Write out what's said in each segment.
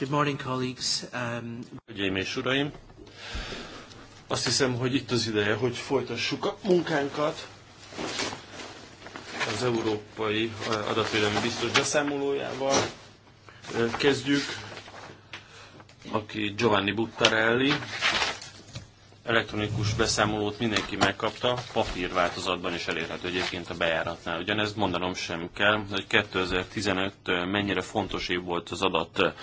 Good morning, colleagues. Um... Hölgyeim és uraim, azt hiszem, hogy itt az ideje, hogy folytassuk a munkánkat. Az Európai Adatvédelmi Biztos beszámolójával kezdjük, aki Giovanni Buttarelli. Elektronikus beszámolót mindenki megkapta, papírváltozatban is elérhető egyébként a bejáratnál. Ugyanezt mondanom sem kell, hogy 2015 mennyire fontos év volt az adat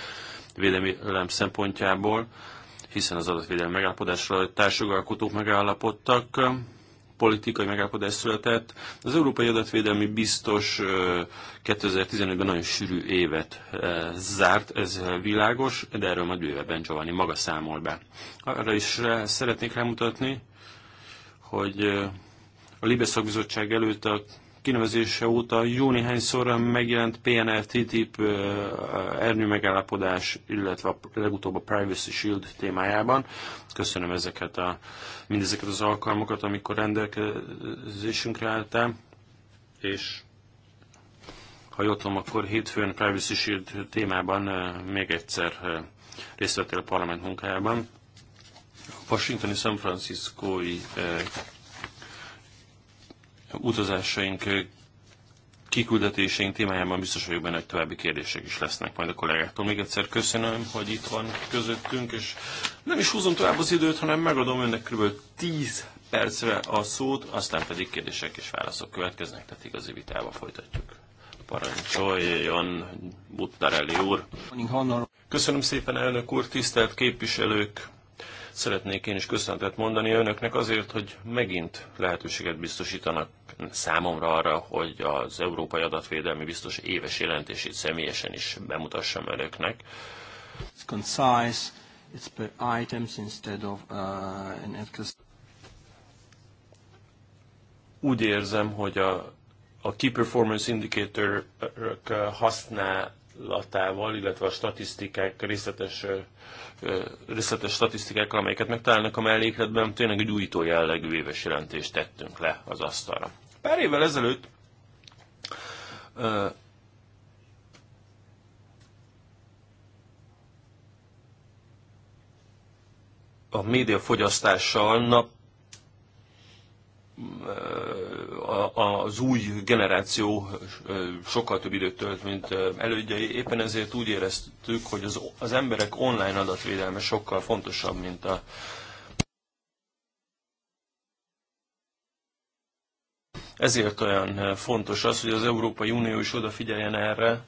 védelem szempontjából, hiszen az adatvédelmi megállapodásra a társjogalkotók megállapodtak, politikai megállapodás született. Az Európai Adatvédelmi Biztos 2015-ben nagyon sűrű évet zárt, ez világos, de erről majd bővebben Giovanni maga számol be. Arra is rá, szeretnék rámutatni, hogy a Libeszak Bizottság előtt a kinevezése óta jó néhányszor megjelent PNR, TTIP, ernyő megállapodás, illetve a legutóbb a Privacy Shield témájában. Köszönöm ezeket a, mindezeket az alkalmakat, amikor rendelkezésünkre álltál, és ha jól tudom, akkor hétfőn Privacy Shield témában még egyszer részt vettél a parlament munkájában. A Washingtoni San Francisco-i utazásaink, kiküldetéseink témájában biztos vagyok benne, hogy további kérdések is lesznek majd a kollégáktól. Még egyszer köszönöm, hogy itt van közöttünk, és nem is húzom tovább az időt, hanem megadom önnek kb. 10 percre a szót, aztán pedig kérdések és válaszok következnek, tehát igazi vitába folytatjuk. Parancsoljon, Buttarelli úr! Köszönöm szépen, elnök úr, tisztelt képviselők! Szeretnék én is köszönetet mondani önöknek azért, hogy megint lehetőséget biztosítanak számomra arra, hogy az Európai Adatvédelmi Biztos éves jelentését személyesen is bemutassam önöknek. It's concise, it's per items instead of uh, Úgy érzem, hogy a, a Key Performance Indicator uh, használatával, illetve a statisztikák részletes uh, részletes statisztikákkal, amelyeket megtalálnak a mellékletben, tényleg egy újító jellegű éves jelentést tettünk le az asztalra. Pár évvel ezelőtt a médiafogyasztással nap az új generáció sokkal több időt tölt, mint elődjei. Éppen ezért úgy éreztük, hogy az, az emberek online adatvédelme sokkal fontosabb, mint a Ezért olyan fontos az, hogy az Európai Unió is odafigyeljen erre,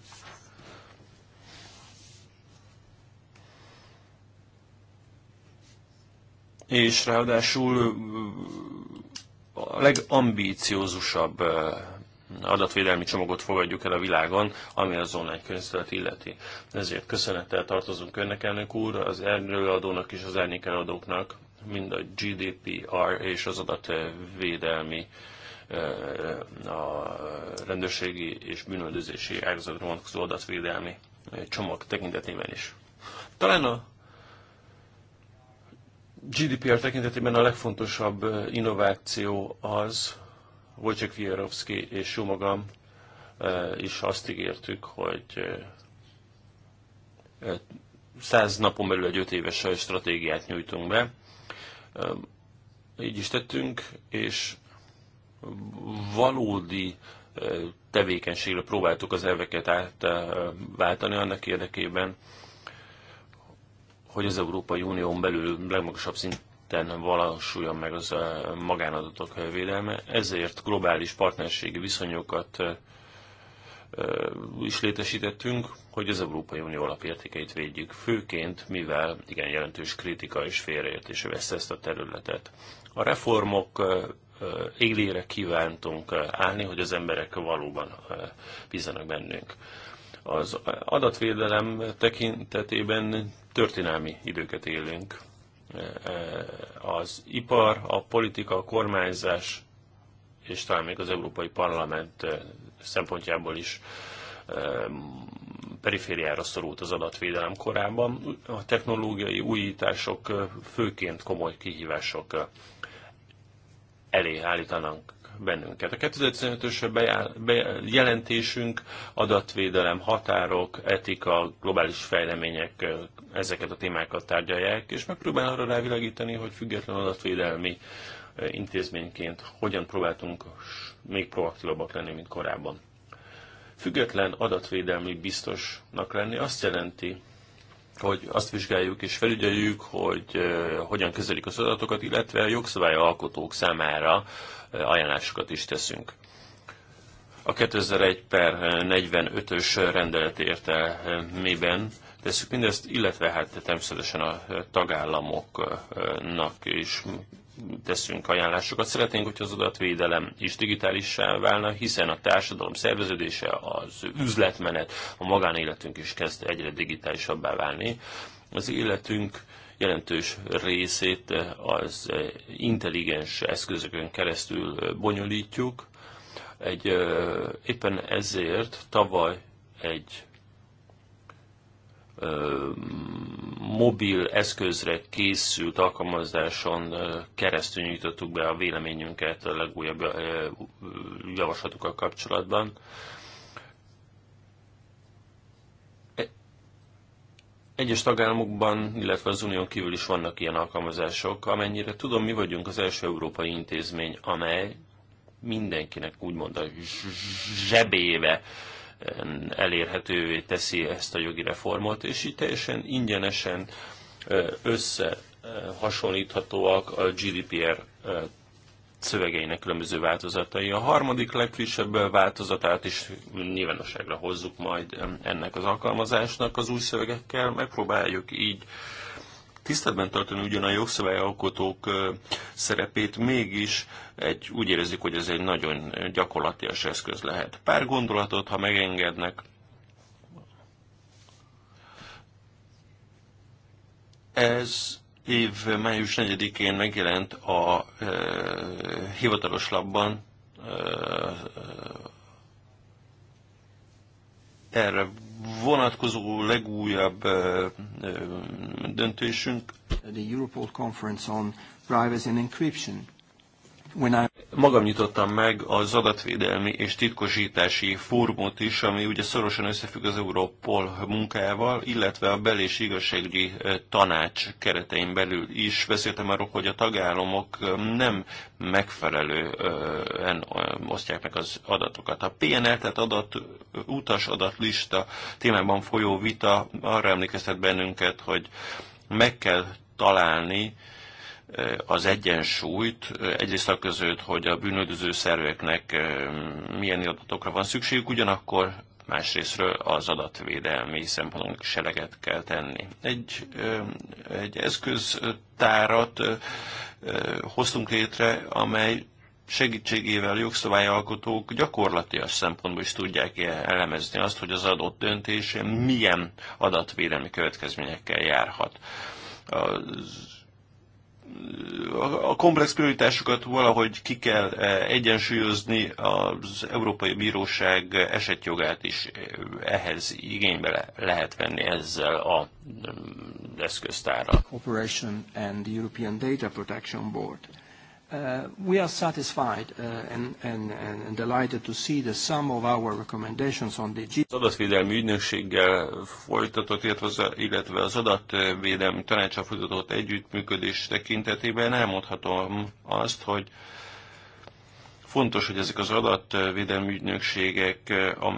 és ráadásul a legambíciózusabb adatvédelmi csomagot fogadjuk el a világon, ami az online könyvszeret illeti. Ezért köszönettel tartozunk önnek, elnök úr, az előadónak és az elnékeladóknak, mind a GDPR és az adatvédelmi a rendőrségi és bűnöldözési ágazatra vonatkozó adatvédelmi csomag tekintetében is. Talán a GDPR tekintetében a legfontosabb innováció az, Wojciech Wierowski és jó magam is azt ígértük, hogy 100 napon belül egy öt éves stratégiát nyújtunk be. Így is tettünk, és valódi tevékenységre próbáltuk az elveket átváltani annak érdekében, hogy az Európai Unión belül legmagasabb szinten valósuljon meg az eh, magánadatok védelme. Ezért globális partnerségi viszonyokat eh, eh, is létesítettünk, hogy az Európai Unió alapértékeit védjük, főként mivel igen jelentős kritika és félreértés vesz ezt a területet. A reformok élére kívántunk állni, hogy az emberek valóban bízzanak bennünk. Az adatvédelem tekintetében történelmi időket élünk. E, e, az ipar, a politika, a kormányzás és talán még az Európai Parlament e, szempontjából is perifériára szorult az adatvédelem korában. A technológiai újítások főként komoly kihívások elé állítanak bennünket. A 2015-ös jelentésünk adatvédelem, határok, etika, globális fejlemények ezeket a témákat tárgyalják, és megpróbál arra rávilágítani, hogy független adatvédelmi intézményként hogyan próbáltunk még proaktívabbak lenni, mint korábban. Független adatvédelmi biztosnak lenni azt jelenti, hogy azt vizsgáljuk és felügyeljük, hogy hogyan kezelik az adatokat, illetve a jogszabályalkotók számára ajánlásokat is teszünk. A 2001 per 45-ös rendelet értelmében tesszük mindezt, illetve hát természetesen a tagállamoknak is teszünk ajánlásokat. Szeretnénk, hogy az adatvédelem is digitálissá válna, hiszen a társadalom szerveződése, az üzletmenet, a magánéletünk is kezd egyre digitálisabbá válni. Az életünk jelentős részét eh, az eh, intelligens eszközökön keresztül eh, bonyolítjuk. Egy, éppen ezért tavaly egy mobil eszközre készült alkalmazáson keresztül nyújtottuk be a véleményünket a legújabb javaslatokkal kapcsolatban. Egyes tagállamokban, illetve az unión kívül is vannak ilyen alkalmazások. Amennyire tudom, mi vagyunk az első európai intézmény, amely mindenkinek úgymond a zsebébe elérhetővé teszi ezt a jogi reformot, és így teljesen ingyenesen összehasonlíthatóak a GDPR szövegeinek különböző változatai. A harmadik legfrissebb változatát is nyilvánosságra hozzuk majd ennek az alkalmazásnak az új szövegekkel. Megpróbáljuk így tiszteletben tartani ugyan a jogszabályalkotók szerepét, mégis egy, úgy érezzük, hogy ez egy nagyon gyakorlatias eszköz lehet. Pár gondolatot, ha megengednek, ez év május 4-én megjelent a e, hivatalos labban e, erre vonatkozó legújabb e, e, döntésünk. The Europol Conference on Privacy and Encryption. When I magam nyitottam meg az adatvédelmi és titkosítási fórumot is, ami ugye szorosan összefügg az Europol munkával, illetve a bel- és igazságügyi eh, tanács keretein belül is. Beszéltem arról, hogy a tagállamok eh, nem megfelelően eh, osztják meg az adatokat. A PNL, tehát adat, utas adatlista témában folyó vita arra emlékeztet bennünket, hogy meg kell találni az egyensúlyt, egyrészt a között, hogy a bűnöldöző szerveknek milyen adatokra van szükségük, ugyanakkor másrésztről az adatvédelmi szempontoknak is eleget kell tenni. Egy, egy eszköztárat hoztunk létre, amely segítségével jogszabályalkotók gyakorlatias szempontból is tudják elemezni azt, hogy az adott döntés milyen adatvédelmi következményekkel járhat. Az a komplex prioritásokat valahogy ki kell eh, egyensúlyozni, az Európai Bíróság esetjogát is eh, ehhez igénybe lehet venni ezzel a mm, eszköztárral. and the European Data Protection Board. Uh, we are satisfied uh, and, delighted to see that some of our recommendations on the G Az adatvédelmi ügynökséggel folytatott, illetve az, adatvédelmi tanácsal folytatott együttműködés tekintetében elmondhatom azt, hogy Fontos, hogy ezek az adatvédelmi ügynökségek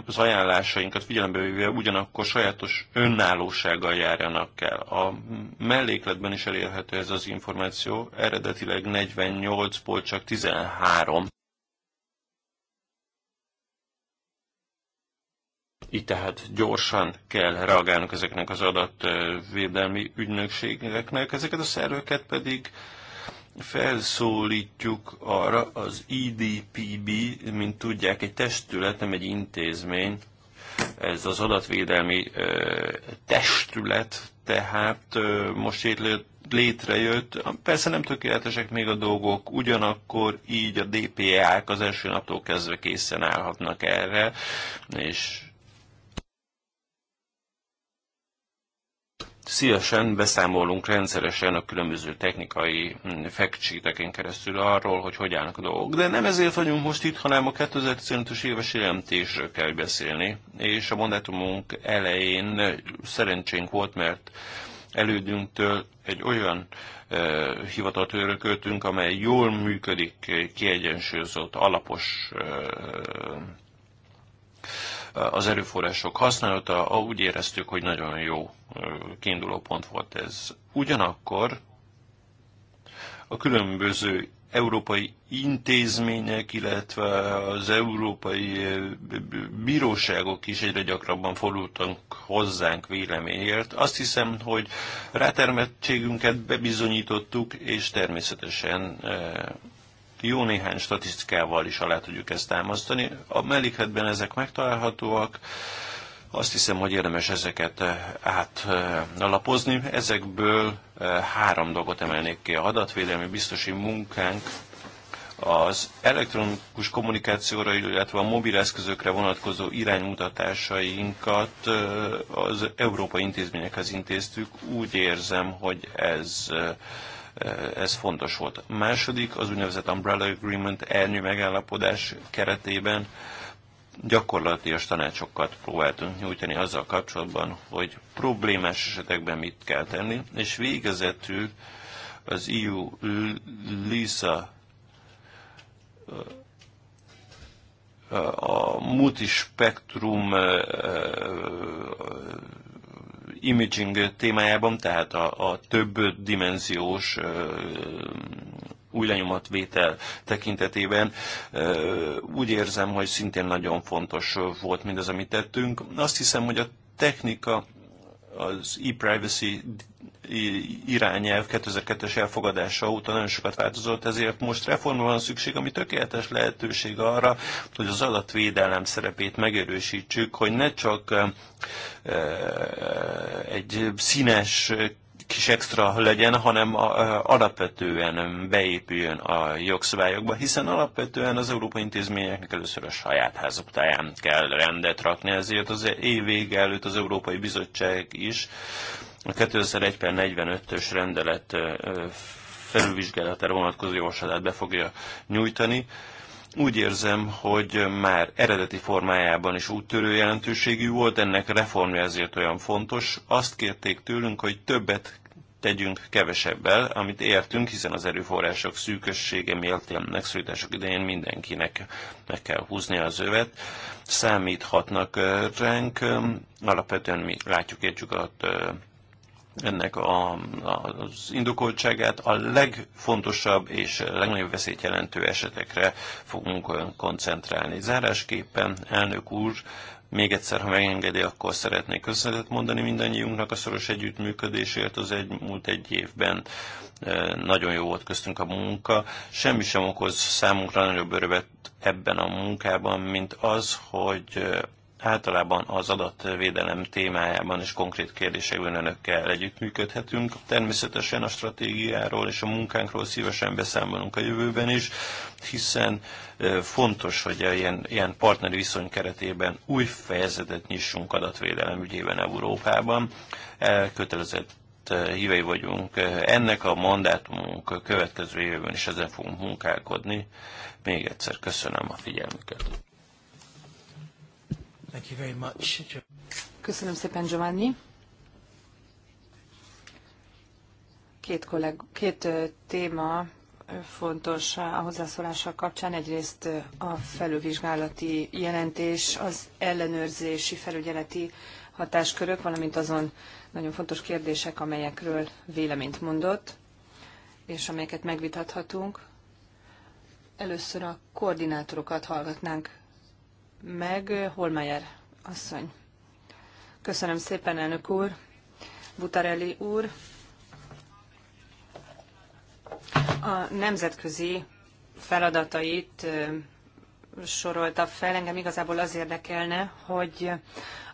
az ajánlásainkat figyelembe véve ugyanakkor sajátos önállósággal járjanak el. A mellékletben is elérhető ez az információ, eredetileg 48-ból csak 13. Így tehát gyorsan kell reagálnunk ezeknek az adatvédelmi ügynökségeknek, ezeket a szerveket pedig Felszólítjuk arra az IDPB, mint tudják, egy testület, nem egy intézmény, ez az adatvédelmi ö, testület, tehát ö, most itt létrejött. Persze nem tökéletesek még a dolgok, ugyanakkor így a DPA-k az első naptól kezdve készen állhatnak erre, és szívesen beszámolunk rendszeresen a különböző technikai mm, fekcséteken keresztül arról, hogy hogy állnak a dolgok. De nem ezért vagyunk most itt, hanem a 2015-ös éves jelentésről kell beszélni. És a mandátumunk elején szerencsénk volt, mert elődünktől egy olyan e, hivatalt örököltünk, amely jól működik, kiegyensúlyozott, alapos e, az erőforrások használata, úgy éreztük, hogy nagyon jó kiinduló pont volt ez. Ugyanakkor a különböző európai intézmények, illetve az európai bíróságok is egyre gyakrabban fordultak hozzánk véleményért. Azt hiszem, hogy rátermettségünket bebizonyítottuk, és természetesen jó néhány statisztikával is alá tudjuk ezt támasztani. A mellékletben ezek megtalálhatóak, azt hiszem, hogy érdemes ezeket eh, átlapozni. Ezekből eh, három dolgot emelnék ki. A adatvédelmi biztosi munkánk az elektronikus kommunikációra, illetve a mobil eszközökre vonatkozó iránymutatásainkat eh, az európai intézményekhez intéztük. Úgy érzem, hogy ez Eh, ez fontos volt. A második az úgynevezett Umbrella Agreement elnyű megállapodás keretében gyakorlatilag tanácsokat próbáltunk nyújtani azzal kapcsolatban, hogy problémás esetekben mit kell tenni, és végezetül az EU LISA eh, a multispektrum eh, imaging témájában, tehát a, a több dimenziós új lenyomatvétel tekintetében úgy érzem, hogy szintén nagyon fontos volt mindez, amit tettünk. Azt hiszem, hogy a technika az e-privacy irányelv 2002-es elfogadása óta nagyon sokat változott, ezért most reformra van szükség, ami tökéletes lehetőség arra, hogy az adatvédelem szerepét megerősítsük, hogy ne csak eh, egy színes kis extra legyen, hanem alapvetően beépüljön a jogszabályokba, hiszen alapvetően az európai intézményeknek először a saját házuk táján kell rendet rakni, ezért az év vége előtt az Európai Bizottság is a 2001 per 45-ös rendelet felülvizsgálatára vonatkozó javaslatát be fogja nyújtani. Úgy érzem, hogy már eredeti formájában is úttörő jelentőségű volt, ennek reformja ezért olyan fontos. Azt kérték tőlünk, hogy többet tegyünk kevesebbel, amit értünk, hiszen az erőforrások szűkössége miatt a megszorítások idején mindenkinek meg kell húzni az övet. Számíthatnak ránk, alapvetően mi látjuk, értjük a ennek a, az indokoltságát a legfontosabb és legnagyobb veszélyt jelentő esetekre fogunk koncentrálni. Zárásképpen, elnök úr, még egyszer, ha megengedi, akkor szeretnék köszönetet mondani mindannyiunknak a szoros együttműködésért az egy, múlt egy évben. E, nagyon jó volt köztünk a munka. Semmi sem okoz számunkra nagyobb örövet ebben a munkában, mint az, hogy Általában az adatvédelem témájában és konkrét kérdésekben önökkel együttműködhetünk. Természetesen a stratégiáról és a munkánkról szívesen beszámolunk a jövőben is, hiszen fontos, hogy ilyen, ilyen partneri viszony keretében új fejezetet nyissunk adatvédelem ügyében Európában. Kötelezett hívei vagyunk. Ennek a mandátumunk következő évben is ezen fogunk munkálkodni. Még egyszer köszönöm a figyelmüket. Thank you very much. Köszönöm szépen, Giovanni. Két, kolleg, két téma fontos a hozzászólással kapcsán. Egyrészt a felülvizsgálati jelentés, az ellenőrzési, felügyeleti hatáskörök, valamint azon nagyon fontos kérdések, amelyekről véleményt mondott, és amelyeket megvitathatunk. Először a koordinátorokat hallgatnánk meg Holmeyer asszony. Köszönöm szépen, elnök úr, Butarelli úr. A nemzetközi feladatait sorolta fel. Engem igazából az érdekelne, hogy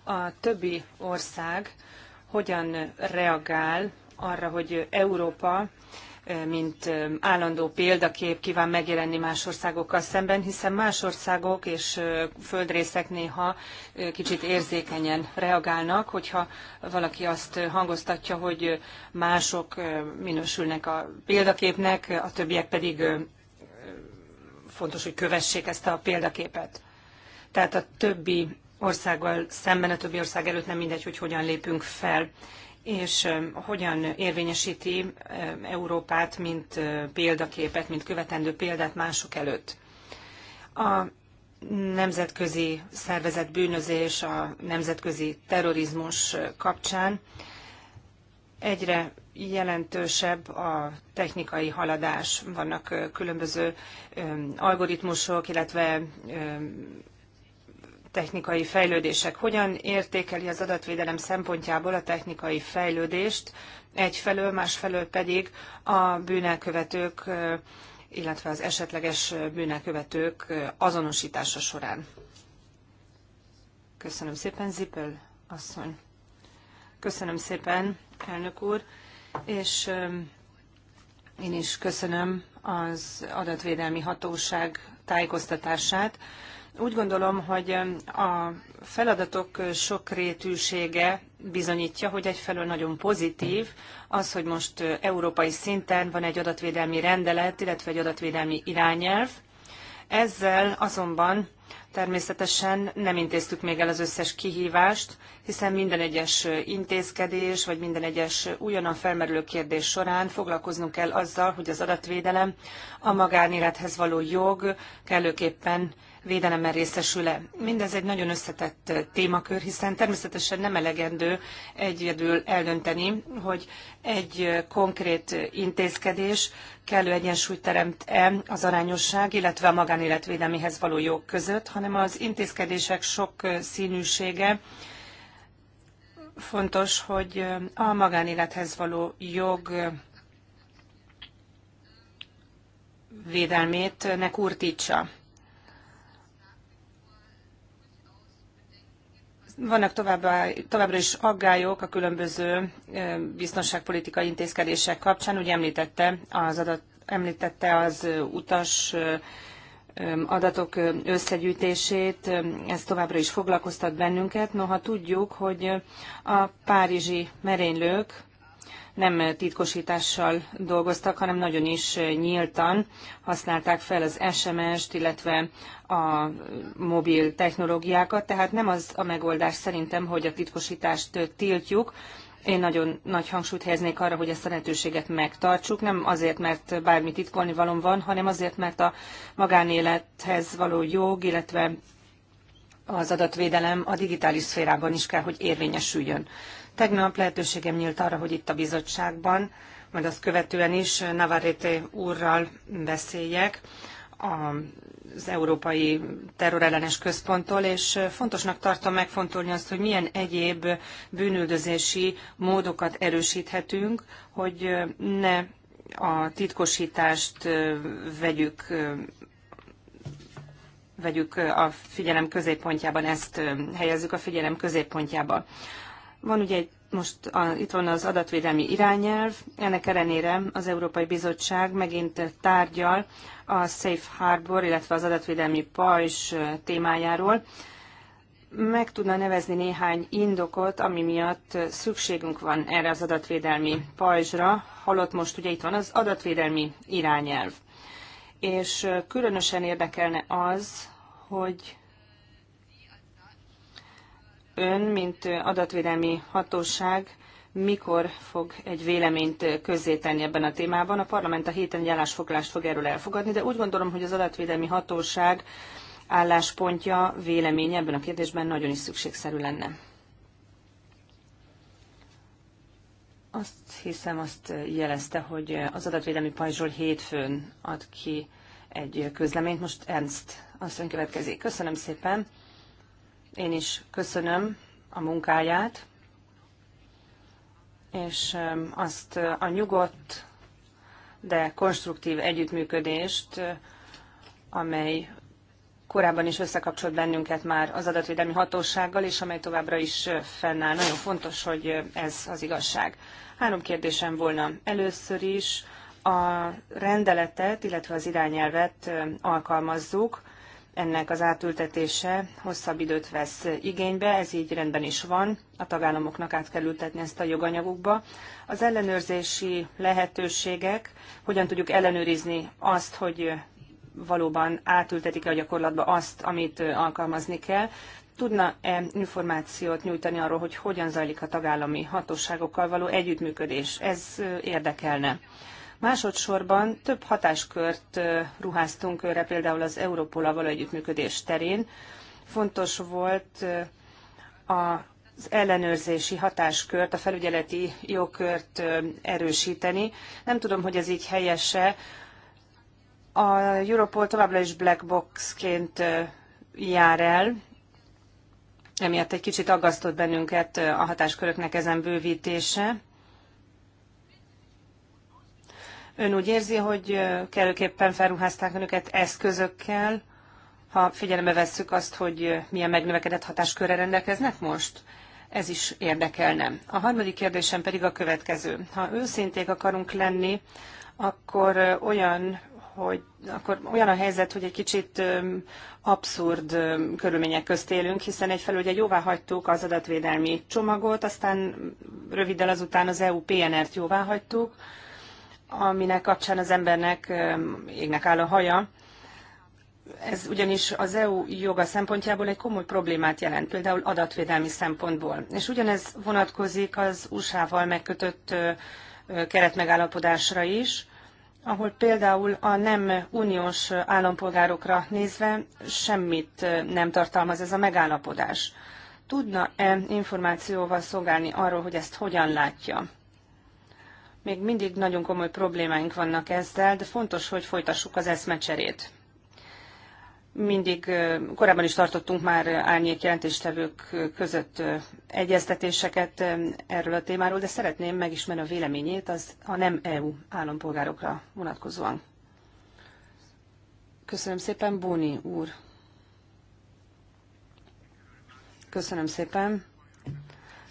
a többi ország hogyan reagál arra, hogy Európa mint állandó példakép kíván megjelenni más országokkal szemben, hiszen más országok és földrészek néha kicsit érzékenyen reagálnak, hogyha valaki azt hangoztatja, hogy mások minősülnek a példaképnek, a többiek pedig fontos, hogy kövessék ezt a példaképet. Tehát a többi országgal szemben, a többi ország előtt nem mindegy, hogy hogyan lépünk fel és hogyan érvényesíti Európát, mint példaképet, mint követendő példát mások előtt. A nemzetközi szervezet bűnözés, a nemzetközi terrorizmus kapcsán egyre jelentősebb a technikai haladás. Vannak különböző algoritmusok, illetve technikai fejlődések. Hogyan értékeli az adatvédelem szempontjából a technikai fejlődést, egyfelől, másfelől pedig a bűnelkövetők, illetve az esetleges bűnelkövetők azonosítása során? Köszönöm szépen, Zippel asszony. Köszönöm szépen, elnök úr, és én is köszönöm az adatvédelmi hatóság tájékoztatását. Úgy gondolom, hogy a feladatok sokrétűsége bizonyítja, hogy egyfelől nagyon pozitív az, hogy most európai szinten van egy adatvédelmi rendelet, illetve egy adatvédelmi irányelv. Ezzel azonban természetesen nem intéztük még el az összes kihívást, hiszen minden egyes intézkedés, vagy minden egyes újonnan felmerülő kérdés során foglalkoznunk kell azzal, hogy az adatvédelem, a magánélethez való jog kellőképpen védelemben részesül-e. Mindez egy nagyon összetett témakör, hiszen természetesen nem elegendő egyedül eldönteni, hogy egy konkrét intézkedés kellő egyensúlyt teremt-e az arányosság, illetve a magánéletvédelmihez való jog között, hanem az intézkedések sok színűsége fontos, hogy a magánélethez való jog védelmét ne kurtítsa. Vannak továbbá, továbbra is aggályok a különböző biztonságpolitikai intézkedések kapcsán. Úgy említette az, adat, említette az utas adatok összegyűjtését, ez továbbra is foglalkoztat bennünket, noha tudjuk, hogy a párizsi merénylők nem titkosítással dolgoztak, hanem nagyon is nyíltan használták fel az SMS-t, illetve a mobil technológiákat, tehát nem az a megoldás szerintem, hogy a titkosítást tiltjuk, én nagyon nagy hangsúlyt helyeznék arra, hogy ezt a lehetőséget megtartsuk, nem azért, mert bármi titkolni valom van, hanem azért, mert a magánélethez való jog, illetve az adatvédelem a digitális szférában is kell, hogy érvényesüljön. Tegnap lehetőségem nyílt arra, hogy itt a bizottságban, majd azt követően is Navarrete úrral beszéljek az Európai Terrorellenes Központtól, és fontosnak tartom megfontolni azt, hogy milyen egyéb bűnüldözési módokat erősíthetünk, hogy ne a titkosítást vegyük vegyük a figyelem középpontjában, ezt helyezzük a figyelem középpontjába. Van ugye egy most a, itt van az adatvédelmi irányelv, ennek ellenére az Európai Bizottság megint tárgyal a Safe Harbor, illetve az adatvédelmi pajzs témájáról. Meg tudna nevezni néhány indokot, ami miatt szükségünk van erre az adatvédelmi pajzsra, holott most ugye itt van az adatvédelmi irányelv. És különösen érdekelne az, hogy ön, mint adatvédelmi hatóság, mikor fog egy véleményt közzétenni ebben a témában. A parlament a héten egy állásfoglalást fog erről elfogadni, de úgy gondolom, hogy az adatvédelmi hatóság álláspontja, véleménye ebben a kérdésben nagyon is szükségszerű lenne. Azt hiszem, azt jelezte, hogy az adatvédelmi pajzsról hétfőn ad ki egy közleményt. Most Ernst azt következik. Köszönöm szépen. Én is köszönöm a munkáját, és um, azt uh, a nyugodt, de konstruktív együttműködést, uh, amely korábban is összekapcsolt bennünket már az adatvédelmi hatósággal, és amely továbbra is uh, fennáll. Nagyon fontos, hogy ez az igazság. Három kérdésem volna. Először is a rendeletet, illetve az irányelvet alkalmazzuk ennek az átültetése hosszabb időt vesz igénybe, ez így rendben is van, a tagállamoknak át kell ültetni ezt a joganyagukba. Az ellenőrzési lehetőségek, hogyan tudjuk ellenőrizni azt, hogy valóban átültetik-e a gyakorlatba azt, amit alkalmazni kell, tudna-e információt nyújtani arról, hogy hogyan zajlik a tagállami hatóságokkal való együttműködés? Ez érdekelne. Másodszorban több hatáskört ruháztunk őre, például az Európola való együttműködés terén. Fontos volt az ellenőrzési hatáskört, a felügyeleti jogkört erősíteni. Nem tudom, hogy ez így helyese. A Europol továbbra is black boxként jár el, emiatt egy kicsit aggasztott bennünket a hatásköröknek ezen bővítése. Ön úgy érzi, hogy kellőképpen felruházták önöket eszközökkel, ha figyelembe vesszük azt, hogy milyen megnövekedett hatáskörre rendelkeznek most? Ez is érdekelne. A harmadik kérdésem pedig a következő. Ha őszinték akarunk lenni, akkor olyan hogy akkor olyan a helyzet, hogy egy kicsit abszurd körülmények közt élünk, hiszen egyfelől ugye jóvá hagytuk az adatvédelmi csomagot, aztán röviddel azután az EU PNR-t jóvá hagytuk, aminek kapcsán az embernek égnek áll a haja. Ez ugyanis az EU joga szempontjából egy komoly problémát jelent, például adatvédelmi szempontból. És ugyanez vonatkozik az USA-val megkötött keretmegállapodásra is, ahol például a nem uniós állampolgárokra nézve semmit nem tartalmaz ez a megállapodás. Tudna-e információval szolgálni arról, hogy ezt hogyan látja? Még mindig nagyon komoly problémáink vannak ezzel, de fontos, hogy folytassuk az eszmecserét. Mindig korábban is tartottunk már árnyék jelentéstevők között egyeztetéseket erről a témáról, de szeretném megismerni a véleményét az a nem EU állampolgárokra vonatkozóan. Köszönöm szépen, Bóni úr. Köszönöm szépen.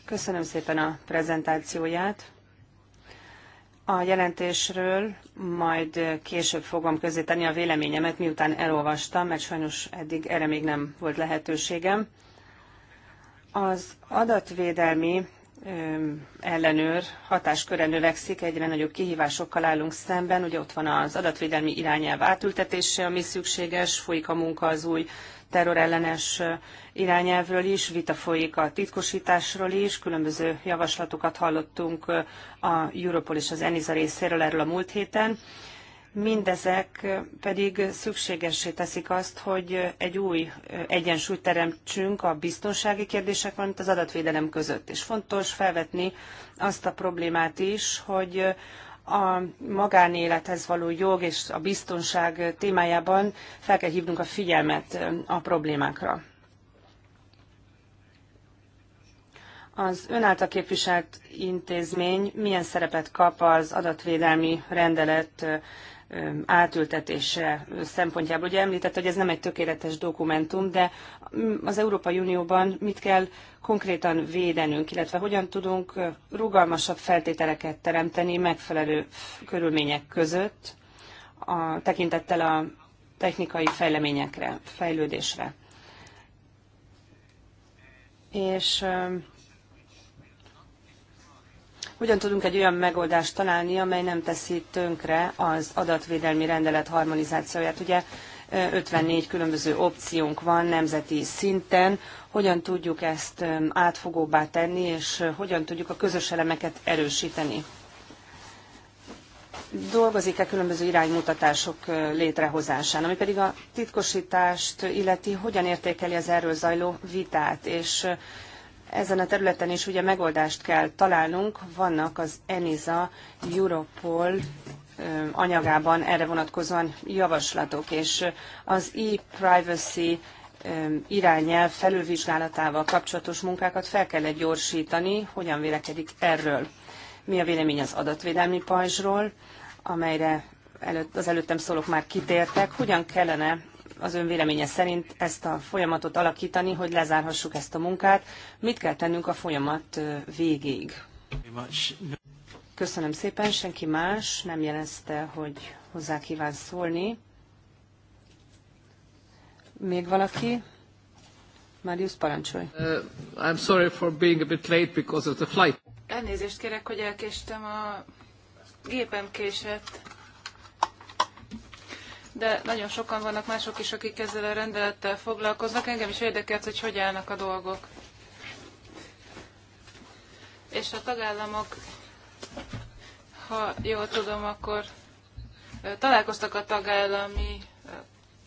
Köszönöm szépen a prezentációját. A jelentésről majd később fogom közzétenni a véleményemet, miután elolvastam, mert sajnos eddig erre még nem volt lehetőségem. Az adatvédelmi ellenőr hatásköre növekszik, egyre nagyobb kihívásokkal állunk szemben. Ugye ott van az adatvédelmi irányelv átültetése, ami szükséges, folyik a munka az új terrorellenes irányelvről is, vita folyik a titkosításról is, különböző javaslatokat hallottunk a Europol és az ENISA részéről erről a múlt héten. Mindezek pedig szükségessé teszik azt, hogy egy új egyensúlyt teremtsünk a biztonsági kérdések, valamint az adatvédelem között. És fontos felvetni azt a problémát is, hogy a magánélethez való jog és a biztonság témájában fel kell hívnunk a figyelmet a problémákra. Az ön által képviselt intézmény milyen szerepet kap az adatvédelmi rendelet átültetése szempontjából. Ugye említett, hogy ez nem egy tökéletes dokumentum, de az Európai Unióban mit kell konkrétan védenünk, illetve hogyan tudunk rugalmasabb feltételeket teremteni megfelelő körülmények között a tekintettel a technikai fejleményekre, fejlődésre. És hogyan tudunk egy olyan megoldást találni, amely nem teszi tönkre az adatvédelmi rendelet harmonizációját. Ugye 54 különböző opciónk van nemzeti szinten, hogyan tudjuk ezt átfogóbbá tenni, és hogyan tudjuk a közös elemeket erősíteni. Dolgozik-e különböző iránymutatások létrehozásán, ami pedig a titkosítást illeti, hogyan értékeli az erről zajló vitát, és ezen a területen is ugye megoldást kell találnunk, vannak az ENISA, Europol anyagában erre vonatkozóan javaslatok, és az e-privacy irányel felülvizsgálatával kapcsolatos munkákat fel kellett gyorsítani. Hogyan vélekedik erről? Mi a vélemény az adatvédelmi pajzsról, amelyre előtt, az előttem szólók már kitértek? Hogyan kellene az ön véleménye szerint ezt a folyamatot alakítani, hogy lezárhassuk ezt a munkát? Mit kell tennünk a folyamat végéig? Köszönöm szépen, senki más nem jelezte, hogy hozzá kíván szólni. Még valaki? Marius, parancsolj. Uh, I'm sorry for being a bit late because of the flight. Elnézést kérek, hogy elkéstem, a gépem késett de nagyon sokan vannak mások is, akik ezzel a rendelettel foglalkoznak. Engem is érdekelt, hogy hogy állnak a dolgok. És a tagállamok, ha jól tudom, akkor találkoztak a tagállami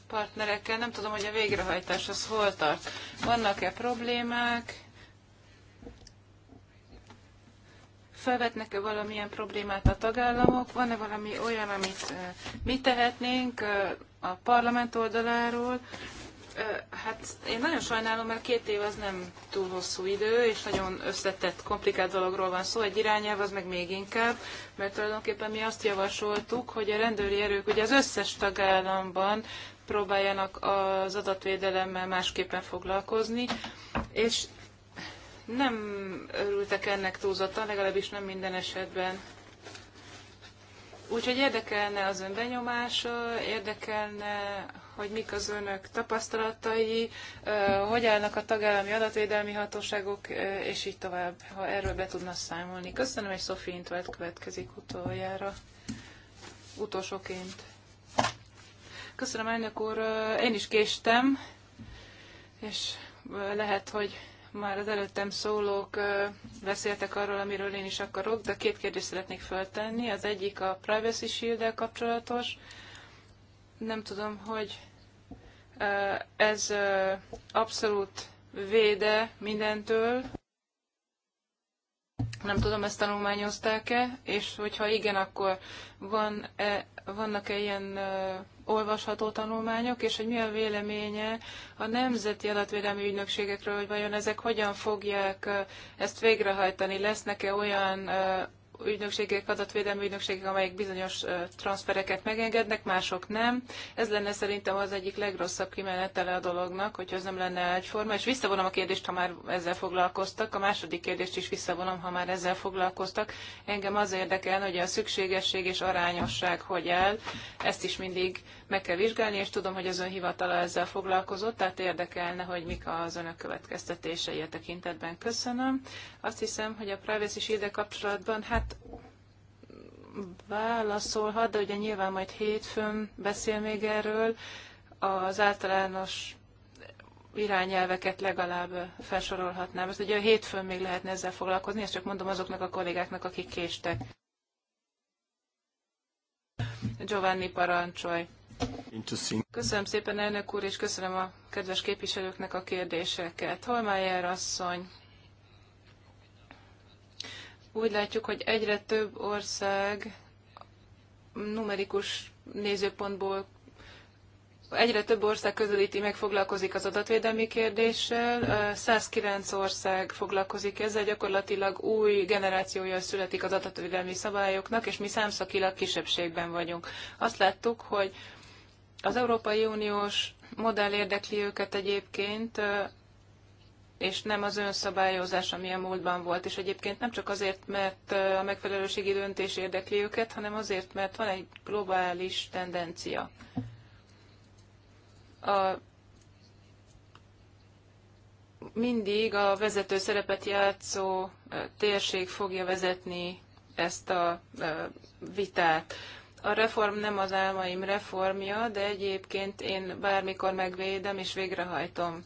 partnerekkel. Nem tudom, hogy a végrehajtás az hol tart. Vannak-e problémák? Felvetnek-e valamilyen problémát a tagállamok? Van-e valami olyan, amit mi tehetnénk a parlament oldaláról? Hát én nagyon sajnálom, mert két év az nem túl hosszú idő, és nagyon összetett, komplikált dologról van szó. Egy irányelv az meg még inkább, mert tulajdonképpen mi azt javasoltuk, hogy a rendőri erők ugye az összes tagállamban próbáljanak az adatvédelemmel másképpen foglalkozni, és nem örültek ennek túlzottan, legalábbis nem minden esetben. Úgyhogy érdekelne az ön benyomása, érdekelne, hogy mik az önök tapasztalatai, hogy állnak a tagállami adatvédelmi hatóságok, és így tovább, ha erről be tudna számolni. Köszönöm, és Sophie Intvert következik utoljára, utolsóként. Köszönöm, elnök úr, én is késtem, és lehet, hogy már az előttem szólók beszéltek arról, amiről én is akarok, de két kérdést szeretnék föltenni. Az egyik a Privacy shield kapcsolatos. Nem tudom, hogy ez abszolút véde mindentől, nem tudom, ezt tanulmányozták-e, és hogyha igen, akkor van -e, vannak-e ilyen olvasható tanulmányok, és hogy mi a véleménye a nemzeti adatvédelmi ügynökségekről, hogy vajon ezek hogyan fogják ezt végrehajtani, lesznek-e olyan ügynökségek, adatvédelmi ügynökségek, amelyek bizonyos transfereket megengednek, mások nem. Ez lenne szerintem az egyik legrosszabb kimenetele a dolognak, hogyha ez nem lenne egyforma. És visszavonom a kérdést, ha már ezzel foglalkoztak. A második kérdést is visszavonom, ha már ezzel foglalkoztak. Engem az érdekel, hogy a szükségesség és arányosság hogy el. Ezt is mindig meg kell vizsgálni, és tudom, hogy az ön hivatala ezzel foglalkozott, tehát érdekelne, hogy mik az önök következtetései a tekintetben. Köszönöm. Azt hiszem, hogy a privacy shield kapcsolatban, hát válaszolhat, de ugye nyilván majd hétfőn beszél még erről, az általános irányelveket legalább felsorolhatnám. Ezt ugye a hétfőn még lehetne ezzel foglalkozni, ezt csak mondom azoknak a kollégáknak, akik késtek. Giovanni Parancsoly. Köszönöm szépen, elnök úr, és köszönöm a kedves képviselőknek a kérdéseket. Holmájer asszony úgy látjuk, hogy egyre több ország numerikus nézőpontból egyre több ország közelíti meg, foglalkozik az adatvédelmi kérdéssel. 109 ország foglalkozik ezzel, gyakorlatilag új generációja születik az adatvédelmi szabályoknak, és mi számszakilag kisebbségben vagyunk. Azt láttuk, hogy az Európai Uniós modell érdekli őket egyébként, és nem az önszabályozás, ami a múltban volt. És egyébként nem csak azért, mert a megfelelőségi döntés érdekli őket, hanem azért, mert van egy globális tendencia. A mindig a vezető szerepet játszó térség fogja vezetni ezt a vitát. A reform nem az álmaim reformja, de egyébként én bármikor megvédem és végrehajtom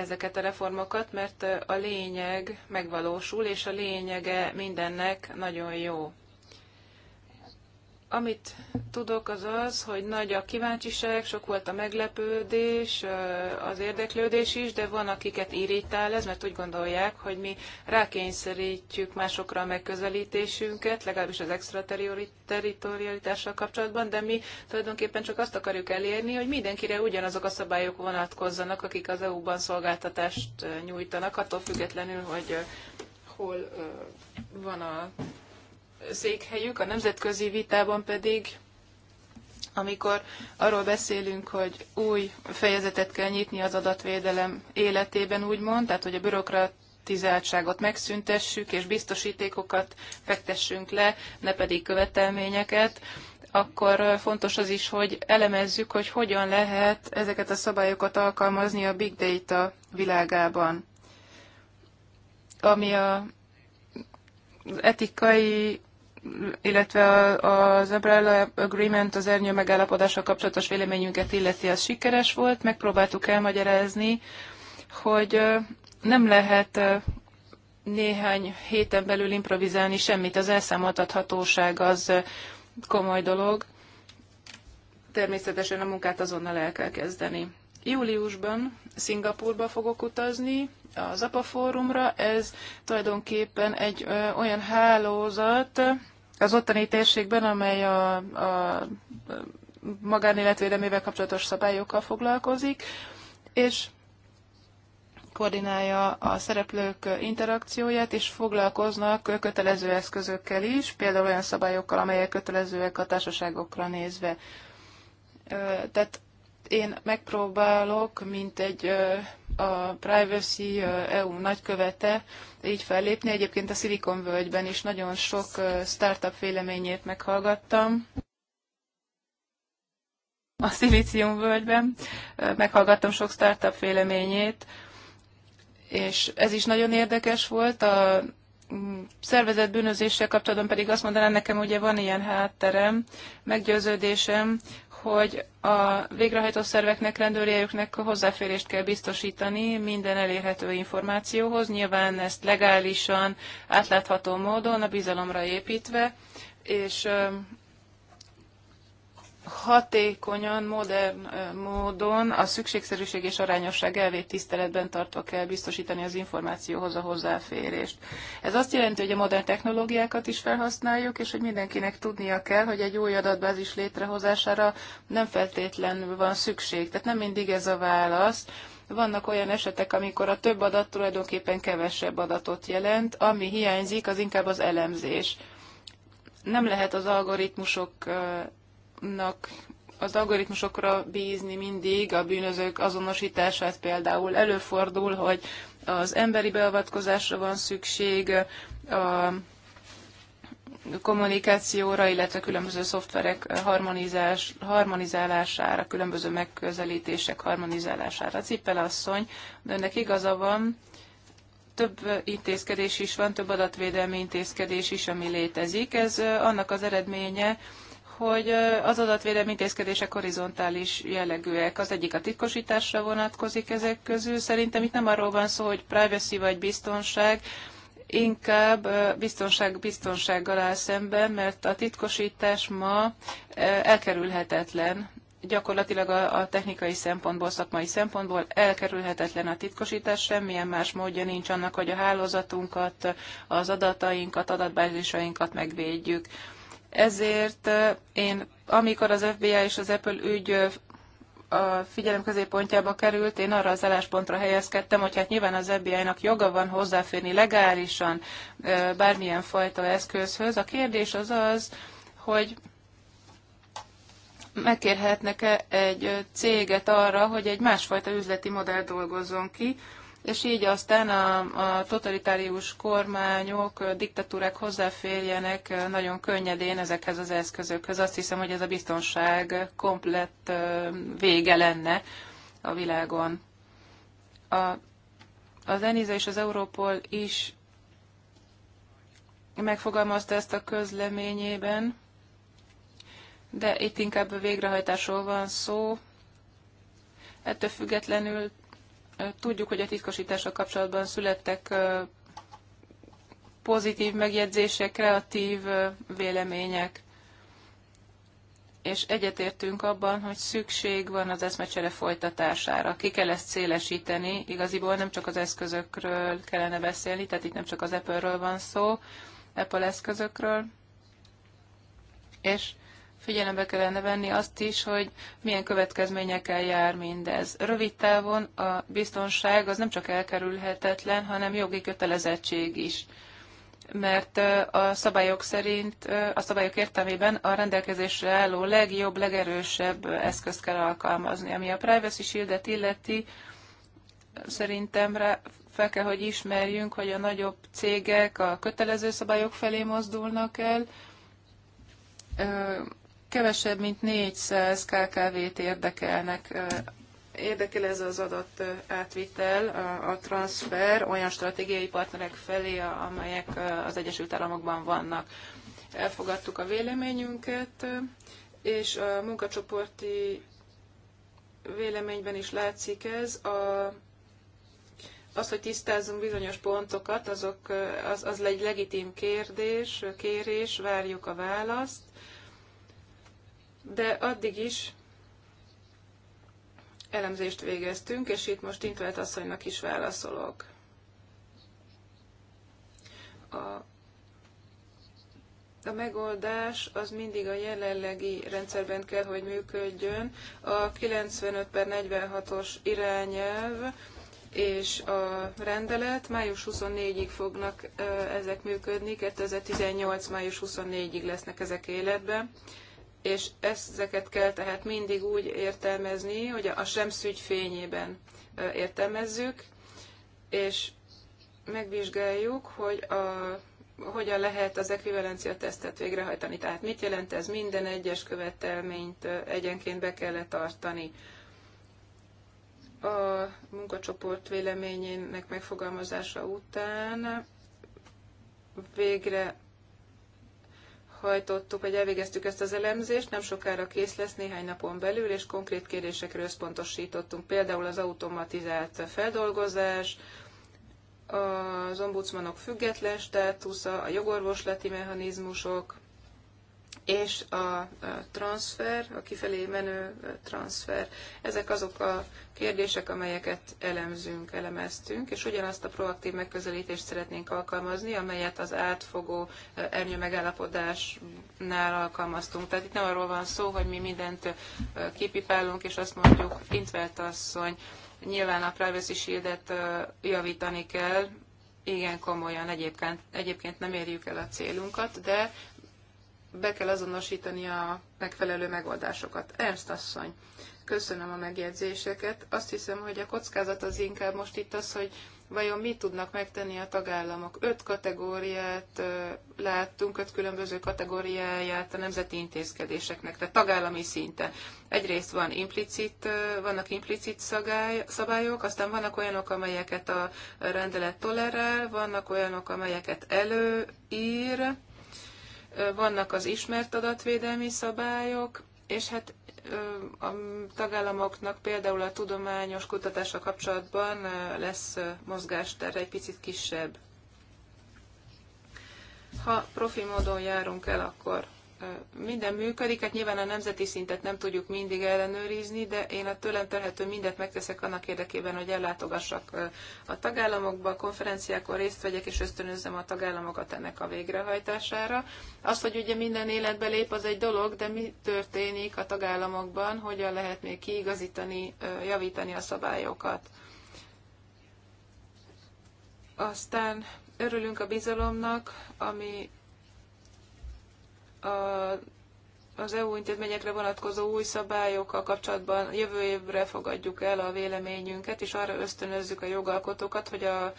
ezeket a reformokat, mert a lényeg megvalósul, és a lényege mindennek nagyon jó. Amit tudok az az, hogy nagy a kíváncsiság, sok volt a meglepődés, az érdeklődés is, de van, akiket irítál ez, mert úgy gondolják, hogy mi rákényszerítjük másokra a megközelítésünket, legalábbis az extraterritorialitással kapcsolatban, de mi tulajdonképpen csak azt akarjuk elérni, hogy mindenkire ugyanazok a szabályok vonatkozzanak, akik az EU-ban szolgáltatást nyújtanak, attól függetlenül, hogy hol van a székhelyük, a nemzetközi vitában pedig amikor arról beszélünk, hogy új fejezetet kell nyitni az adatvédelem életében, úgymond, tehát hogy a bürokratizáltságot megszüntessük, és biztosítékokat fektessünk le, ne pedig követelményeket, akkor fontos az is, hogy elemezzük, hogy hogyan lehet ezeket a szabályokat alkalmazni a big data világában. Ami a etikai illetve az Umbrella Agreement, az ernyő megállapodással kapcsolatos véleményünket illeti, az sikeres volt. Megpróbáltuk elmagyarázni, hogy nem lehet néhány héten belül improvizálni semmit. Az elszámoltathatóság az komoly dolog. Természetesen a munkát azonnal el kell kezdeni. Júliusban Szingapurba fogok utazni, az APA fórumra. Ez tulajdonképpen egy ö, olyan hálózat, az ottani térségben, amely a, a magánéletvédelmével kapcsolatos szabályokkal foglalkozik, és koordinálja a szereplők interakcióját, és foglalkoznak kötelező eszközökkel is, például olyan szabályokkal, amelyek kötelezőek a társaságokra nézve. Tehát én megpróbálok, mint egy a Privacy EU nagykövete így fellépni. Egyébként a Silicon völgyben is nagyon sok startup véleményét meghallgattam a Silicium völgyben. Meghallgattam sok startup véleményét, és ez is nagyon érdekes volt. A szervezett bűnözéssel kapcsolatban pedig azt mondanám, nekem ugye van ilyen hátterem, meggyőződésem, hogy a végrehajtó szerveknek, rendőrjelöknek hozzáférést kell biztosítani minden elérhető információhoz, nyilván ezt legálisan, átlátható módon, a bizalomra építve, és hatékonyan, modern módon a szükségszerűség és arányosság elvét tiszteletben tartva kell biztosítani az információhoz a hozzáférést. Ez azt jelenti, hogy a modern technológiákat is felhasználjuk, és hogy mindenkinek tudnia kell, hogy egy új adatbázis létrehozására nem feltétlenül van szükség. Tehát nem mindig ez a válasz. Vannak olyan esetek, amikor a több adat tulajdonképpen kevesebb adatot jelent, ami hiányzik, az inkább az elemzés. Nem lehet az algoritmusok algoritmusoknak az algoritmusokra bízni mindig a bűnözők azonosítását például előfordul, hogy az emberi beavatkozásra van szükség, a kommunikációra, illetve különböző szoftverek harmonizás, harmonizálására, különböző megközelítések harmonizálására. Cippel asszony, ennek igaza van, több intézkedés is van, több adatvédelmi intézkedés is, ami létezik. Ez annak az eredménye, hogy az adatvédelmi intézkedések horizontális jellegűek. Az egyik a titkosításra vonatkozik ezek közül. Szerintem itt nem arról van szó, hogy privacy vagy biztonság, inkább biztonság biztonsággal áll szemben, mert a titkosítás ma elkerülhetetlen. Gyakorlatilag a, technikai szempontból, szakmai szempontból elkerülhetetlen a titkosítás, semmilyen más módja nincs annak, hogy a hálózatunkat, az adatainkat, adatbázisainkat megvédjük ezért én, amikor az FBI és az Apple ügy a figyelem középpontjába került, én arra az álláspontra helyezkedtem, hogy hát nyilván az FBI-nak joga van hozzáférni legálisan bármilyen fajta eszközhöz. A kérdés az az, hogy megkérhetnek-e egy céget arra, hogy egy másfajta üzleti modell dolgozzon ki, és így aztán a, a totalitárius kormányok, diktatúrák hozzáférjenek nagyon könnyedén ezekhez az eszközökhöz. Azt hiszem, hogy ez a biztonság komplett vége lenne a világon. A, az ENISA és az Európol is megfogalmazta ezt a közleményében, de itt inkább a végrehajtásról van szó. Ettől függetlenül Tudjuk, hogy a titkosítással kapcsolatban születtek pozitív megjegyzések, kreatív vélemények, és egyetértünk abban, hogy szükség van az eszmecsere folytatására. Ki kell ezt szélesíteni, igaziból nem csak az eszközökről kellene beszélni, tehát itt nem csak az Apple-ről van szó, Apple eszközökről, és figyelembe kellene venni azt is, hogy milyen következményekkel jár mindez. Rövid távon a biztonság az nem csak elkerülhetetlen, hanem jogi kötelezettség is mert a szabályok szerint, a szabályok értelmében a rendelkezésre álló legjobb, legerősebb eszközt kell alkalmazni. Ami a Privacy shieldet illeti, szerintem rá fel kell, hogy ismerjünk, hogy a nagyobb cégek a kötelező szabályok felé mozdulnak el, kevesebb, mint 400 KKV-t érdekelnek érdekel ez az adat átvitel, a, a transfer olyan stratégiai partnerek felé, amelyek az Egyesült Államokban vannak. Elfogadtuk a véleményünket, és a munkacsoporti véleményben is látszik ez. A, az, hogy tisztázunk bizonyos pontokat, azok, az, az egy legitim kérdés, kérés, várjuk a választ de addig is elemzést végeztünk, és itt most Intvet asszonynak is válaszolok. A a megoldás az mindig a jelenlegi rendszerben kell, hogy működjön. A 95 per 46-os irányelv és a rendelet május 24-ig fognak ezek működni, 2018 május 24-ig lesznek ezek életben és ezeket kell tehát mindig úgy értelmezni, hogy a semszügy fényében értelmezzük, és megvizsgáljuk, hogy a, hogyan lehet az ekvivalencia tesztet végrehajtani. Tehát mit jelent ez? Minden egyes követelményt egyenként be kell -e tartani. A munkacsoport véleményének megfogalmazása után végre meghajtottuk, vagy elvégeztük ezt az elemzést, nem sokára kész lesz néhány napon belül, és konkrét kérdésekre összpontosítottunk, például az automatizált feldolgozás, az ombudsmanok független státusza, a jogorvoslati mechanizmusok, és a transfer, a kifelé menő transfer, ezek azok a kérdések, amelyeket elemzünk, elemeztünk, és ugyanazt a proaktív megközelítést szeretnénk alkalmazni, amelyet az átfogó ernyő megállapodásnál alkalmaztunk. Tehát itt nem arról van szó, hogy mi mindent kipipálunk, és azt mondjuk, Intvelt asszony, nyilván a Privacy shield javítani kell, igen komolyan egyébként, egyébként nem érjük el a célunkat, de be kell azonosítani a megfelelő megoldásokat. Ernst asszony, köszönöm a megjegyzéseket. Azt hiszem, hogy a kockázat az inkább most itt az, hogy vajon mit tudnak megtenni a tagállamok. Öt kategóriát láttunk, öt különböző kategóriáját a nemzeti intézkedéseknek, tehát tagállami szinte. Egyrészt van implicit, vannak implicit szabályok, aztán vannak olyanok, amelyeket a rendelet tolerál, vannak olyanok, amelyeket előír, vannak az ismert adatvédelmi szabályok, és hát a tagállamoknak például a tudományos kutatásra kapcsolatban lesz mozgástere egy picit kisebb. Ha profi módon járunk el, akkor minden működik, hát nyilván a nemzeti szintet nem tudjuk mindig ellenőrizni, de én a tőlem telhető mindent megteszek annak érdekében, hogy ellátogassak a tagállamokba, a konferenciákon részt vegyek, és ösztönözzem a tagállamokat ennek a végrehajtására. Az, hogy ugye minden életbe lép, az egy dolog, de mi történik a tagállamokban, hogyan lehet még kiigazítani, javítani a szabályokat. Aztán örülünk a bizalomnak, ami a, az EU intézményekre vonatkozó új szabályokkal kapcsolatban jövő évre fogadjuk el a véleményünket, és arra ösztönözzük a jogalkotókat, hogy a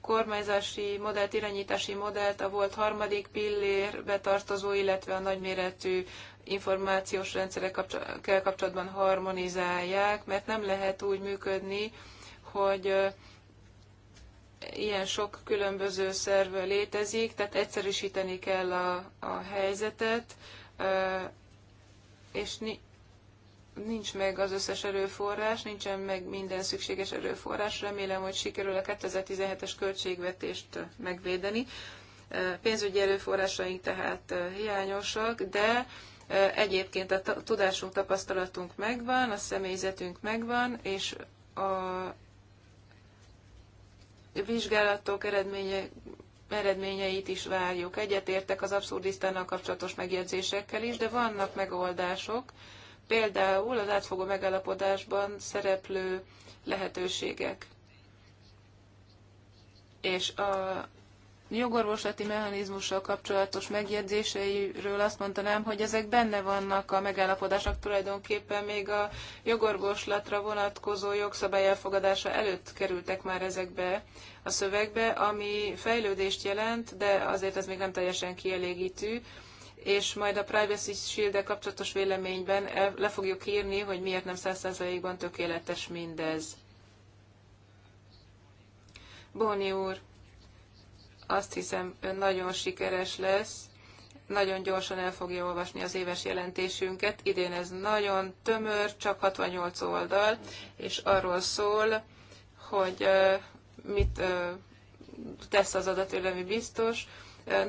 kormányzási modellt, irányítási modellt, a volt harmadik pillér betartozó, illetve a nagyméretű információs rendszerekkel kapcsolatban harmonizálják, mert nem lehet úgy működni, hogy ilyen sok különböző szerv létezik, tehát egyszerűsíteni kell a, a helyzetet, és nincs meg az összes erőforrás, nincsen meg minden szükséges erőforrás. Remélem, hogy sikerül a 2017-es költségvetést megvédeni. Pénzügyi erőforrásaink tehát hiányosak, de egyébként a tudásunk, tapasztalatunk megvan, a személyzetünk megvan, és a vizsgálatok eredménye, eredményeit is várjuk. Egyetértek az abszurdisztánnal kapcsolatos megjegyzésekkel is, de vannak megoldások, például az átfogó megállapodásban szereplő lehetőségek. És a, jogorvoslati mechanizmussal kapcsolatos megjegyzéseiről azt mondanám, hogy ezek benne vannak a megállapodásnak tulajdonképpen még a jogorvoslatra vonatkozó jogszabály elfogadása előtt kerültek már ezekbe a szövegbe, ami fejlődést jelent, de azért ez még nem teljesen kielégítő és majd a Privacy shield kapcsolatos véleményben le fogjuk írni, hogy miért nem 100%-ban tökéletes mindez. Bóni úr, azt hiszem ön nagyon sikeres lesz, nagyon gyorsan el fogja olvasni az éves jelentésünket. Idén ez nagyon tömör, csak 68 oldal, és arról szól, hogy mit tesz az adatvédelmi biztos,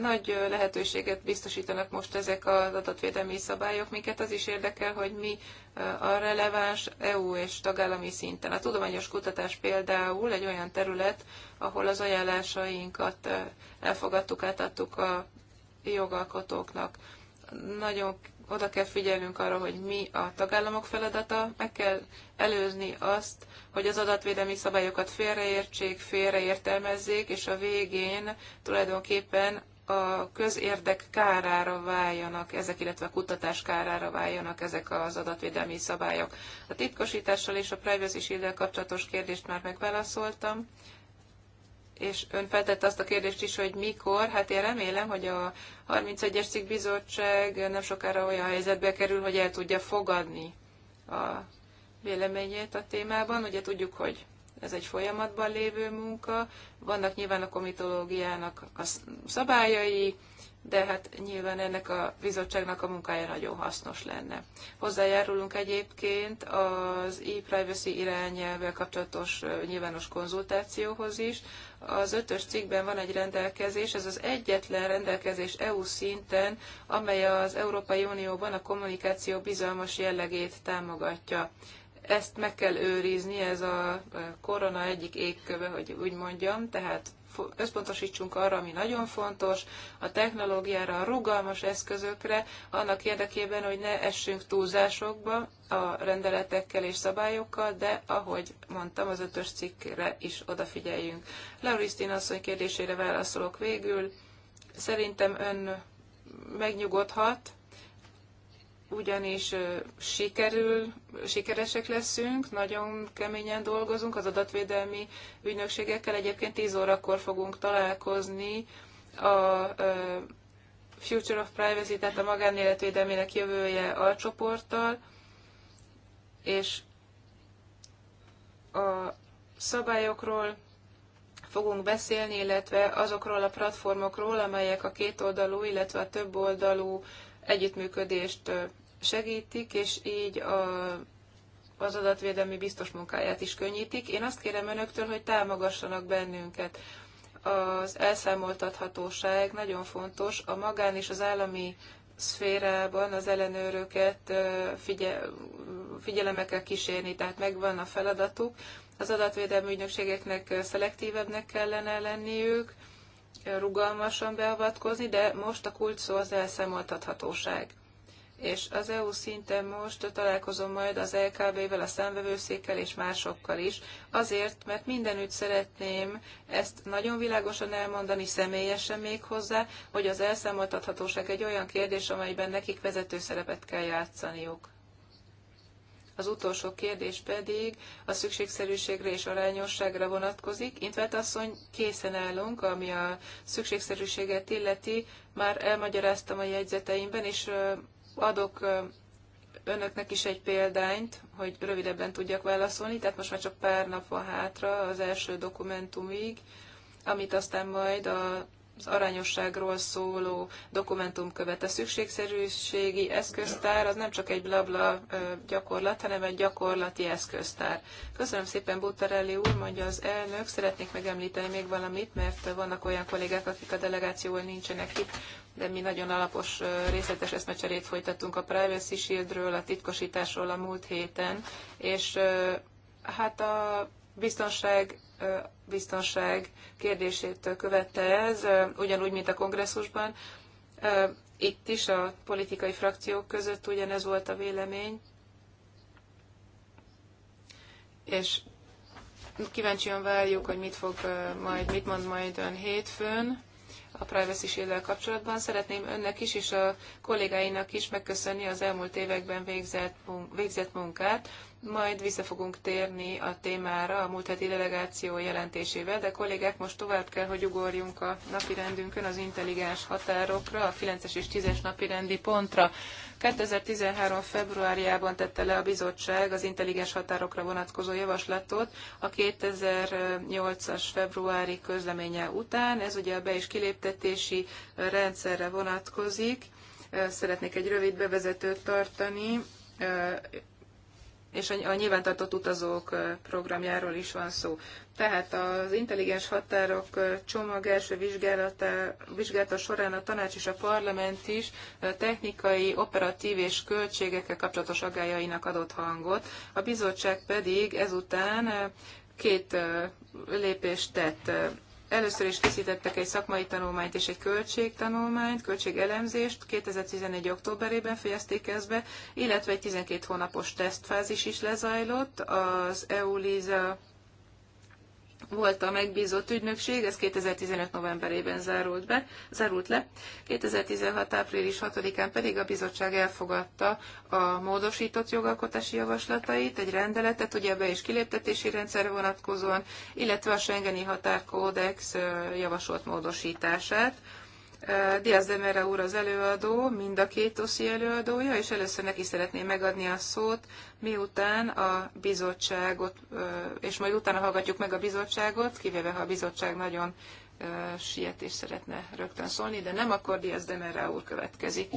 nagy lehetőséget biztosítanak most ezek az adatvédelmi szabályok, minket az is érdekel, hogy mi a releváns EU és tagállami szinten. A tudományos kutatás például egy olyan terület, ahol az ajánlásainkat elfogadtuk, átadtuk a jogalkotóknak. Nagyon oda kell figyelnünk arra, hogy mi a tagállamok feladata, meg kell előzni azt, hogy az adatvédelmi szabályokat félreértsék, félreértelmezzék, és a végén tulajdonképpen a közérdek kárára váljanak ezek, illetve a kutatás kárára váljanak ezek az adatvédelmi szabályok. A titkosítással és a privacy shield kapcsolatos kérdést már megválaszoltam és ön feltette azt a kérdést is, hogy mikor. Hát én remélem, hogy a 31-es cikk bizottság nem sokára olyan helyzetbe kerül, hogy el tudja fogadni a véleményét a témában. Ugye tudjuk, hogy ez egy folyamatban lévő munka, vannak nyilván a komitológiának a szabályai, de hát nyilván ennek a bizottságnak a munkája nagyon hasznos lenne. Hozzájárulunk egyébként az e-privacy irányelvvel kapcsolatos nyilvános konzultációhoz is, az ötös cikkben van egy rendelkezés, ez az egyetlen rendelkezés EU szinten, amely az Európai Unióban a kommunikáció bizalmas jellegét támogatja. Ezt meg kell őrizni, ez a eh, korona egyik égköve, hogy úgy mondjam, tehát összpontosítsunk arra, ami nagyon fontos, a technológiára, a rugalmas eszközökre, annak érdekében, hogy ne essünk túlzásokba a rendeletekkel és szabályokkal, de ahogy mondtam, az ötös cikkre is odafigyeljünk. Laurisztin asszony kérdésére válaszolok végül. Szerintem ön megnyugodhat, ugyanis sikerül, sikeresek leszünk, nagyon keményen dolgozunk az adatvédelmi ügynökségekkel. Egyébként 10 órakor fogunk találkozni a Future of Privacy, tehát a magánéletvédelmének jövője alcsoporttal, és a szabályokról fogunk beszélni, illetve azokról a platformokról, amelyek a kétoldalú, illetve a többoldalú együttműködést segítik, és így a, az adatvédelmi biztos munkáját is könnyítik. Én azt kérem önöktől, hogy támogassanak bennünket. Az elszámoltathatóság nagyon fontos. A magán és az állami szférában az ellenőröket figye, figyelemmel kell kísérni, tehát megvan a feladatuk. Az adatvédelmi ügynökségeknek szelektívebbnek kellene lenniük, rugalmasan beavatkozni, de most a kulcs szó az elszámoltathatóság. És az EU szinten most találkozom majd az LKB-vel, a számvevőszékkel és másokkal is, azért, mert mindenütt szeretném ezt nagyon világosan elmondani, személyesen még hozzá, hogy az elszámoltathatóság egy olyan kérdés, amelyben nekik vezető szerepet kell játszaniuk az utolsó kérdés pedig a szükségszerűségre és arányosságra vonatkozik. Intvet asszony, készen állunk, ami a szükségszerűséget illeti. Már elmagyaráztam a jegyzeteimben, és adok önöknek is egy példányt, hogy rövidebben tudjak válaszolni, tehát most már csak pár nap van hátra az első dokumentumig, amit aztán majd a az arányosságról szóló dokumentum követ. A szükségszerűségi eszköztár az nem csak egy blabla gyakorlat, hanem egy gyakorlati eszköztár. Köszönöm szépen Butarelli úr, mondja az elnök. Szeretnék megemlíteni még valamit, mert vannak olyan kollégák, akik a delegációval nincsenek itt, de mi nagyon alapos, részletes eszmecserét folytattunk a Privacy Shieldről, a titkosításról a múlt héten, és hát a biztonság biztonság kérdését követte ez, ugyanúgy, mint a kongresszusban. Itt is a politikai frakciók között ugyanez volt a vélemény. És kíváncsian várjuk, hogy mit fog majd, mit mond majd ön hétfőn a Privacy shield kapcsolatban. Szeretném önnek is és a kollégáinak is megköszönni az elmúlt években végzett, végzett munkát. Majd vissza fogunk térni a témára a múlt heti delegáció jelentésével, de kollégák, most tovább kell, hogy ugorjunk a napirendünkön az intelligens határokra, a 9-es és 10-es napirendi pontra. 2013. februárjában tette le a bizottság az intelligens határokra vonatkozó javaslatot a 2008-as februári közleménye után. Ez ugye a be- és kiléptetési rendszerre vonatkozik. Szeretnék egy rövid bevezetőt tartani és a nyilvántartott utazók programjáról is van szó. Tehát az intelligens határok csomag első vizsgálata, vizsgálata során a tanács és a parlament is technikai, operatív és költségekkel kapcsolatos agályainak adott hangot. A bizottság pedig ezután két lépést tett először is készítettek egy szakmai tanulmányt és egy költségtanulmányt, költségelemzést, 2011. októberében fejezték ezt be, illetve egy 12 hónapos tesztfázis is lezajlott az EU-LISA volt a megbízott ügynökség, ez 2015 novemberében zárult, be, zárult le, 2016 április 6-án pedig a bizottság elfogadta a módosított jogalkotási javaslatait, egy rendeletet, ugye be- és kiléptetési rendszer vonatkozóan, illetve a Schengeni Határkódex javasolt módosítását Diaz Mera úr az előadó, mind a két oszi előadója, és először neki szeretném megadni a szót, miután a bizottságot, és majd utána hallgatjuk meg a bizottságot, kivéve ha a bizottság nagyon siet és szeretne rögtön szólni, de nem, akkor Diaz Mera úr következik.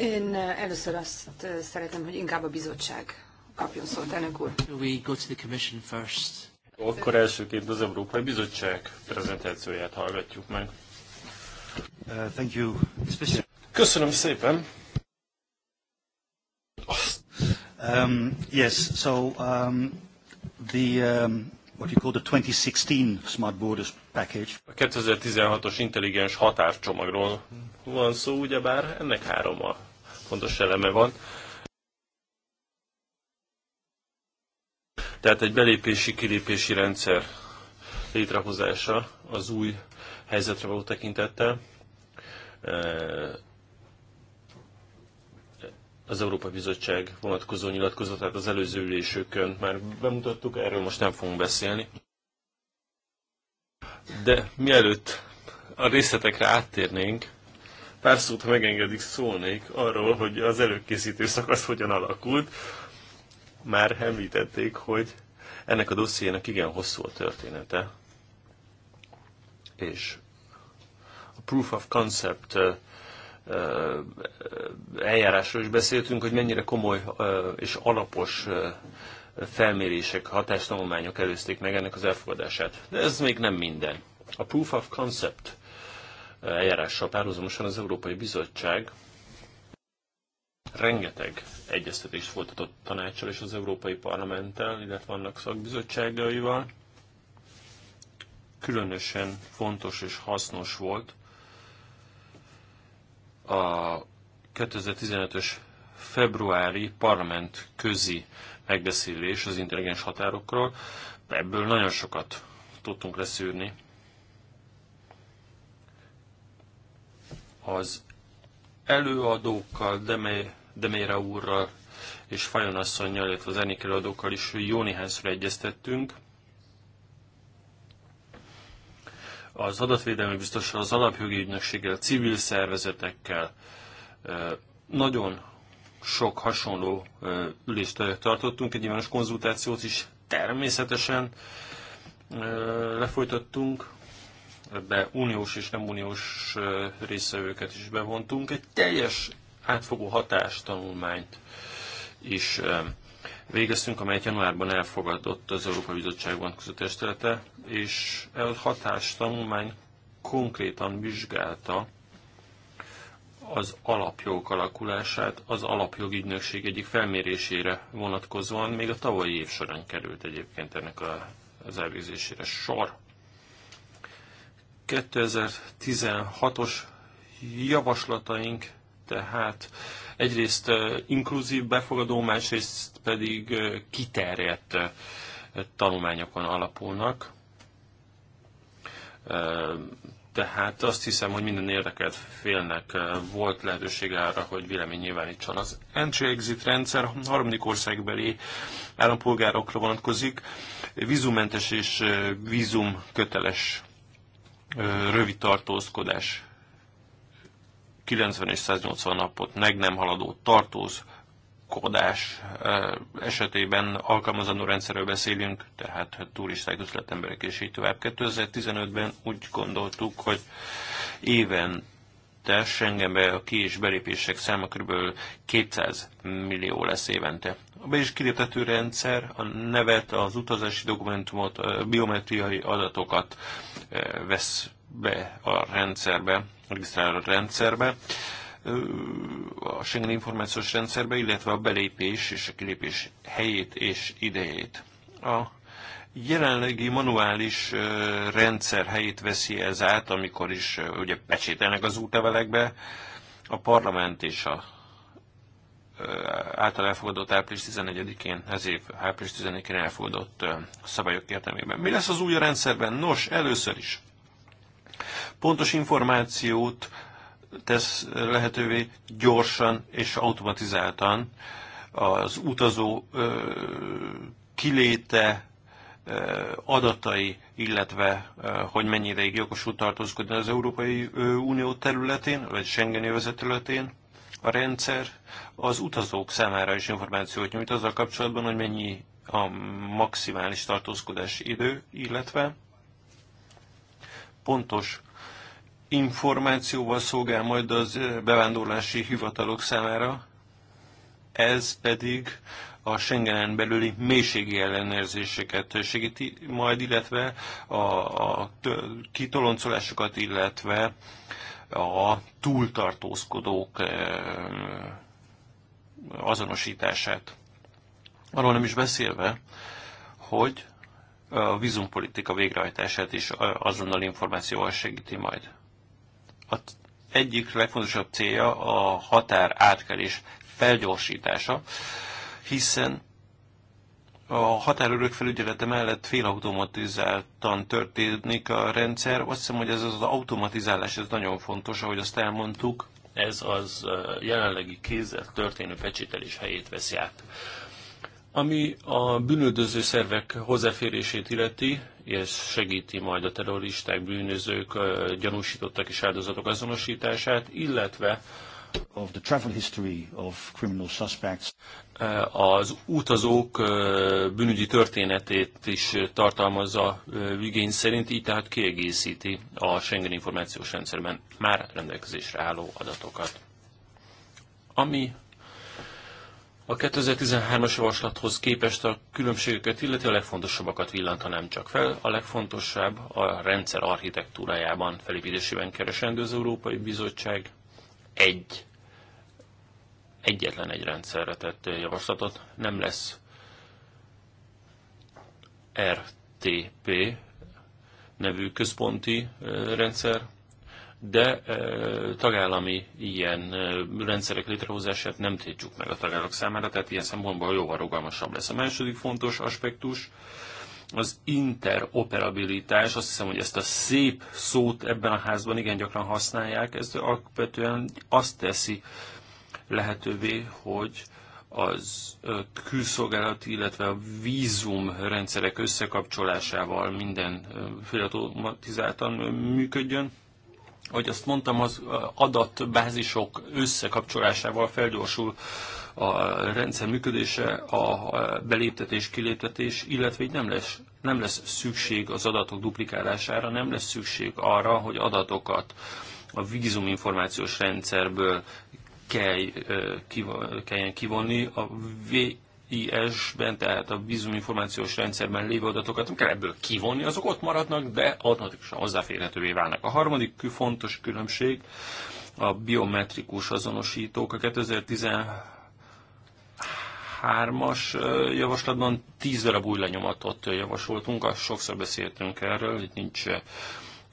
Én először azt szeretném, hogy inkább a bizottság kapjon szót, elnök úr. We go to the commission first. Akkor elsőként az Európai Bizottság prezentációját hallgatjuk meg. Uh, thank you. Köszönöm szépen. Um, yes, so um, the um, what you call the 2016 Smart Borders Package. A 2016-os intelligens határcsomagról van szó, ugyebár ennek három a fontos eleme van. Tehát egy belépési-kilépési rendszer létrehozása az új helyzetre való tekintettel eh, az Európai Bizottság vonatkozó nyilatkozatát az előző ülésükön már bemutattuk, erről most nem fogunk beszélni. De mielőtt a részletekre áttérnénk, pár szót, ha megengedik, szólnék arról, hogy az előkészítő szakasz hogyan alakult már említették, hogy ennek a dossziének igen hosszú a története, és a proof of concept eljárásról is beszéltünk, hogy mennyire komoly és alapos felmérések, hatástanulmányok előzték meg ennek az elfogadását. De ez még nem minden. A proof of concept eljárással párhuzamosan az Európai Bizottság Rengeteg egyeztetést folytatott tanácsal és az Európai Parlamenttel, illetve annak szakbizottságaival. Különösen fontos és hasznos volt a 2015-ös februári parlament közi megbeszélés az intelligens határokról. Ebből nagyon sokat tudtunk leszűrni. Az előadókkal, Demé, Demére úrral és Fajon asszonynal, illetve az enik előadókkal is jó néhányszor egyeztettünk. Az adatvédelmi biztossal, az alapjogi ügynökséggel, civil szervezetekkel nagyon sok hasonló ülést tartottunk, egy nyilvános konzultációt is természetesen lefolytattunk ebbe uniós és nem uniós részevőket is bevontunk. Egy teljes átfogó hatástanulmányt is végeztünk, amelyet januárban elfogadott az Európai Bizottság vonatkozó testülete, és a hatástanulmány konkrétan vizsgálta az alapjog alakulását az alapjogügynökség egyik felmérésére vonatkozóan még a tavalyi év során került egyébként ennek a, az elvégzésére sor. 2016-os javaslataink tehát egyrészt inkluzív befogadó, másrészt pedig kiterjedt tanulmányokon alapulnak. Tehát azt hiszem, hogy minden érdekelt félnek volt lehetősége arra, hogy vélemény nyilvánítson. Az entry-exit rendszer harmadik országbeli állampolgárokra vonatkozik, vízummentes és vízumköteles rövid tartózkodás 90 és 180 napot meg nem haladó tartózkodás esetében alkalmazandó rendszerről beszélünk, tehát turisták, üzletemberek és így tovább. 2015-ben úgy gondoltuk, hogy éven de Schengenbe a ki- és belépések száma kb. 200 millió lesz évente. A be- és kiléptető rendszer a nevet, az utazási dokumentumot, a biometriai adatokat vesz be a rendszerbe, regisztrál a rendszerbe a Schengen információs rendszerbe, illetve a belépés és a kilépés helyét és idejét. A jelenlegi manuális rendszer helyét veszi ez át, amikor is ugye pecsételnek az útlevelekbe, a parlament és a által elfogadott április 11-én, ez év április 11-én elfogadott szabályok értelmében. Mi lesz az új rendszerben? Nos, először is pontos információt tesz lehetővé gyorsan és automatizáltan az utazó kiléte, adatai, illetve hogy mennyi ideig jogosult tartózkodni az Európai Unió területén, vagy Schengeni övezet területén. A rendszer az utazók számára is információt nyújt azzal kapcsolatban, hogy mennyi a maximális tartózkodási idő, illetve pontos információval szolgál majd az bevándorlási hivatalok számára, ez pedig a Schengenen belüli mélységi ellenőrzéseket segíti majd, illetve a, a kitoloncolásokat, illetve a túltartózkodók eh, azonosítását. Arról nem is beszélve, hogy a vízumpolitika végrehajtását is azonnal információval segíti majd. A egyik legfontosabb célja a határ átkelés felgyorsítása, hiszen a határőrök felügyelete mellett félautomatizáltan történik a rendszer. Azt hiszem, hogy ez az automatizálás, ez nagyon fontos, ahogy azt elmondtuk, ez az jelenlegi kézzel történő pecsételés helyét veszi át. Ami a bűnöldöző szervek hozzáférését illeti, és segíti majd a terroristák, bűnözők, gyanúsítottak és áldozatok azonosítását, illetve Of the travel history of criminal suspects. Eh, az utazók eh, bűnügyi történetét is tartalmazza eh, igény szerint, így tehát kiegészíti a Schengen információs rendszerben már rendelkezésre álló adatokat. Ami a 2013-as javaslathoz képest a különbségeket, illetve a legfontosabbakat villantanám csak fel. A legfontosabb a rendszer architektúrájában, felépítésében keresendő az Európai Bizottság egy egyetlen egy rendszerre tett javaslatot. Nem lesz RTP nevű központi rendszer, de tagállami ilyen rendszerek létrehozását nem tiltjuk meg a tagállamok számára, tehát ilyen szempontból jóval rugalmasabb lesz. A második fontos aspektus az interoperabilitás, azt hiszem, hogy ezt a szép szót ebben a házban igen gyakran használják, ez alapvetően azt teszi lehetővé, hogy az külszolgálati, illetve a vízum rendszerek összekapcsolásával minden félautomatizáltan működjön. Ahogy azt mondtam, az adatbázisok összekapcsolásával felgyorsul a rendszer működése, a beléptetés, kiléptetés, illetve így nem lesz, nem lesz szükség az adatok duplikálására, nem lesz szükség arra, hogy adatokat a vízuminformációs rendszerből kell, kelljen kivonni, a VIS-ben, tehát a vízuminformációs rendszerben lévő adatokat nem kell ebből kivonni, azok ott maradnak, de automatikusan hozzáférhetővé válnak. A harmadik fontos különbség a biometrikus azonosítók a 2010 hármas javaslatban tíz darab új lenyomatot javasoltunk, azt sokszor beszéltünk erről, itt nincs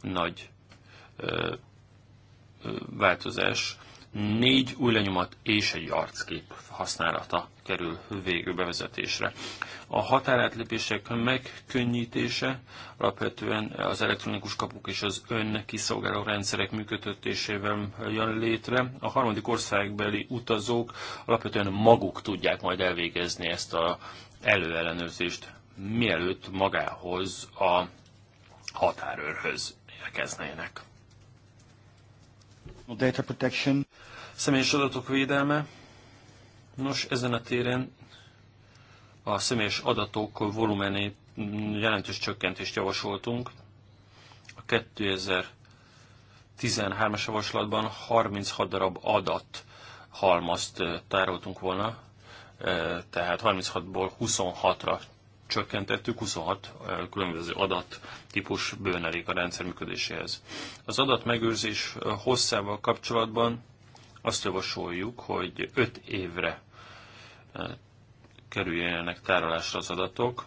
nagy változás. Négy új lenyomat és egy arckép használata kerül végül bevezetésre. A határátlépések megkönnyítése alapvetően az elektronikus kapuk és az ön kiszolgáló rendszerek működtetésével jön létre. A harmadik országbeli utazók alapvetően maguk tudják majd elvégezni ezt a előellenőrzést, mielőtt magához a határőrhöz érkeznének. A data protection. Személyes adatok védelme Nos, ezen a téren a személyes adatok volumenét jelentős csökkentést javasoltunk. A 2013-as javaslatban 36 darab adat halmazt tároltunk volna, tehát 36-ból 26-ra csökkentettük, 26 különböző adattípus bőnelik a rendszer működéséhez. Az adatmegőrzés hosszával kapcsolatban azt javasoljuk, hogy 5 évre eh, kerüljenek tárolásra az adatok.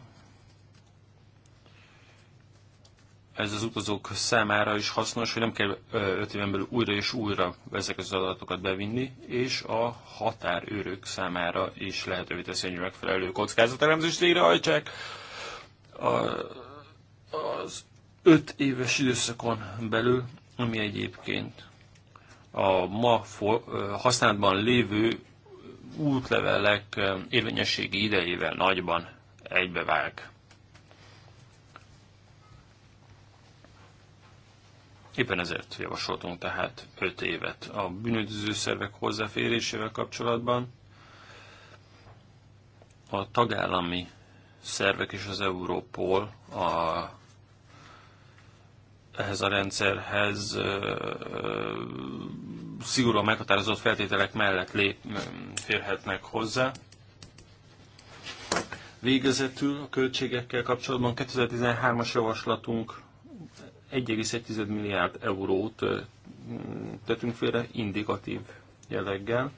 Ez az utazók számára is hasznos, hogy nem kell 5 eh, éven belül újra és újra ezeket az adatokat bevinni, és a határőrök számára is lehetővé teszi, hogy megfelelő kockázatelemzést végrehajtsák. Az öt éves időszakon belül, ami egyébként a ma használatban lévő útlevelek érvényességi idejével nagyban egybevág. Éppen ezért javasoltunk tehát 5 évet a bűnöző szervek hozzáférésével kapcsolatban. A tagállami szervek és az Európol a ehhez a rendszerhez szigorúan meghatározott feltételek mellett lép, férhetnek hozzá. Végezetül a költségekkel kapcsolatban 2013-as javaslatunk 1,1 milliárd eurót tettünk félre indikatív jelleggel.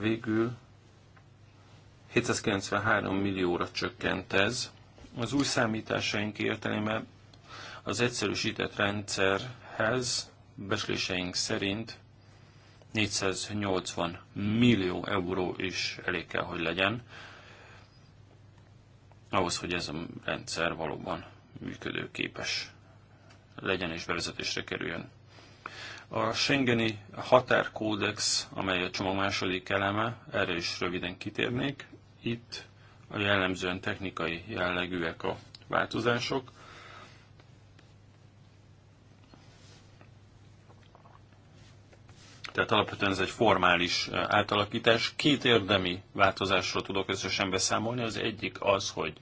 Végül 793 millióra csökkent ez, az új számításaink értelme az egyszerűsített rendszerhez besléseink szerint 480 millió euró is elég kell, hogy legyen, ahhoz, hogy ez a rendszer valóban működőképes legyen és bevezetésre kerüljön. A Schengeni határkódex, amely a csomag második eleme, erre is röviden kitérnék. Itt a jellemzően technikai jellegűek a változások. Tehát alapvetően ez egy formális átalakítás. Két érdemi változásról tudok összesen beszámolni. Az egyik az, hogy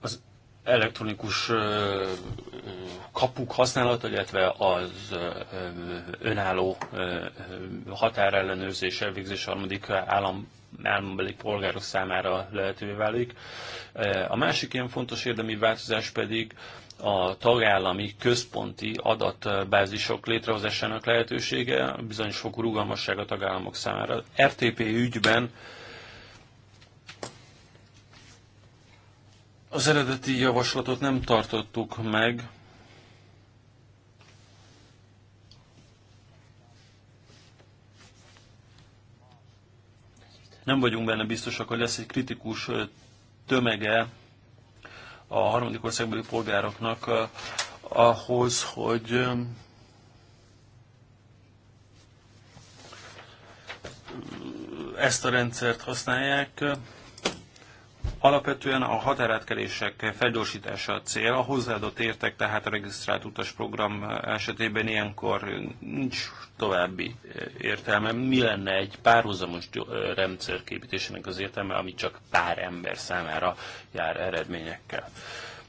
az elektronikus kapuk használata, illetve az önálló határellenőrzés elvégzés harmadik állam állambeli polgárok számára lehetővé válik. E, a másik ilyen fontos érdemi változás pedig a tagállami központi adatbázisok létrehozásának lehetősége, bizonyos fokú rugalmasság a tagállamok számára. RTP ügyben az eredeti javaslatot nem tartottuk meg, nem vagyunk benne biztosak, hogy lesz egy kritikus tömege a harmadik országbeli polgároknak ahhoz, hogy ezt a rendszert használják. Alapvetően a határátkelések felgyorsítása a cél, a hozzáadott értek, tehát a regisztrált utasprogram esetében ilyenkor nincs további értelme. Mi lenne egy párhuzamos rendszer képítésének az értelme, ami csak pár ember számára jár eredményekkel?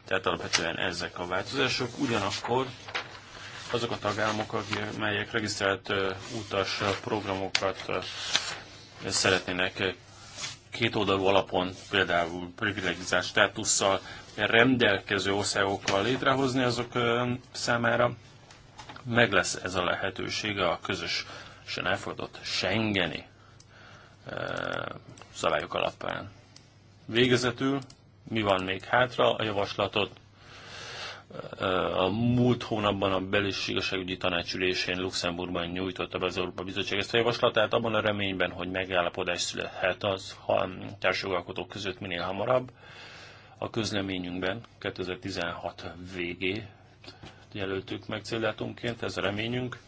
Tehát alapvetően ezek a változások. Ugyanakkor azok a tagállamok, melyek regisztrált utas programokat szeretnének kétoldalú alapon, például privilegizált státusszal rendelkező országokkal létrehozni, azok számára meg lesz ez a lehetősége a közösen elfogadott Schengeni szabályok alapján. Végezetül mi van még hátra? A javaslatot a múlt hónapban a belis igazságügyi tanácsülésén Luxemburgban nyújtotta be az Európa Bizottság ezt a javaslatát, abban a reményben, hogy megállapodás születhet az ha társjogalkotók között minél hamarabb. A közleményünkben 2016 végé jelöltük meg céldátumként, ez a reményünk.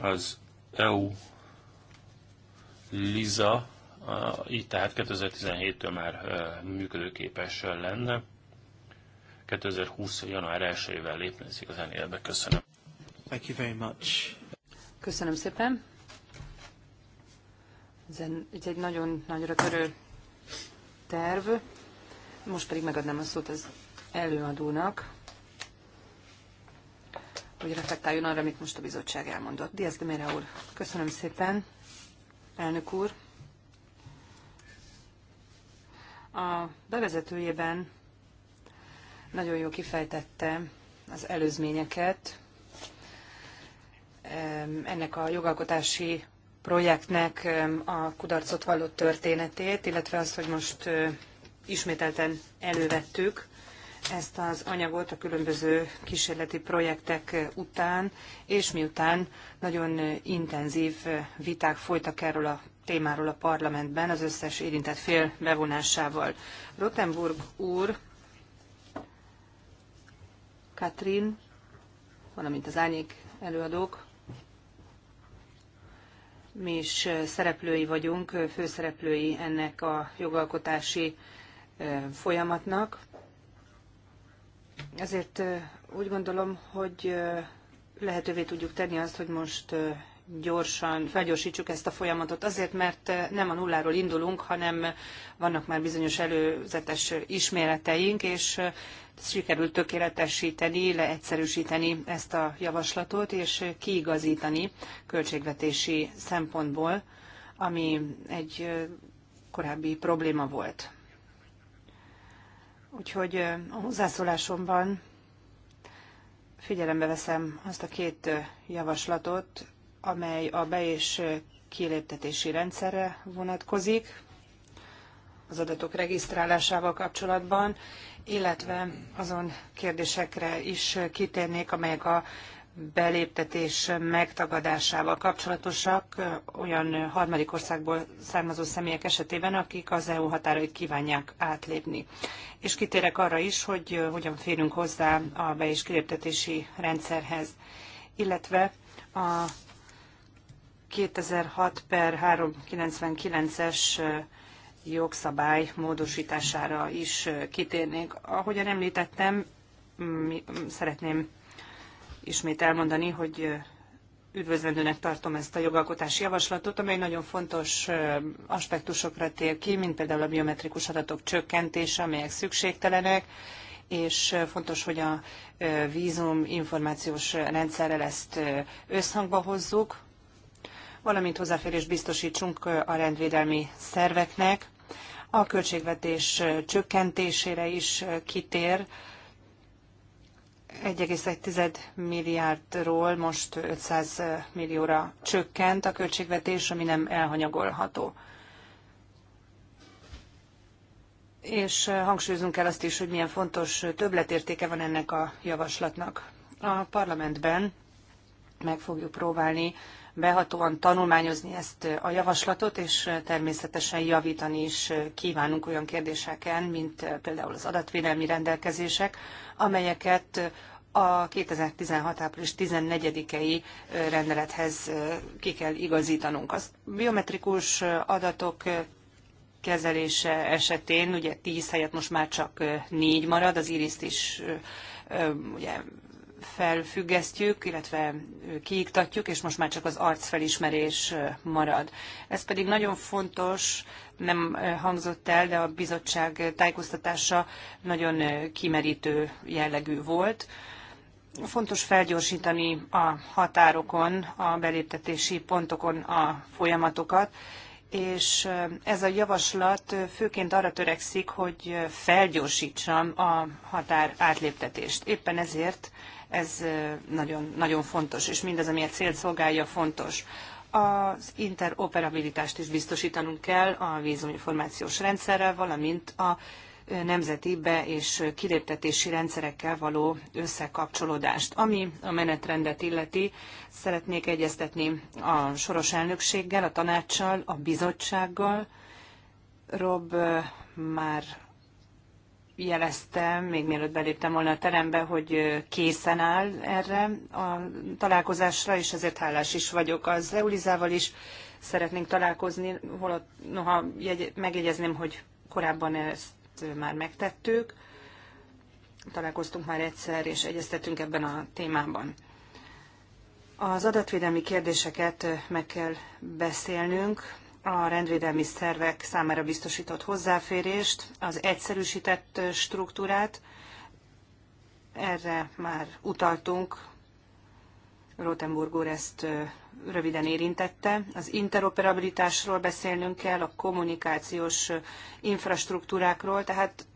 Az EU Liza így tehát 2017-től már működőképes lenne 2020. január 1-ével lépni az igazán élbe. Köszönöm. Thank you very much. Köszönöm szépen. Ez egy nagyon nagyra törő terv. Most pedig megadnám a szót az előadónak, hogy reflektáljon arra, amit most a bizottság elmondott. Diaz de Mera úr, köszönöm szépen, elnök úr. A bevezetőjében nagyon jó kifejtette az előzményeket. Ennek a jogalkotási projektnek a kudarcot vallott történetét, illetve azt, hogy most ismételten elővettük ezt az anyagot a különböző kísérleti projektek után, és miután nagyon intenzív viták folytak erről a témáról a parlamentben, az összes érintett fél bevonásával. Rotenburg úr Katrin, valamint az Ányék előadók. Mi is szereplői vagyunk, főszereplői ennek a jogalkotási folyamatnak. Ezért úgy gondolom, hogy lehetővé tudjuk tenni azt, hogy most gyorsan felgyorsítsuk ezt a folyamatot, azért mert eh, nem a nulláról indulunk, hanem vannak már bizonyos előzetes ismereteink, és eh, sikerült tökéletesíteni, leegyszerűsíteni ezt a javaslatot, és kiigazítani költségvetési szempontból, ami egy eh, korábbi probléma volt. Úgyhogy a hozzászólásomban figyelembe veszem azt a két javaslatot, amely a be- és kiléptetési rendszerre vonatkozik, az adatok regisztrálásával kapcsolatban, illetve azon kérdésekre is kitérnék, amelyek a beléptetés megtagadásával kapcsolatosak olyan harmadik országból származó személyek esetében, akik az EU határait kívánják átlépni. És kitérek arra is, hogy hogyan férünk hozzá a be- és kiléptetési rendszerhez, illetve a 2006 per 399-es jogszabály módosítására is kitérnék. Ahogyan említettem, mm, mm, szeretném ismét elmondani, hogy üdvözlendőnek tartom ezt a jogalkotási javaslatot, amely nagyon fontos aspektusokra tér ki, mint például a biometrikus adatok csökkentése, amelyek szükségtelenek, és fontos, hogy a vízum információs rendszerrel ezt összhangba hozzuk, valamint hozzáférés biztosítsunk a rendvédelmi szerveknek. A költségvetés csökkentésére is kitér, 1,1 milliárdról most 500 millióra csökkent a költségvetés, ami nem elhanyagolható. És hangsúlyozunk el azt is, hogy milyen fontos többletértéke van ennek a javaslatnak. A parlamentben meg fogjuk próbálni behatóan tanulmányozni ezt a javaslatot, és természetesen javítani is kívánunk olyan kérdéseken, mint például az adatvédelmi rendelkezések, amelyeket a 2016. április 14-i rendelethez ki kell igazítanunk. A biometrikus adatok kezelése esetén ugye 10 helyett most már csak 4 marad, az iriszt is ugye felfüggesztjük, illetve kiiktatjuk, és most már csak az arcfelismerés marad. Ez pedig nagyon fontos, nem hangzott el, de a bizottság tájékoztatása nagyon kimerítő jellegű volt. Fontos felgyorsítani a határokon, a beléptetési pontokon a folyamatokat, és ez a javaslat főként arra törekszik, hogy felgyorsítsam a határ átléptetést. Éppen ezért ez nagyon, nagyon fontos, és mindez, ami a célt szolgálja, fontos. Az interoperabilitást is biztosítanunk kell a vízuminformációs rendszerrel, valamint a nemzeti be- és kiléptetési rendszerekkel való összekapcsolódást. Ami a menetrendet illeti, szeretnék egyeztetni a soros elnökséggel, a tanácssal, a bizottsággal. Rob már jeleztem, még mielőtt beléptem volna a terembe, hogy készen áll erre a találkozásra, és ezért hálás is vagyok az Eulizával is. Szeretnénk találkozni, holott noha jegy, megjegyezném, hogy korábban ezt már megtettük. Találkoztunk már egyszer, és egyeztettünk ebben a témában. Az adatvédelmi kérdéseket meg kell beszélnünk, a rendvédelmi szervek számára biztosított hozzáférést, az egyszerűsített struktúrát. Erre már utaltunk, Rotenburg úr ezt röviden érintette. Az interoperabilitásról beszélnünk kell, a kommunikációs infrastruktúrákról, tehát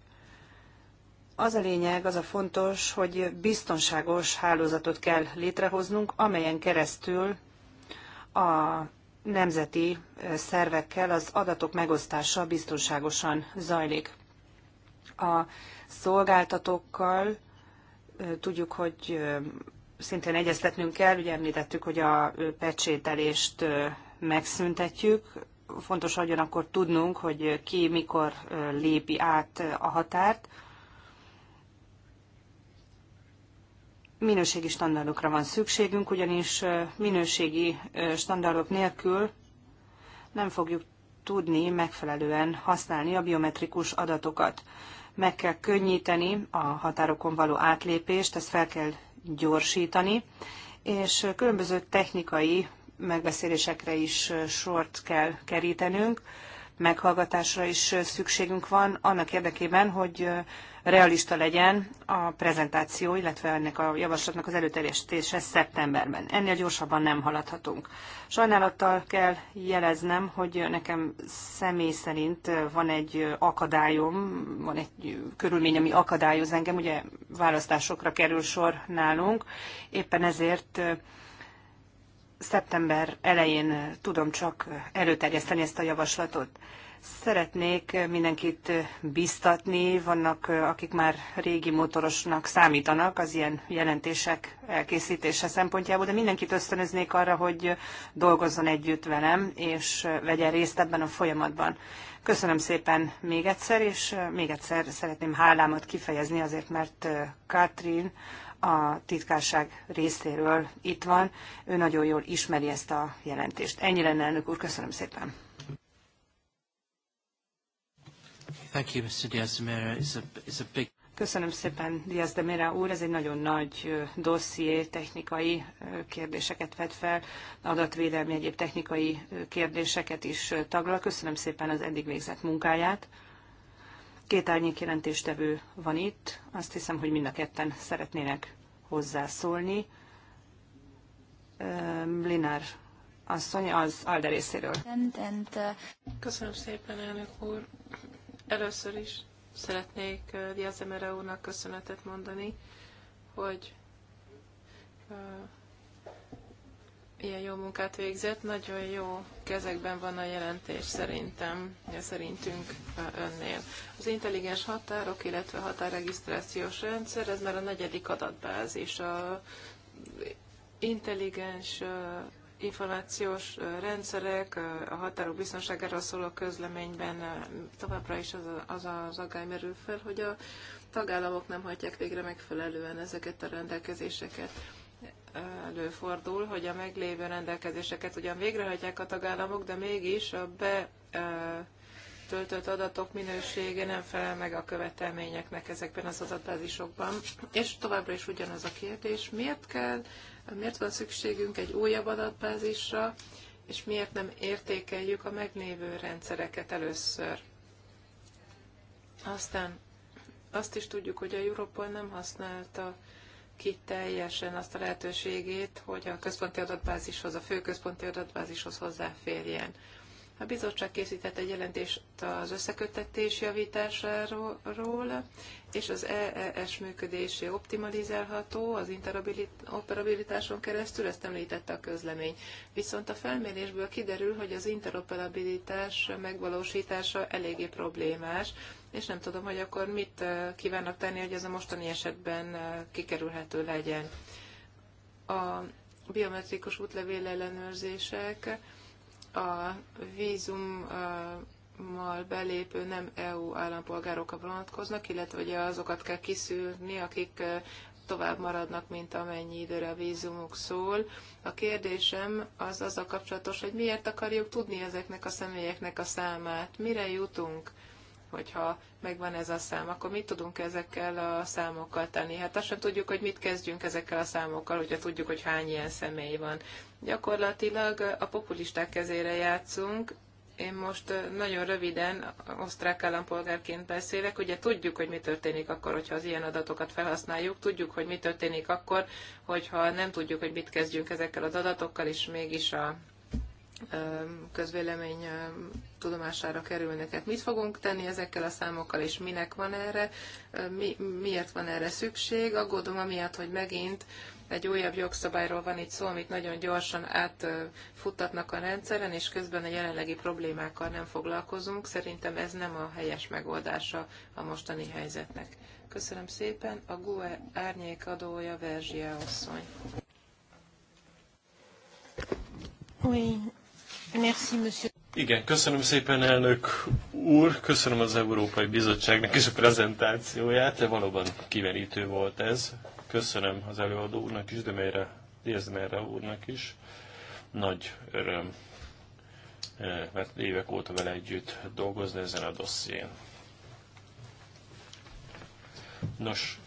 az a lényeg, az a fontos, hogy biztonságos hálózatot kell létrehoznunk, amelyen keresztül a nemzeti szervekkel az adatok megosztása biztonságosan zajlik. A szolgáltatókkal tudjuk, hogy szintén egyeztetnünk kell, ugye említettük, hogy a pecsételést megszüntetjük, fontos hogy akkor tudnunk, hogy ki mikor lépi át a határt, minőségi standardokra van szükségünk, ugyanis minőségi standardok nélkül nem fogjuk tudni megfelelően használni a biometrikus adatokat. Meg kell könnyíteni a határokon való átlépést, ezt fel kell gyorsítani, és különböző technikai megbeszélésekre is sort kell kerítenünk, meghallgatásra is szükségünk van, annak érdekében, hogy realista legyen a prezentáció, illetve ennek a javaslatnak az előterjesztése szeptemberben. Ennél gyorsabban nem haladhatunk. Sajnálattal kell jeleznem, hogy nekem személy szerint van egy akadályom, van egy körülmény, ami akadályoz engem, ugye választásokra kerül sor nálunk, éppen ezért szeptember elején eh, tudom csak eh, előterjeszteni ezt a javaslatot. Szeretnék eh, mindenkit biztatni, vannak akik már régi motorosnak számítanak az ilyen jelentések elkészítése szempontjából, de mindenkit ösztönöznék arra, hogy dolgozzon együtt velem, és vegyen részt ebben a folyamatban. Köszönöm szépen még egyszer, és még egyszer szeretném hálámat kifejezni azért, mert Katrin a titkárság részéről itt van. Ő nagyon jól ismeri ezt a jelentést. Ennyi lenne, elnök úr, köszönöm szépen. Thank you, Mr. Diaz it's a, it's a big... Köszönöm szépen, Diaz de Mera úr. Ez egy nagyon nagy dosszié, technikai kérdéseket vet fel, adatvédelmi, egyéb technikai kérdéseket is taglal. Köszönöm szépen az eddig végzett munkáját. Két árnyék jelentéstevő van itt, azt hiszem, hogy mind a ketten szeretnének hozzászólni. Linár asszony az Alde részéről. Köszönöm szépen, elnök úr. Először is szeretnék Diazemere úrnak köszönetet mondani, hogy ilyen jó munkát végzett, nagyon jó kezekben van a jelentés szerintem, szerintünk önnél. Az intelligens határok, illetve határregisztrációs rendszer, ez már a negyedik adatbázis. A intelligens információs rendszerek, a határok biztonságáról szóló közleményben továbbra is az az, az agály merül fel, hogy a tagállamok nem hagyják végre megfelelően ezeket a rendelkezéseket előfordul, hogy a meglévő rendelkezéseket ugyan végrehajtják a tagállamok, de mégis a betöltött adatok minősége nem felel meg a követelményeknek ezekben az adatbázisokban. És továbbra is ugyanaz a kérdés, miért kell, miért van szükségünk egy újabb adatbázisra, és miért nem értékeljük a meglévő rendszereket először. Aztán azt is tudjuk, hogy a Europol nem használta ki teljesen azt a lehetőségét, hogy a központi adatbázishoz, a fő központi adatbázishoz hozzáférjen. A bizottság készített egy jelentést az összeköttetés javításáról, és az EES működésé optimalizálható az interoperabilitáson keresztül, ezt említette a közlemény. Viszont a felmérésből kiderül, hogy az interoperabilitás megvalósítása eléggé problémás, és nem tudom, hogy akkor mit kívánnak tenni, hogy ez a mostani esetben kikerülhető legyen. A biometrikus útlevél ellenőrzések a vízummal belépő nem EU állampolgárokra vonatkoznak, illetve ugye azokat kell kiszűrni, akik tovább maradnak, mint amennyi időre a vízumuk szól. A kérdésem az az a kapcsolatos, hogy miért akarjuk tudni ezeknek a személyeknek a számát, mire jutunk, hogyha megvan ez a szám, akkor mit tudunk ezekkel a számokkal tenni? Hát azt sem tudjuk, hogy mit kezdjünk ezekkel a számokkal, hogyha tudjuk, hogy hány ilyen személy van. Gyakorlatilag a populisták kezére játszunk, én most nagyon röviden osztrák állampolgárként beszélek, ugye tudjuk, hogy mi történik akkor, hogyha az ilyen adatokat felhasználjuk, tudjuk, hogy mi történik akkor, hogyha nem tudjuk, hogy mit kezdjünk ezekkel az adatokkal, és mégis a közvélemény tudomására kerülnek. Hát mit fogunk tenni ezekkel a számokkal, és minek van erre, mi, miért van erre szükség? Aggódom amiatt, hogy megint egy újabb jogszabályról van itt szó, amit nagyon gyorsan átfuttatnak a rendszeren, és közben a jelenlegi problémákkal nem foglalkozunk. Szerintem ez nem a helyes megoldása a mostani helyzetnek. Köszönöm szépen. A GUE árnyék adója Verzsia asszony. Oui, Merci, monsieur. Igen, köszönöm szépen, elnök úr, köszönöm az Európai Bizottságnak is a prezentációját, valóban kiverítő volt ez. Köszönöm az előadó úrnak is, de melyre, Dézmerre úrnak is. Nagy öröm, eh, mert évek óta vele együtt dolgozni ezen a dosszién. Nos,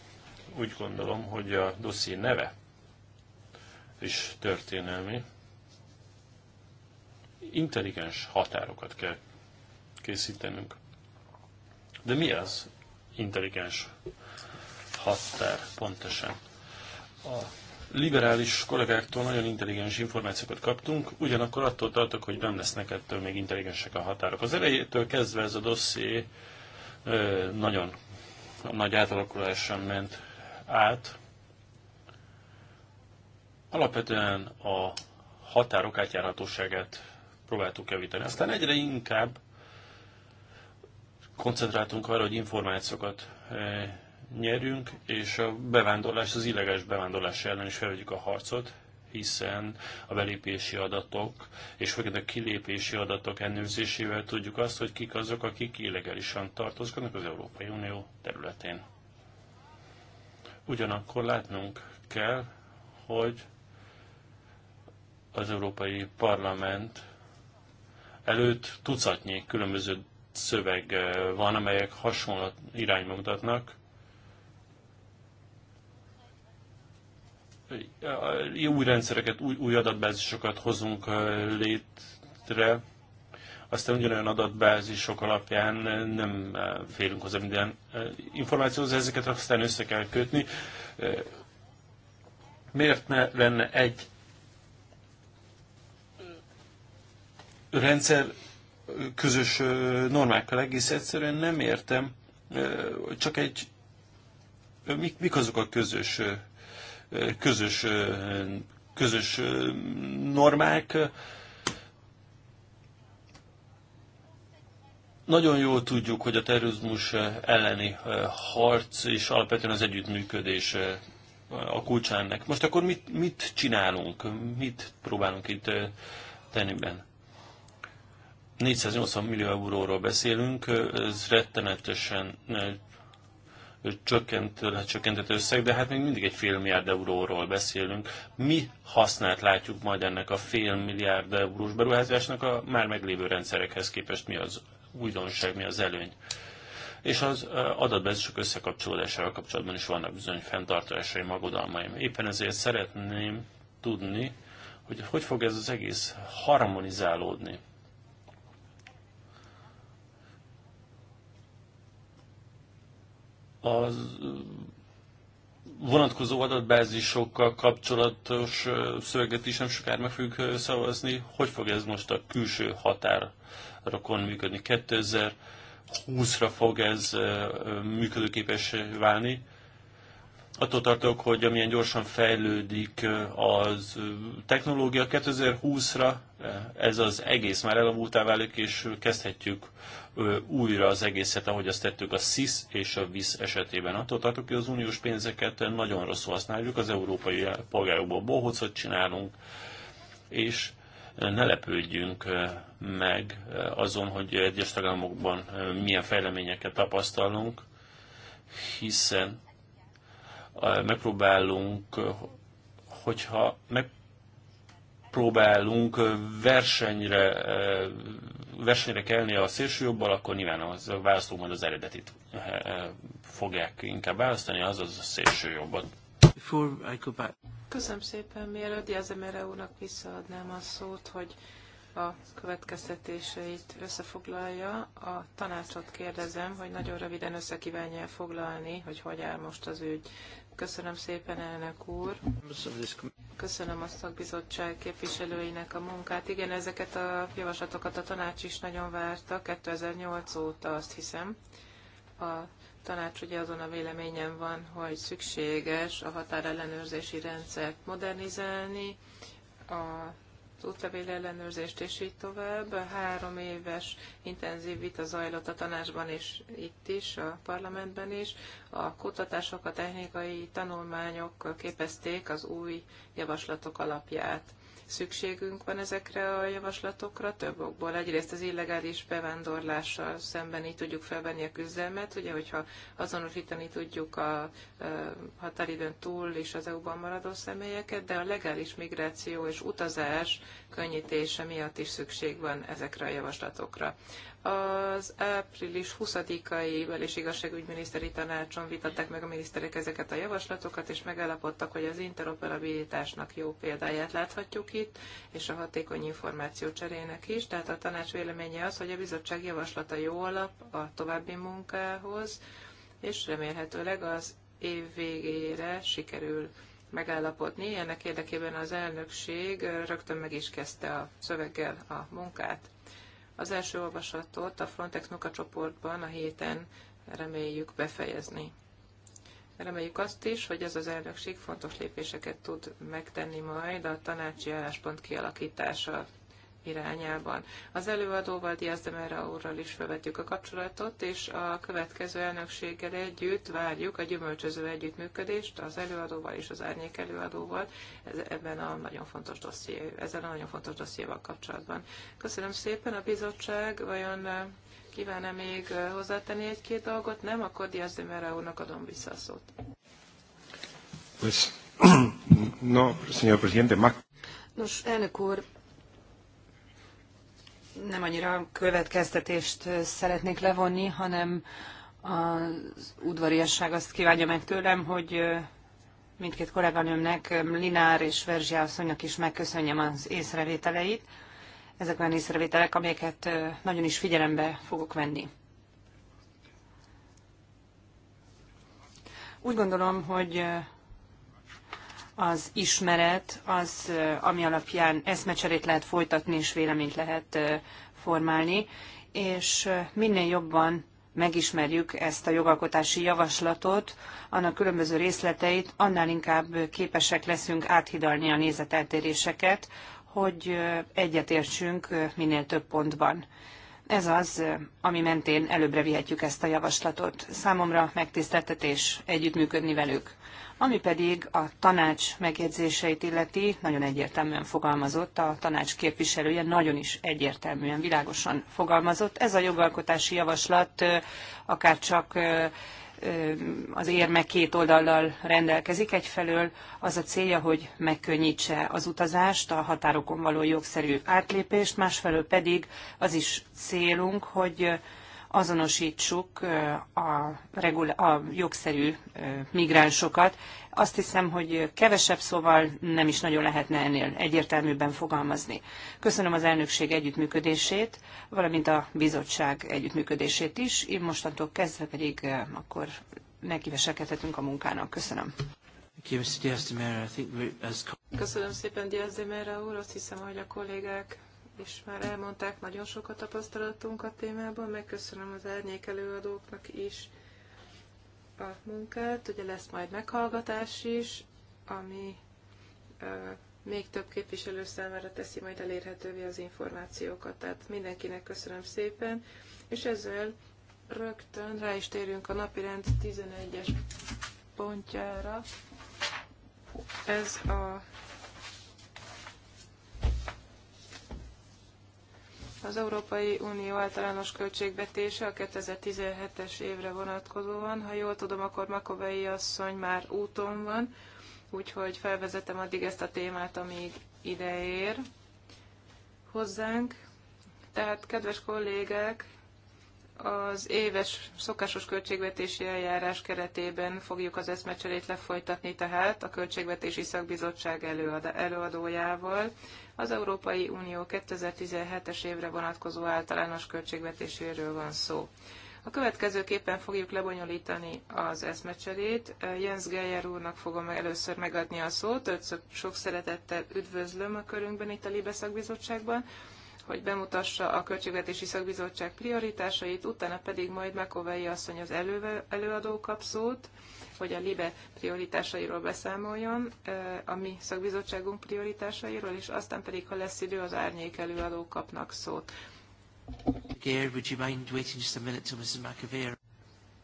úgy gondolom, hogy a dosszié neve is történelmi, intelligens határokat kell készítenünk. De mi az intelligens határ pontosan? A liberális kollégáktól nagyon intelligens információkat kaptunk, ugyanakkor attól tartok, hogy nem lesznek ettől még intelligensek a határok. Az elejétől kezdve ez a dosszié nagyon nagy átalakuláson ment át. Alapvetően a határok átjárhatóságát próbáltuk javítani. Aztán egyre inkább koncentráltunk arra, hogy információkat e, nyerjünk, és a bevándorlás, az illegális bevándorlás ellen is felvegyük a harcot, hiszen a belépési adatok és főként a kilépési adatok ellenőrzésével tudjuk azt, hogy kik azok, akik illegálisan tartózkodnak az Európai Unió területén. Ugyanakkor látnunk kell, hogy az Európai Parlament előtt tucatnyi különböző szöveg eh, van, amelyek hasonlat irányba mutatnak. Eh, új rendszereket, új, új adatbázisokat hozunk eh, létre, aztán ugyanolyan adatbázisok alapján nem félünk hozzá minden információhoz, ezeket aztán össze kell kötni. Miért ne lenne egy rendszer közös normákkal egész egyszerűen nem értem, csak egy, mik, mik azok a közös, közös, közös normák, Nagyon jól tudjuk, hogy a terrorizmus elleni harc és alapvetően az együttműködés a kulcsa Most akkor mit, mit csinálunk? Mit próbálunk itt benne? 480 millió euróról beszélünk, ez rettenetesen csökkent, hát csökkentett összeg, de hát még mindig egy fél milliárd euróról beszélünk. Mi hasznát látjuk majd ennek a fél milliárd eurós beruházásnak a már meglévő rendszerekhez képest mi az újdonság, mi az előny? És az adatbázisok összekapcsolódásával kapcsolatban is vannak bizony fenntartásai, magodalmaim. Éppen ezért szeretném tudni, hogy hogy fog ez az egész harmonizálódni az vonatkozó adatbázisokkal kapcsolatos szöveget is nem sokára meg fogjuk szavazni. Hogy fog ez most a külső határokon működni? 2020-ra fog ez működőképes válni. Attól tartok, hogy amilyen gyorsan fejlődik az technológia 2020-ra ez az egész már elavultá válik, és kezdhetjük újra az egészet, ahogy azt tettük a SIS és a VIS esetében. Attól tartok, hogy az uniós pénzeket nagyon rosszul használjuk, az európai polgárokból bohócot csinálunk, és ne lepődjünk meg azon, hogy egyes tagállamokban milyen fejleményeket tapasztalunk, hiszen megpróbálunk, hogyha meg próbálunk versenyre, versenyre kelni a jobbal, akkor nyilván az választók majd az eredetit fogják inkább választani, azaz a jobbat. Köszönöm szépen, mielőtt Jazemere úrnak visszaadnám a szót, hogy a következtetéseit összefoglalja. A tanácsot kérdezem, hogy nagyon röviden kívánja foglalni, hogy hogy áll most az ügy. Köszönöm szépen, elnök úr. Köszönöm a szakbizottság képviselőinek a munkát. Igen, ezeket a javaslatokat a tanács is nagyon várta, 2008 óta azt hiszem. A tanács ugye azon a véleményen van, hogy szükséges a határellenőrzési rendszert modernizálni, a útlevél ellenőrzést, és így tovább. Három éves intenzív vita zajlott a tanácsban és itt is, a parlamentben is. A kutatások, a technikai tanulmányok képezték az új javaslatok alapját szükségünk van ezekre a javaslatokra több okból. Egyrészt az illegális bevándorlással szemben így tudjuk felvenni a küzdelmet, ugye, hogyha azonosítani tudjuk a határidőn túl és az EU-ban maradó személyeket, de a legális migráció és utazás könnyítése miatt is szükség van ezekre a javaslatokra az április 20-ai bel- és igazságügyminiszteri tanácson vitatták meg a miniszterek ezeket a javaslatokat, és megállapodtak, hogy az interoperabilitásnak jó példáját láthatjuk itt, és a hatékony információ cserének is. Tehát a tanács véleménye az, hogy a bizottság javaslata jó alap a további munkához, és remélhetőleg az év végére sikerül megállapodni. Ennek érdekében az elnökség rögtön meg is kezdte a szöveggel a munkát. Az első olvasatot a Frontex munkacsoportban a héten reméljük befejezni. Reméljük azt is, hogy ez az elnökség fontos lépéseket tud megtenni majd a tanácsi álláspont kialakítása irányában. Az előadóval, Diaz de Mera úrral is felvetjük a kapcsolatot, és a következő elnökséggel együtt várjuk a gyümölcsöző együttműködést az előadóval és az árnyék előadóval ez, ebben a nagyon fontos dosszié, ezzel a nagyon fontos dossziéval kapcsolatban. Köszönöm szépen, a bizottság vajon eh, kíván-e még eh, hozzátenni egy-két dolgot? Nem, akkor Diaz de Mera úrnak adom vissza a szót. Pues, no, señor presidente, más... Nos, elnök úr, nem annyira következtetést szeretnék levonni, hanem az udvariasság azt kívánja meg tőlem, hogy mindkét kolléganőmnek, Linár és Verzsia asszonynak is megköszönjem az észrevételeit. Ezek olyan észrevételek, amelyeket nagyon is figyelembe fogok venni. Úgy gondolom, hogy az ismeret az, ami alapján eszmecserét lehet folytatni és véleményt lehet formálni, és minél jobban megismerjük ezt a jogalkotási javaslatot, annak különböző részleteit, annál inkább képesek leszünk áthidalni a nézeteltéréseket, hogy egyetértsünk minél több pontban. Ez az, ami mentén előbbre vihetjük ezt a javaslatot. Számomra megtiszteltetés együttműködni velük. Ami pedig a tanács megjegyzéseit illeti, nagyon egyértelműen fogalmazott, a tanács képviselője nagyon is egyértelműen, világosan fogalmazott. Ez a jogalkotási javaslat akár csak az érme két oldallal rendelkezik. Egyfelől az a célja, hogy megkönnyítse az utazást, a határokon való jogszerű átlépést, másfelől pedig az is célunk, hogy azonosítsuk a, regula- a jogszerű migránsokat. Azt hiszem, hogy kevesebb szóval nem is nagyon lehetne ennél egyértelműbben fogalmazni. Köszönöm az elnökség együttműködését, valamint a bizottság együttműködését is. Én mostantól kezdve pedig akkor nekiveselkedhetünk a munkának. Köszönöm. Köszönöm szépen, Diaz de Mera úr. Azt hiszem, hogy a kollégák és már elmondták, nagyon sok a tapasztalatunk a témában, megköszönöm az árnyék előadóknak is a munkát. Ugye lesz majd meghallgatás is, ami még több képviselő számára teszi majd elérhetővé az információkat. Tehát mindenkinek köszönöm szépen, és ezzel rögtön rá is térünk a napirend 11-es pontjára. Ez a Az Európai Unió általános költségvetése a 2017-es évre vonatkozóan, ha jól tudom, akkor Makovei asszony már úton van, úgyhogy felvezetem addig ezt a témát, amíg ide ér hozzánk. Tehát, kedves kollégák, az éves szokásos költségvetési eljárás keretében fogjuk az eszmecserét lefolytatni tehát a Költségvetési Szakbizottság előadójával, az Európai Unió 2017-es évre vonatkozó általános költségvetéséről van szó. A következőképpen fogjuk lebonyolítani az eszmecserét. Jens Geyer úrnak fogom először megadni a szót. Őt sok szeretettel üdvözlöm a körünkben itt a Libe szakbizottságban hogy bemutassa a Költségvetési Szakbizottság prioritásait, utána pedig majd Mekovei asszony az elő, előadó kap szót, hogy a LIBE prioritásairól beszámoljon, a mi szakbizottságunk prioritásairól, és aztán pedig, ha lesz idő, az árnyék előadók kapnak szót.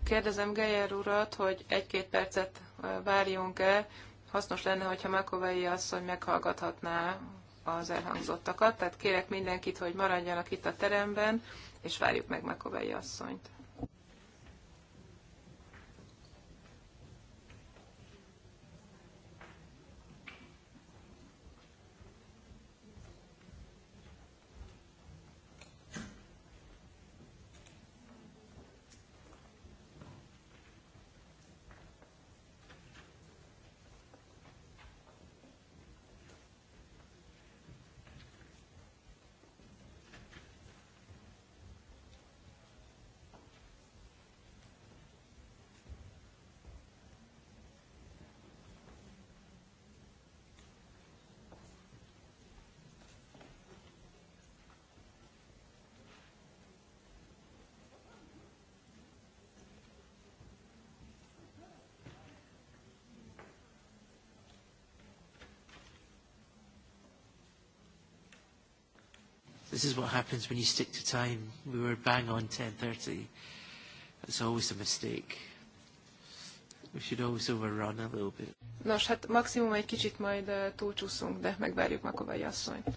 Kérdezem Geyer urat, hogy egy-két percet várjunk-e. Hasznos lenne, hogyha McAvey asszony meghallgathatná az elhangzottakat. Tehát kérek mindenkit, hogy maradjanak itt a teremben, és várjuk meg McAvey asszonyt. This is what happens when you stick to time. We were bang on 10.30. That's always a mistake. We should always overrun a little bit. Nos, hát maximum egy kicsit majd eh, túlcsúszunk, de megvárjuk Makovai asszonyt.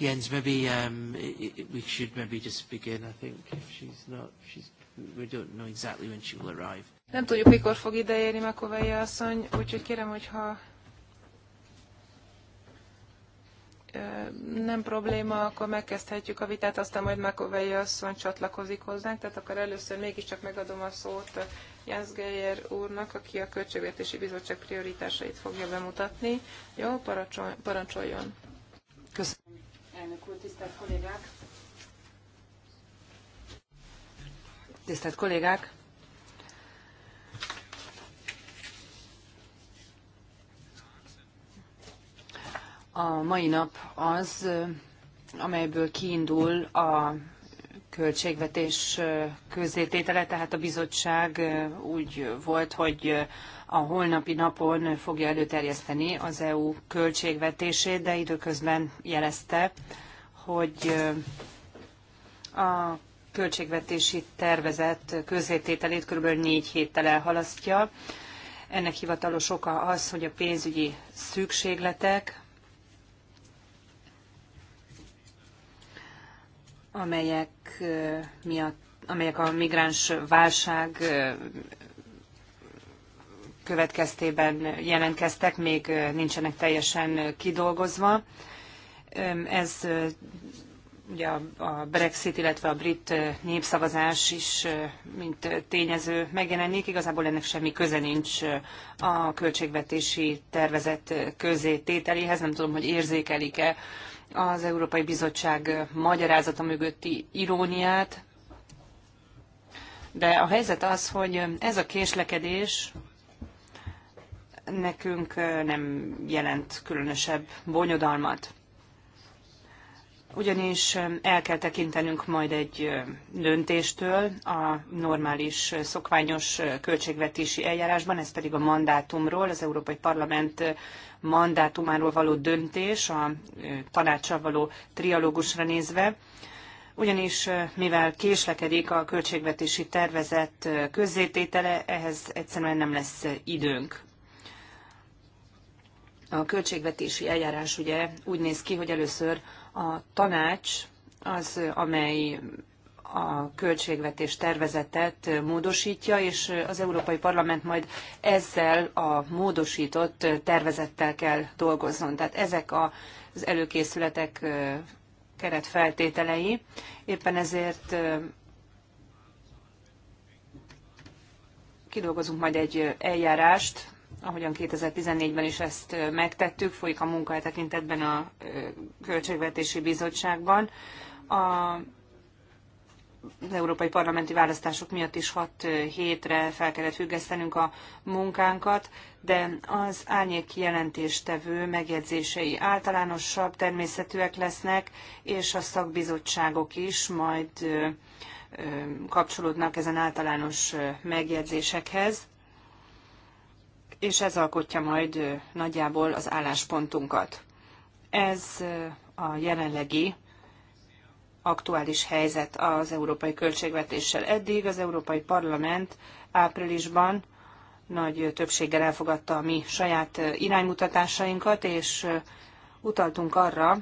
Jens, maybe um, it, it, we should maybe just begin, I think, if she's not, she's, we don't know exactly when she will arrive. Nem tudjuk, mikor fog ideérni Makovei asszony, úgyhogy kérem, hogyha nem probléma, akkor megkezdhetjük a vitát, aztán majd Makovei asszony csatlakozik hozzánk, tehát akkor először mégiscsak megadom a szót Jens Geyer úrnak, aki a Költségvetési Bizottság prioritásait fogja bemutatni. Jó, parancsoljon! Köszönöm. Elnök úr, tisztelt kollégák! Tisztelt kollégák! A mai nap az, amelyből kiindul a költségvetés közzététele, tehát a bizottság úgy volt, hogy a holnapi napon fogja előterjeszteni az EU költségvetését, de időközben jelezte, hogy a költségvetési tervezet közzétételét kb. négy héttel elhalasztja. Ennek hivatalos oka az, hogy a pénzügyi szükségletek, amelyek miatt amelyek a migráns válság következtében jelentkeztek, még nincsenek teljesen kidolgozva. Ez ugye a Brexit, illetve a brit népszavazás is, mint tényező megjelenik. Igazából ennek semmi köze nincs a költségvetési tervezet közétételéhez. Nem tudom, hogy érzékelik-e az Európai Bizottság magyarázata mögötti iróniát, de a helyzet az, hogy ez a késlekedés nekünk nem jelent különösebb bonyodalmat. Ugyanis el kell tekintenünk majd egy döntéstől a normális szokványos költségvetési eljárásban, ez pedig a mandátumról, az Európai Parlament mandátumáról való döntés, a tanácssal való trialógusra nézve ugyanis mivel késlekedik a költségvetési tervezet közzététele, ehhez egyszerűen nem lesz időnk a költségvetési eljárás ugye úgy néz ki, hogy először a tanács az, amely a költségvetés tervezetet módosítja, és az Európai Parlament majd ezzel a módosított tervezettel kell dolgozzon. Tehát ezek az előkészületek keretfeltételei. Éppen ezért kidolgozunk majd egy eljárást, ahogyan 2014-ben is ezt megtettük, folyik a munka e tekintetben a Költségvetési Bizottságban. A, az európai parlamenti választások miatt is 6 hétre fel kellett függesztenünk a munkánkat, de az árnyék jelentéstevő megjegyzései általánosabb természetűek lesznek, és a szakbizottságok is majd kapcsolódnak ezen általános megjegyzésekhez és ez alkotja majd nagyjából az álláspontunkat. Ez a jelenlegi aktuális helyzet az európai költségvetéssel. Eddig az Európai Parlament áprilisban nagy többséggel elfogadta a mi saját iránymutatásainkat, és utaltunk arra,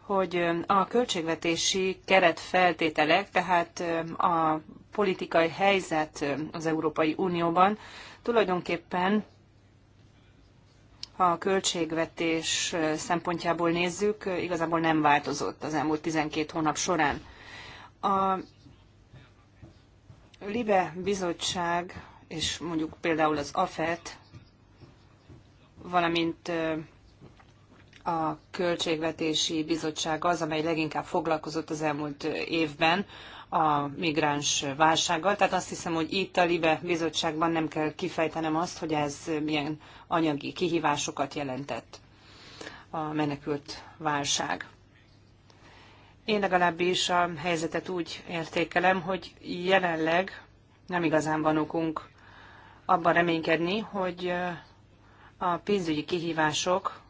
hogy a költségvetési keretfeltételek, tehát a politikai helyzet az Európai Unióban Tulajdonképpen ha a költségvetés szempontjából nézzük, igazából nem változott az elmúlt 12 hónap során. A Libe bizottság, és mondjuk például az AFET, valamint a Költségvetési Bizottság az, amely leginkább foglalkozott az elmúlt évben a migráns válsággal. Tehát azt hiszem, hogy itt a LIBE bizottságban nem kell kifejtenem azt, hogy ez milyen anyagi kihívásokat jelentett a menekült válság. Én legalábbis a helyzetet úgy értékelem, hogy jelenleg nem igazán van okunk abban reménykedni, hogy a pénzügyi kihívások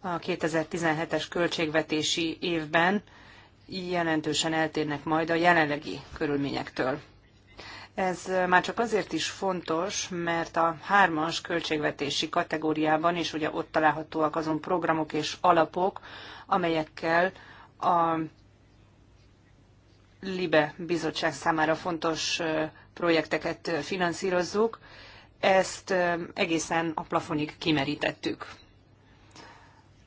a 2017-es költségvetési évben jelentősen eltérnek majd a jelenlegi körülményektől. Ez már csak azért is fontos, mert a hármas költségvetési kategóriában is ugye ott találhatóak azon programok és alapok, amelyekkel a LIBE bizottság számára fontos projekteket finanszírozzuk. Ezt egészen a plafonig kimerítettük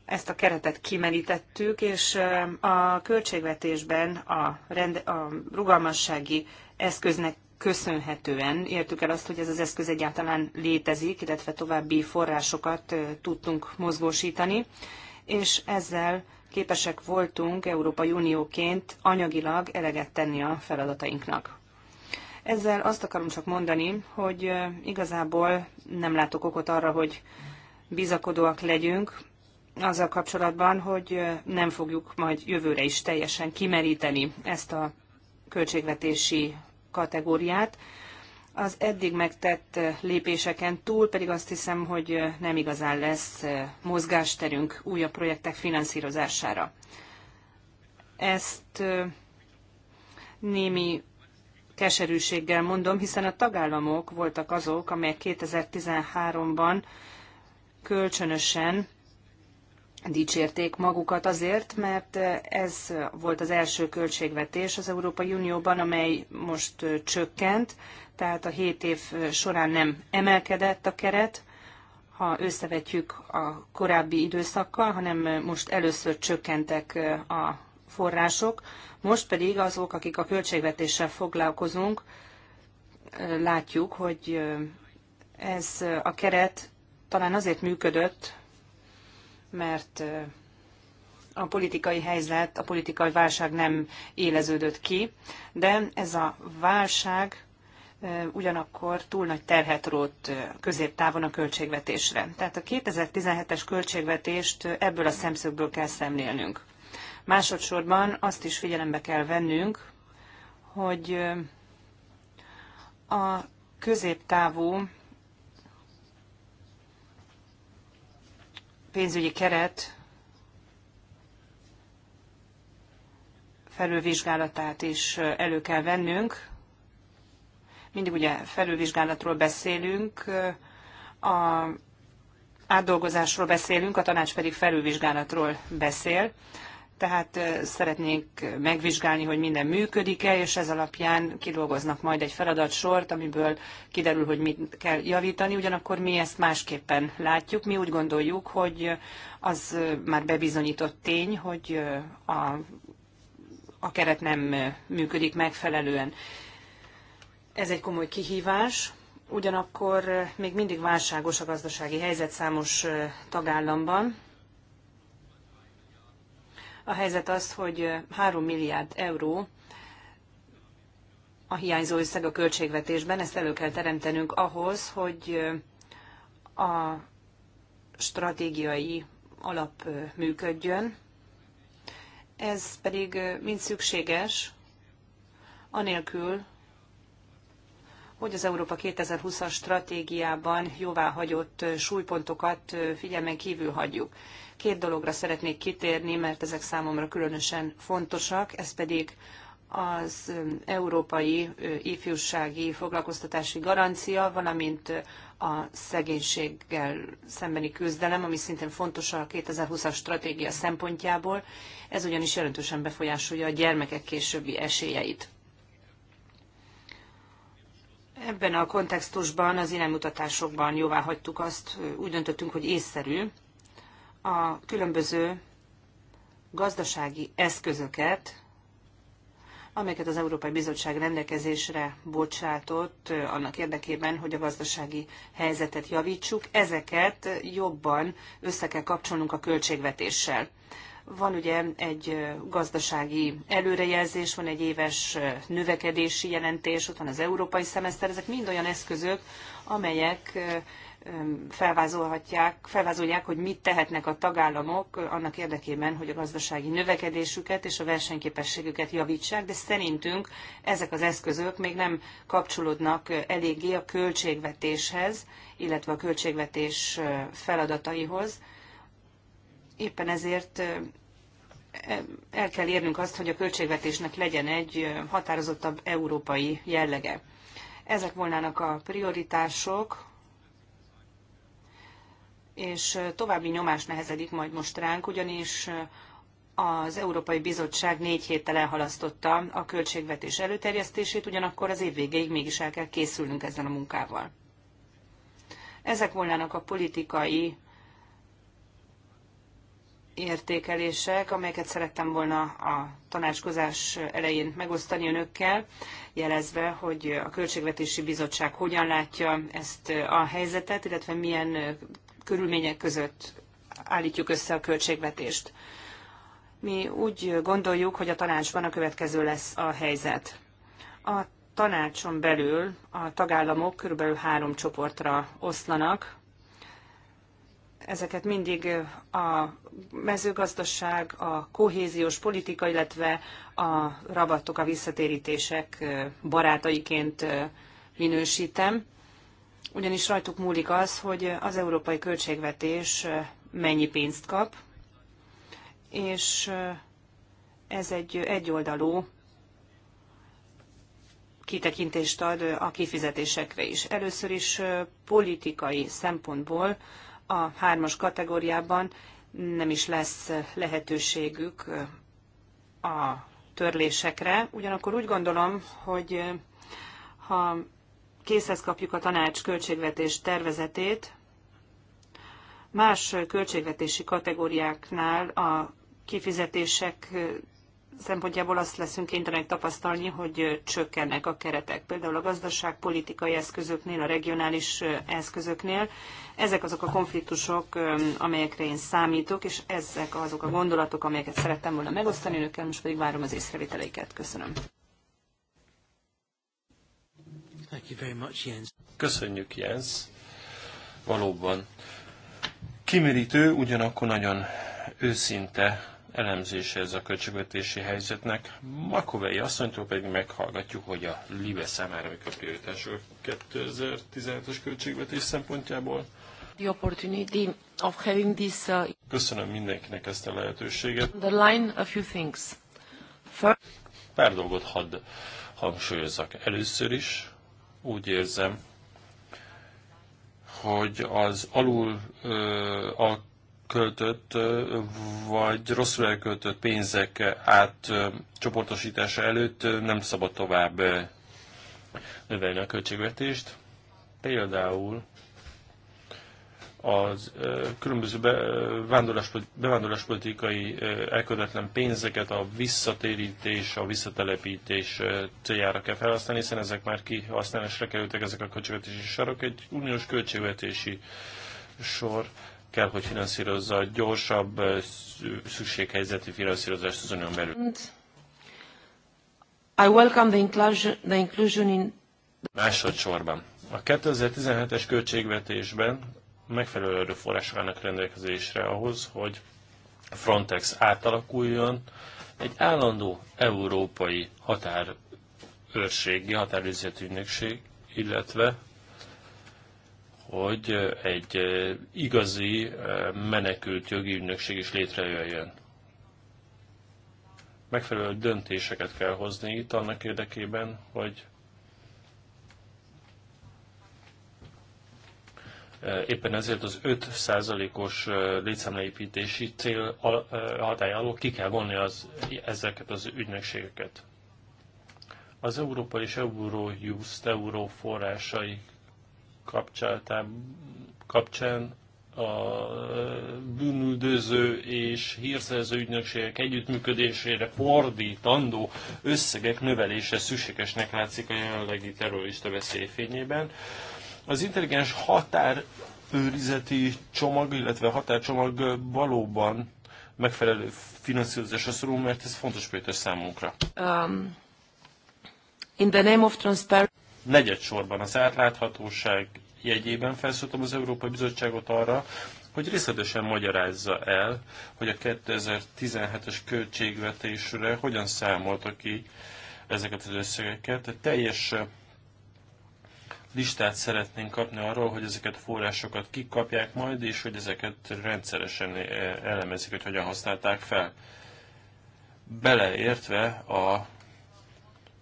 ezt a keretet kimerítettük, és a költségvetésben a, a rugalmassági eszköznek köszönhetően értük el azt, hogy ez az eszköz egyáltalán létezik, illetve további forrásokat tudtunk mozgósítani, és ezzel képesek voltunk Európai Unióként anyagilag eleget tenni a feladatainknak. Ezzel azt akarom csak mondani, hogy igazából nem látok okot arra, hogy bizakodóak legyünk, azzal kapcsolatban, hogy nem fogjuk majd jövőre is teljesen kimeríteni ezt a költségvetési kategóriát. Az eddig megtett lépéseken túl pedig azt hiszem, hogy nem igazán lesz mozgásterünk újabb projektek finanszírozására. Ezt némi keserűséggel mondom, hiszen a tagállamok voltak azok, amelyek 2013-ban kölcsönösen dicsérték magukat azért, mert ez volt az első költségvetés az Európai Unióban, amely most csökkent, tehát a 7 év során nem emelkedett a keret, ha összevetjük a korábbi időszakkal, hanem most először csökkentek a források. Most pedig azok, akik a költségvetéssel foglalkozunk, látjuk, hogy ez a keret talán azért működött, mert a politikai helyzet, a politikai válság nem éleződött ki, de ez a válság ugyanakkor túl nagy terhet rótt középtávon a költségvetésre. Tehát a 2017-es költségvetést ebből a szemszögből kell szemlélnünk. Másodszorban azt is figyelembe kell vennünk, hogy a középtávú pénzügyi keret felülvizsgálatát is elő kell vennünk. Mindig ugye felülvizsgálatról beszélünk, a átdolgozásról beszélünk, a tanács pedig felülvizsgálatról beszél tehát szeretnénk megvizsgálni, hogy minden működik-e, és ez alapján kidolgoznak majd egy feladatsort, amiből kiderül, hogy mit kell javítani. Ugyanakkor mi ezt másképpen látjuk. Mi úgy gondoljuk, hogy az már bebizonyított tény, hogy a, a keret nem működik megfelelően. Ez egy komoly kihívás, ugyanakkor még mindig válságos a gazdasági helyzet számos tagállamban, a helyzet az, hogy 3 milliárd euró a hiányzó összeg a költségvetésben, ezt elő kell teremtenünk ahhoz, hogy a stratégiai alap működjön. Ez pedig mind szükséges, anélkül, hogy az Európa 2020-as stratégiában jóváhagyott súlypontokat figyelmen kívül hagyjuk. Két dologra szeretnék kitérni, mert ezek számomra különösen fontosak, ez pedig az um, európai ifjúsági foglalkoztatási garancia, valamint a szegénységgel szembeni küzdelem, ami szintén fontos a 2020-as stratégia szempontjából. Ez ugyanis jelentősen befolyásolja a gyermekek későbbi esélyeit. Ebben a kontextusban, az iránymutatásokban jóvá hagytuk azt, úgy döntöttünk, hogy észszerű, a különböző gazdasági eszközöket, amelyeket az Európai Bizottság rendelkezésre bocsátott annak érdekében, hogy a gazdasági helyzetet javítsuk, ezeket jobban össze kell kapcsolnunk a költségvetéssel. Van ugye egy gazdasági előrejelzés, van egy éves növekedési jelentés, ott van az európai szemeszter, ezek mind olyan eszközök, amelyek felvázolhatják, felvázolják, hogy mit tehetnek a tagállamok annak érdekében, hogy a gazdasági növekedésüket és a versenyképességüket javítsák, de szerintünk ezek az eszközök még nem kapcsolódnak eléggé a költségvetéshez, illetve a költségvetés feladataihoz. Éppen ezért el kell érnünk azt, hogy a költségvetésnek legyen egy határozottabb európai jellege. Ezek volnának a prioritások, és további nyomás nehezedik majd most ránk, ugyanis az Európai Bizottság négy héttel elhalasztotta a költségvetés előterjesztését, ugyanakkor az év végéig mégis el kell készülnünk ezzel a munkával. Ezek volnának a politikai értékelések, amelyeket szerettem volna a tanácskozás elején megosztani önökkel, jelezve, hogy a Költségvetési Bizottság hogyan látja ezt a helyzetet, illetve milyen körülmények között állítjuk össze a költségvetést. Mi úgy gondoljuk, hogy a tanácsban a következő lesz a helyzet. A tanácson belül a tagállamok körülbelül három csoportra oszlanak. Ezeket mindig a mezőgazdaság, a kohéziós politika, illetve a rabatok, a visszatérítések barátaiként minősítem ugyanis rajtuk múlik az, hogy az európai költségvetés mennyi pénzt kap, és ez egy egyoldalú kitekintést ad a kifizetésekre is. Először is politikai szempontból a hármas kategóriában nem is lesz lehetőségük a törlésekre. Ugyanakkor úgy gondolom, hogy ha készhez kapjuk a tanács költségvetés tervezetét, más költségvetési kategóriáknál a kifizetések szempontjából azt leszünk kénytelenek tapasztalni, hogy csökkennek a keretek. Például a gazdaságpolitikai eszközöknél, a regionális eszközöknél. Ezek azok a konfliktusok, amelyekre én számítok, és ezek azok a gondolatok, amelyeket szerettem volna megosztani önökkel, most pedig várom az észrevételeiket. Köszönöm. Köszönjük, Jens. Valóban kimerítő, ugyanakkor nagyon őszinte elemzése ez a költségvetési helyzetnek. Makovei asszonytól pedig meghallgatjuk, hogy a Libe számára mik a prioritások 2016-os költségvetés szempontjából. The opportunity of having this, uh... Köszönöm mindenkinek ezt a lehetőséget. The line a few things. First... Pár dolgot hadd hangsúlyozzak. Először is úgy érzem, hogy az alul ö, a költött ö, vagy rosszul elköltött pénzek átcsoportosítása előtt nem szabad tovább ö, növelni a költségvetést. Például az különböző bevándorláspolitikai elkövetlen pénzeket a visszatérítés, a visszatelepítés céljára kell felhasználni, hiszen ezek már kihasználásra kerültek ezek a költségvetési sarok. Egy uniós költségvetési sor kell, hogy finanszírozza a gyorsabb szükséghelyzeti finanszírozást az unión belül. I welcome the inclusion, the inclusion in... Másodszorban. A 2017-es költségvetésben megfelelő erőforrások állnak rendelkezésre ahhoz, hogy a Frontex átalakuljon egy állandó európai határőrségi, határőrzeti ügynökség, illetve hogy egy igazi menekült jogi ügynökség is létrejöjjön. Megfelelő döntéseket kell hozni itt annak érdekében, hogy Eh, éppen ezért az 5%-os eh, létszámleépítési cél eh, hatája alól ki kell vonni az, ezeket az ügynökségeket. Az Európa és Eurojust euró forrásai kapcsán a bűnüldöző és hírszerző ügynökségek együttműködésére fordítandó összegek növelése szükségesnek látszik a jelenlegi terrorista veszély fényében. Az intelligens határőrizeti csomag, illetve határcsomag valóban megfelelő finanszírozásra szorul, mert ez fontos Péter számunkra. Um, in the name of transparency... Negyed sorban az átláthatóság jegyében felszóltam az Európai Bizottságot arra, hogy részletesen magyarázza el, hogy a 2017-es költségvetésre hogyan számolta ki ezeket az összegeket. teljes listát szeretnénk kapni arról, hogy ezeket a forrásokat kik kapják majd, és hogy ezeket rendszeresen eh, elemezik, hogy hogyan használták fel. Beleértve a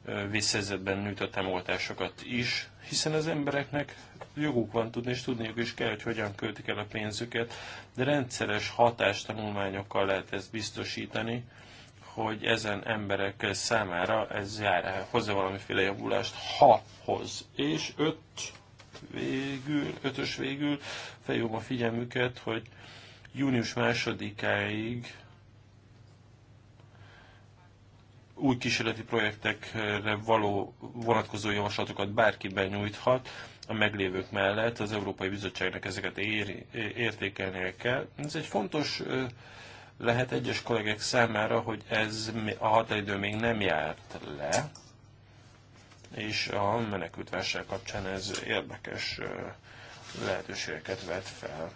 eh, vészhelyzetben nyújtott támogatásokat is, hiszen az embereknek joguk van tudni, és tudniuk is kell, hogy hogyan költik el a pénzüket, de rendszeres hatástanulmányokkal lehet ezt biztosítani, hogy ezen emberek számára ez jár hozzá valamiféle javulást, ha hoz. És öt végül, ötös végül felhívom a figyelmüket, hogy június másodikáig új kísérleti projektekre való vonatkozó javaslatokat bárki benyújthat, a meglévők mellett az Európai Bizottságnak ezeket ér, értékelnie kell. Ez egy fontos lehet egyes kollégek számára, hogy ez a határidő még nem járt le, és a menekült válság kapcsán ez érdekes lehetőségeket vet fel.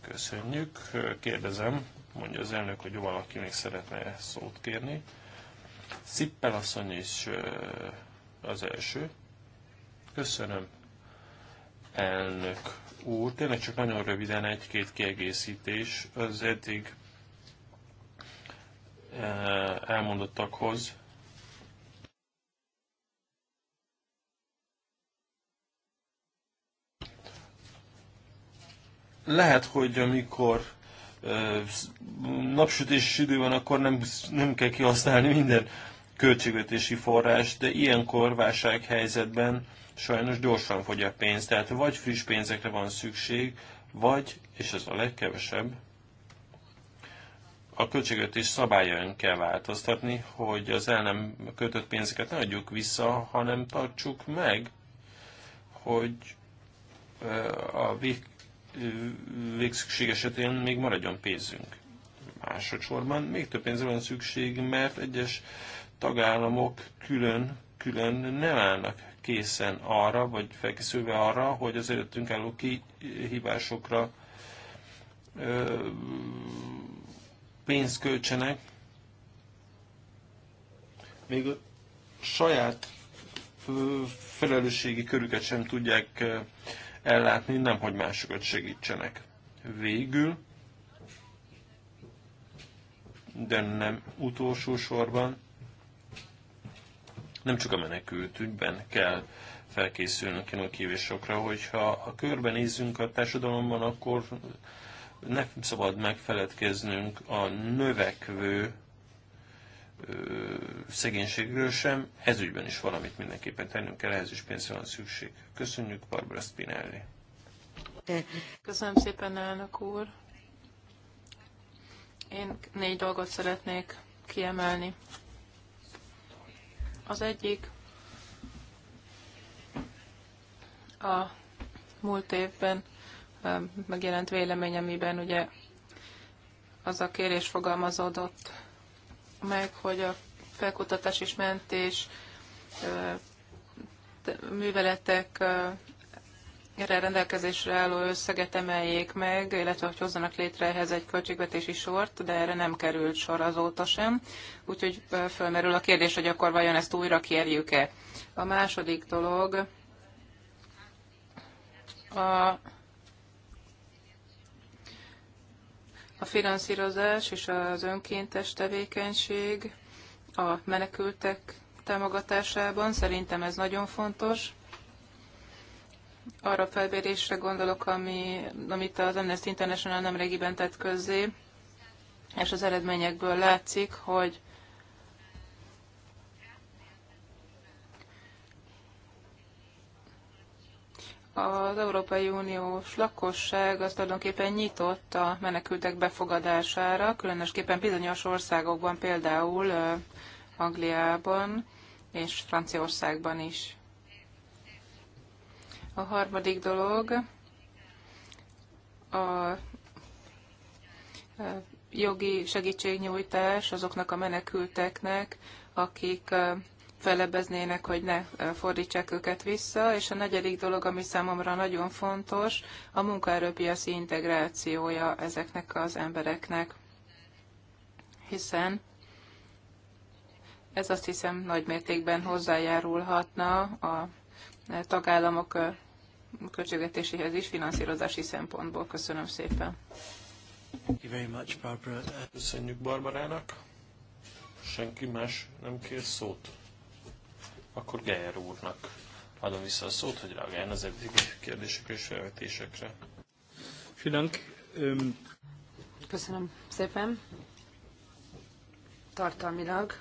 Köszönjük. Kérdezem, mondja az elnök, hogy valaki még szeretne szót kérni. Szippel asszony is az első. Köszönöm, elnök úr. Tényleg csak nagyon röviden egy-két kiegészítés az eddig eh, elmondottakhoz. Lehet, hogy amikor eh, napsütéses idő van, akkor nem, nem kell kihasználni minden költségvetési forrás, de ilyenkor válsághelyzetben sajnos gyorsan fogy a pénz, tehát vagy friss pénzekre van szükség, vagy, és ez a legkevesebb, a költségvetés szabályon kell változtatni, hogy az el nem kötött pénzeket ne adjuk vissza, hanem tartsuk meg, hogy a vég, végszükség esetén még maradjon pénzünk. Másodszorban még több pénzre van szükség, mert egyes tagállamok külön-külön nem állnak készen arra, vagy felkészülve arra, hogy az előttünk álló kihívásokra pénzt költsenek, még a saját felelősségi körüket sem tudják ellátni, hogy másokat segítsenek. Végül, de nem utolsó sorban, nem csak a menekült ügyben kell felkészülnünk ilyen kívésokra, hogyha a körben nézzünk a társadalomban, akkor nem szabad megfeledkeznünk a növekvő szegénységről sem, ezügyben is valamit mindenképpen tennünk kell, ehhez is pénzre van szükség. Köszönjük, Barbara Spinelli. Köszönöm szépen, elnök úr. Én négy dolgot szeretnék kiemelni. Az egyik a múlt évben megjelent vélemény, amiben ugye az a kérés fogalmazódott meg, hogy a felkutatás és mentés műveletek erre rendelkezésre álló összeget emeljék meg, illetve hogy hozzanak létre ehhez egy költségvetési sort, de erre nem került sor azóta sem. Úgyhogy fölmerül a kérdés, hogy akkor vajon ezt újra kérjük-e. A második dolog a, a finanszírozás és az önkéntes tevékenység a menekültek támogatásában. Szerintem ez nagyon fontos arra felbérésre gondolok, ami, amit az Amnesty International nemrégiben tett közzé, és az eredményekből látszik, hogy az Európai Uniós lakosság az tulajdonképpen nyitott a menekültek befogadására, különösképpen bizonyos országokban, például Angliában és Franciaországban is. A harmadik dolog a e, jogi segítségnyújtás azoknak a menekülteknek, akik e, felebeznének, hogy ne e, fordítsák őket vissza, és a negyedik dolog, ami számomra nagyon fontos, a munkaerőpiaci integrációja ezeknek az embereknek. Hiszen ez azt hiszem nagy mértékben hozzájárulhatna a tagállamok költségvetéséhez is finanszírozási szempontból. Köszönöm szépen. Thank you very much, Barbara. Köszönjük Barbarának. Senki más nem kér szót? Akkor Geyer úrnak adom vissza a szót, hogy reagáljon az eddig kérdésekre és felvetésekre. Köszönöm szépen. Tartalmilag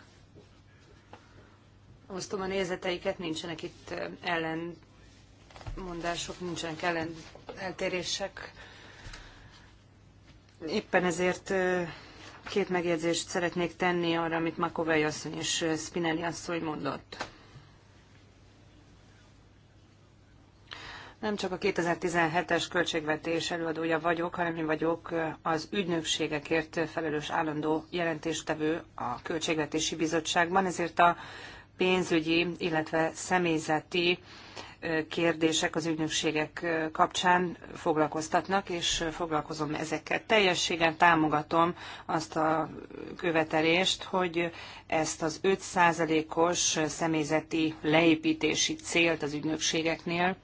osztom a nézeteiket, nincsenek itt ellenmondások, nincsenek ellen, eltérések. Éppen ezért két megjegyzést szeretnék tenni arra, amit Makovei asszony és Spinelli asszony mondott. Nem csak a 2017-es költségvetés előadója vagyok, hanem én vagyok az ügynökségekért felelős állandó jelentéstevő a Költségvetési Bizottságban, ezért a pénzügyi, illetve személyzeti kérdések az ügynökségek kapcsán foglalkoztatnak, és foglalkozom ezekkel. Teljességen támogatom azt a követelést, hogy ezt az 5%-os személyzeti leépítési célt az ügynökségeknél,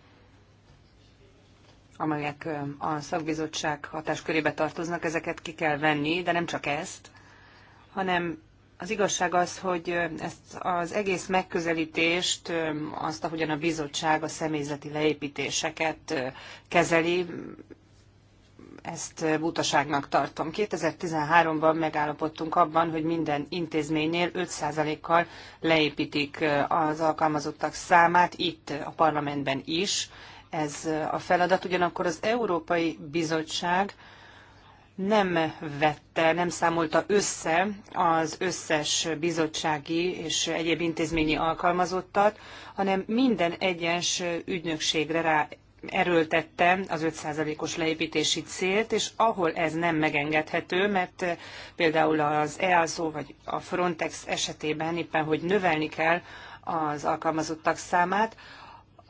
amelyek a szakbizottság hatáskörébe tartoznak, ezeket ki kell venni, de nem csak ezt, hanem az igazság az, hogy ezt az egész megközelítést, azt, ahogyan a bizottság a személyzeti leépítéseket kezeli, ezt butaságnak tartom. 2013-ban megállapodtunk abban, hogy minden intézménynél 5%-kal leépítik az alkalmazottak számát, itt a parlamentben is ez a feladat. Ugyanakkor az Európai Bizottság nem vette, nem számolta össze az összes bizottsági és egyéb intézményi alkalmazottat, hanem minden egyes ügynökségre rá erőltette az 5%-os leépítési célt, és ahol ez nem megengedhető, mert például az EASO vagy a Frontex esetében éppen, hogy növelni kell az alkalmazottak számát,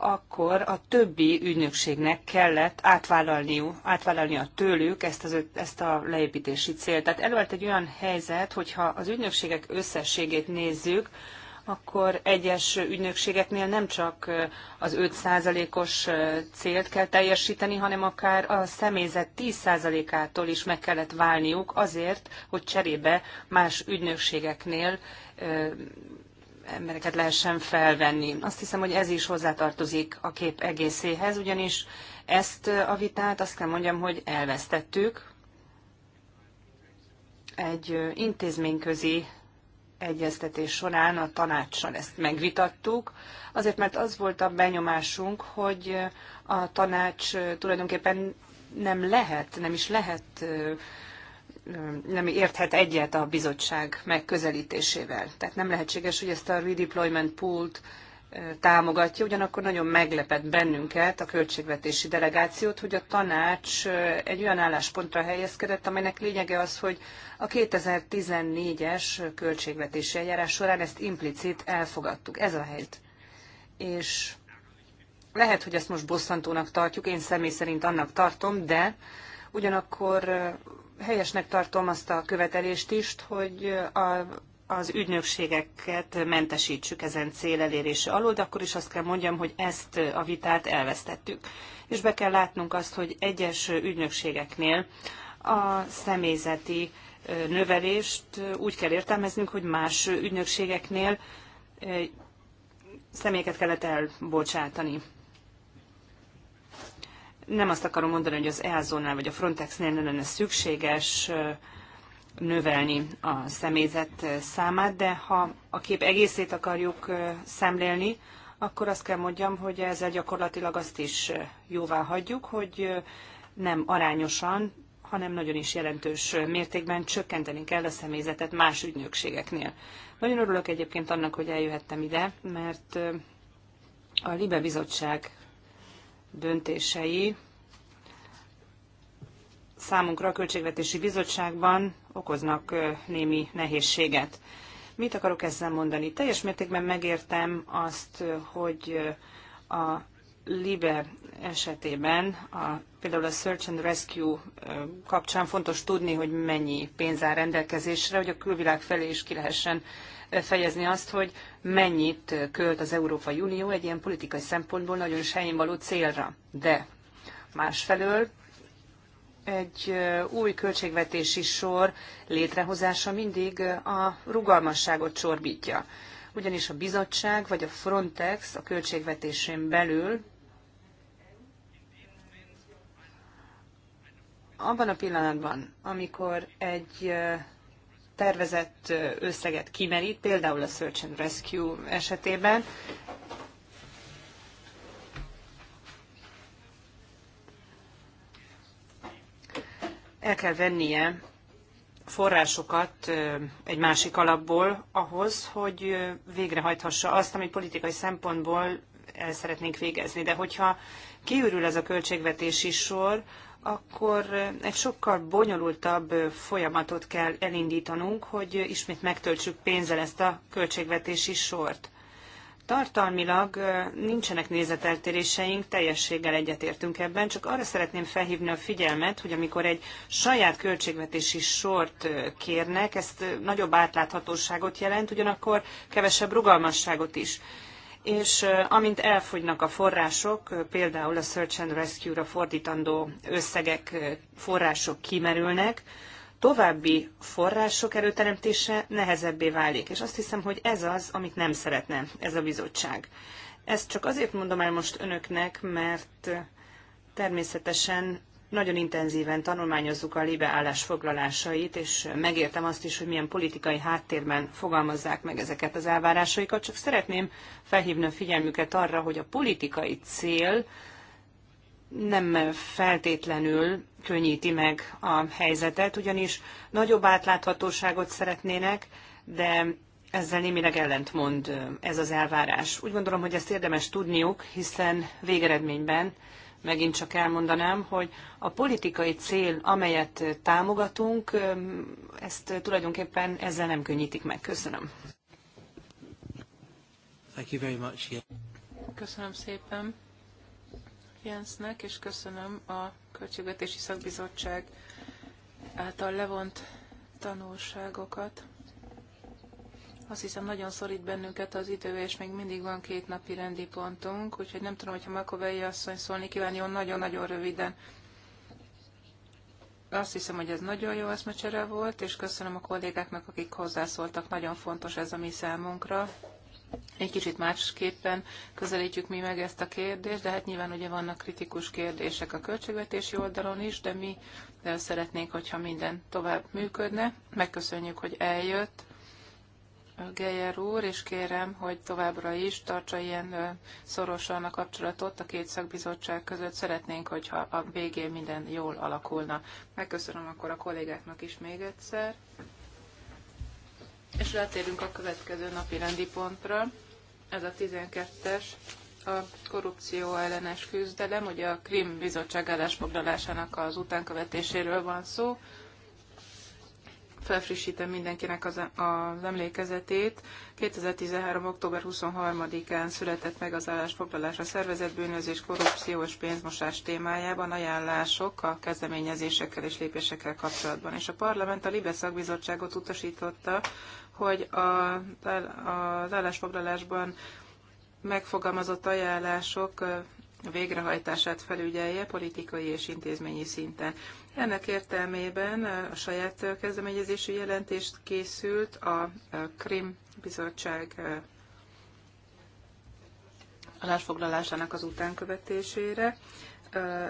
akkor a többi ügynökségnek kellett átvállalniuk, átvállalnia tőlük ezt, az, ezt a leépítési célt. Tehát előállt egy olyan helyzet, hogyha az ügynökségek összességét nézzük, akkor egyes ügynökségeknél nem csak az 5%-os célt kell teljesíteni, hanem akár a személyzet 10%-ától is meg kellett válniuk azért, hogy cserébe más ügynökségeknél embereket lehessen felvenni. Azt hiszem, hogy ez is hozzátartozik a kép egészéhez, ugyanis ezt a vitát azt kell mondjam, hogy elvesztettük egy intézményközi egyeztetés során a tanácssal ezt megvitattuk, azért mert az volt a benyomásunk, hogy a tanács tulajdonképpen nem lehet, nem is lehet nem érthet egyet a bizottság megközelítésével. Tehát nem lehetséges, hogy ezt a redeployment pool-t támogatja, ugyanakkor nagyon meglepett bennünket a költségvetési delegációt, hogy a tanács egy olyan álláspontra helyezkedett, amelynek lényege az, hogy a 2014-es költségvetési eljárás során ezt implicit elfogadtuk. Ez a helyzet. És lehet, hogy ezt most bosszantónak tartjuk, én személy szerint annak tartom, de ugyanakkor helyesnek tartom azt a követelést is, hogy a, az ügynökségeket mentesítsük ezen cél elérése alól, de akkor is azt kell mondjam, hogy ezt a vitát elvesztettük. És be kell látnunk azt, hogy egyes ügynökségeknél a személyzeti növelést úgy kell értelmeznünk, hogy más ügynökségeknél személyeket kellett elbocsátani nem azt akarom mondani, hogy az EASO-nál vagy a Frontexnél nem lenne szükséges növelni a személyzet számát, de ha a kép egészét akarjuk szemlélni, akkor azt kell mondjam, hogy ezzel gyakorlatilag azt is jóvá hagyjuk, hogy nem arányosan, hanem nagyon is jelentős mértékben csökkenteni kell a személyzetet más ügynökségeknél. Nagyon örülök egyébként annak, hogy eljöhettem ide, mert a Libe Bizottság döntései számunkra a Költségvetési Bizottságban okoznak némi nehézséget. Mit akarok ezzel mondani? Teljes mértékben megértem azt, hogy a Libe esetében, a, például a Search and Rescue kapcsán fontos tudni, hogy mennyi pénz áll rendelkezésre, hogy a külvilág felé is ki lehessen fejezni azt, hogy mennyit költ az Európai Unió egy ilyen politikai szempontból nagyon sején célra. De másfelől egy új költségvetési sor létrehozása mindig a rugalmasságot csorbítja. Ugyanis a bizottság vagy a Frontex a költségvetésén belül abban a pillanatban, amikor egy tervezett összeget kimerít, például a Search and Rescue esetében. El kell vennie forrásokat egy másik alapból ahhoz, hogy végrehajthassa azt, amit politikai szempontból el szeretnénk végezni. De hogyha kiürül ez a költségvetési sor, akkor egy sokkal bonyolultabb folyamatot kell elindítanunk, hogy ismét megtöltsük pénzzel ezt a költségvetési sort. Tartalmilag nincsenek nézeteltéréseink, teljességgel egyetértünk ebben, csak arra szeretném felhívni a figyelmet, hogy amikor egy saját költségvetési sort kérnek, ezt nagyobb átláthatóságot jelent, ugyanakkor kevesebb rugalmasságot is és amint elfogynak a források, például a Search and Rescue-ra fordítandó összegek, források kimerülnek, további források erőteremtése nehezebbé válik, és azt hiszem, hogy ez az, amit nem szeretne ez a bizottság. Ezt csak azért mondom el most önöknek, mert természetesen nagyon intenzíven tanulmányozzuk a Libe állásfoglalásait, és megértem azt is, hogy milyen politikai háttérben fogalmazzák meg ezeket az elvárásaikat, csak szeretném felhívni a figyelmüket arra, hogy a politikai cél nem feltétlenül könnyíti meg a helyzetet, ugyanis nagyobb átláthatóságot szeretnének, de ezzel némileg ellentmond ez az elvárás. Úgy gondolom, hogy ezt érdemes tudniuk, hiszen végeredményben megint csak elmondanám, hogy a politikai cél, amelyet támogatunk, ezt tulajdonképpen ezzel nem könnyítik meg. Köszönöm. Thank you very much. Yeah. Köszönöm szépen Jensnek, és köszönöm a Költségvetési Szakbizottság által levont tanulságokat. Azt hiszem, nagyon szorít bennünket az idő, és még mindig van két napi rendi pontunk, úgyhogy nem tudom, hogyha Makovei asszony szólni kívánjon nagyon-nagyon röviden. Azt hiszem, hogy ez nagyon jó eszmecsere volt, és köszönöm a kollégáknak, akik hozzászóltak. Nagyon fontos ez a mi számunkra. Egy kicsit másképpen közelítjük mi meg ezt a kérdést, de hát nyilván ugye vannak kritikus kérdések a költségvetési oldalon is, de mi de szeretnénk, hogyha minden tovább működne. Megköszönjük, hogy eljött, Geyer úr, és kérem, hogy továbbra is tartsa ilyen szorosan a kapcsolatot a két szakbizottság között. Szeretnénk, hogyha a végén minden jól alakulna. Megköszönöm akkor a kollégáknak is még egyszer. És rátérünk a következő napi rendi pontra. Ez a 12-es, a korrupció ellenes küzdelem, ugye a Krim bizottság állásfoglalásának az utánkövetéséről van szó felfrissítem mindenkinek az, az emlékezetét. 2013. október 23-án született meg az állásfoglalás a szervezetbűnözés, korrupció és pénzmosás témájában ajánlások a kezdeményezésekkel és lépésekkel kapcsolatban. És a parlament a Libe szakbizottságot utasította, hogy a, az állásfoglalásban megfogalmazott ajánlások végrehajtását felügyelje politikai és intézményi szinten. Ennek értelmében a saját kezdeményezésű jelentést készült a Krim Bizottság állásfoglalásának az utánkövetésére.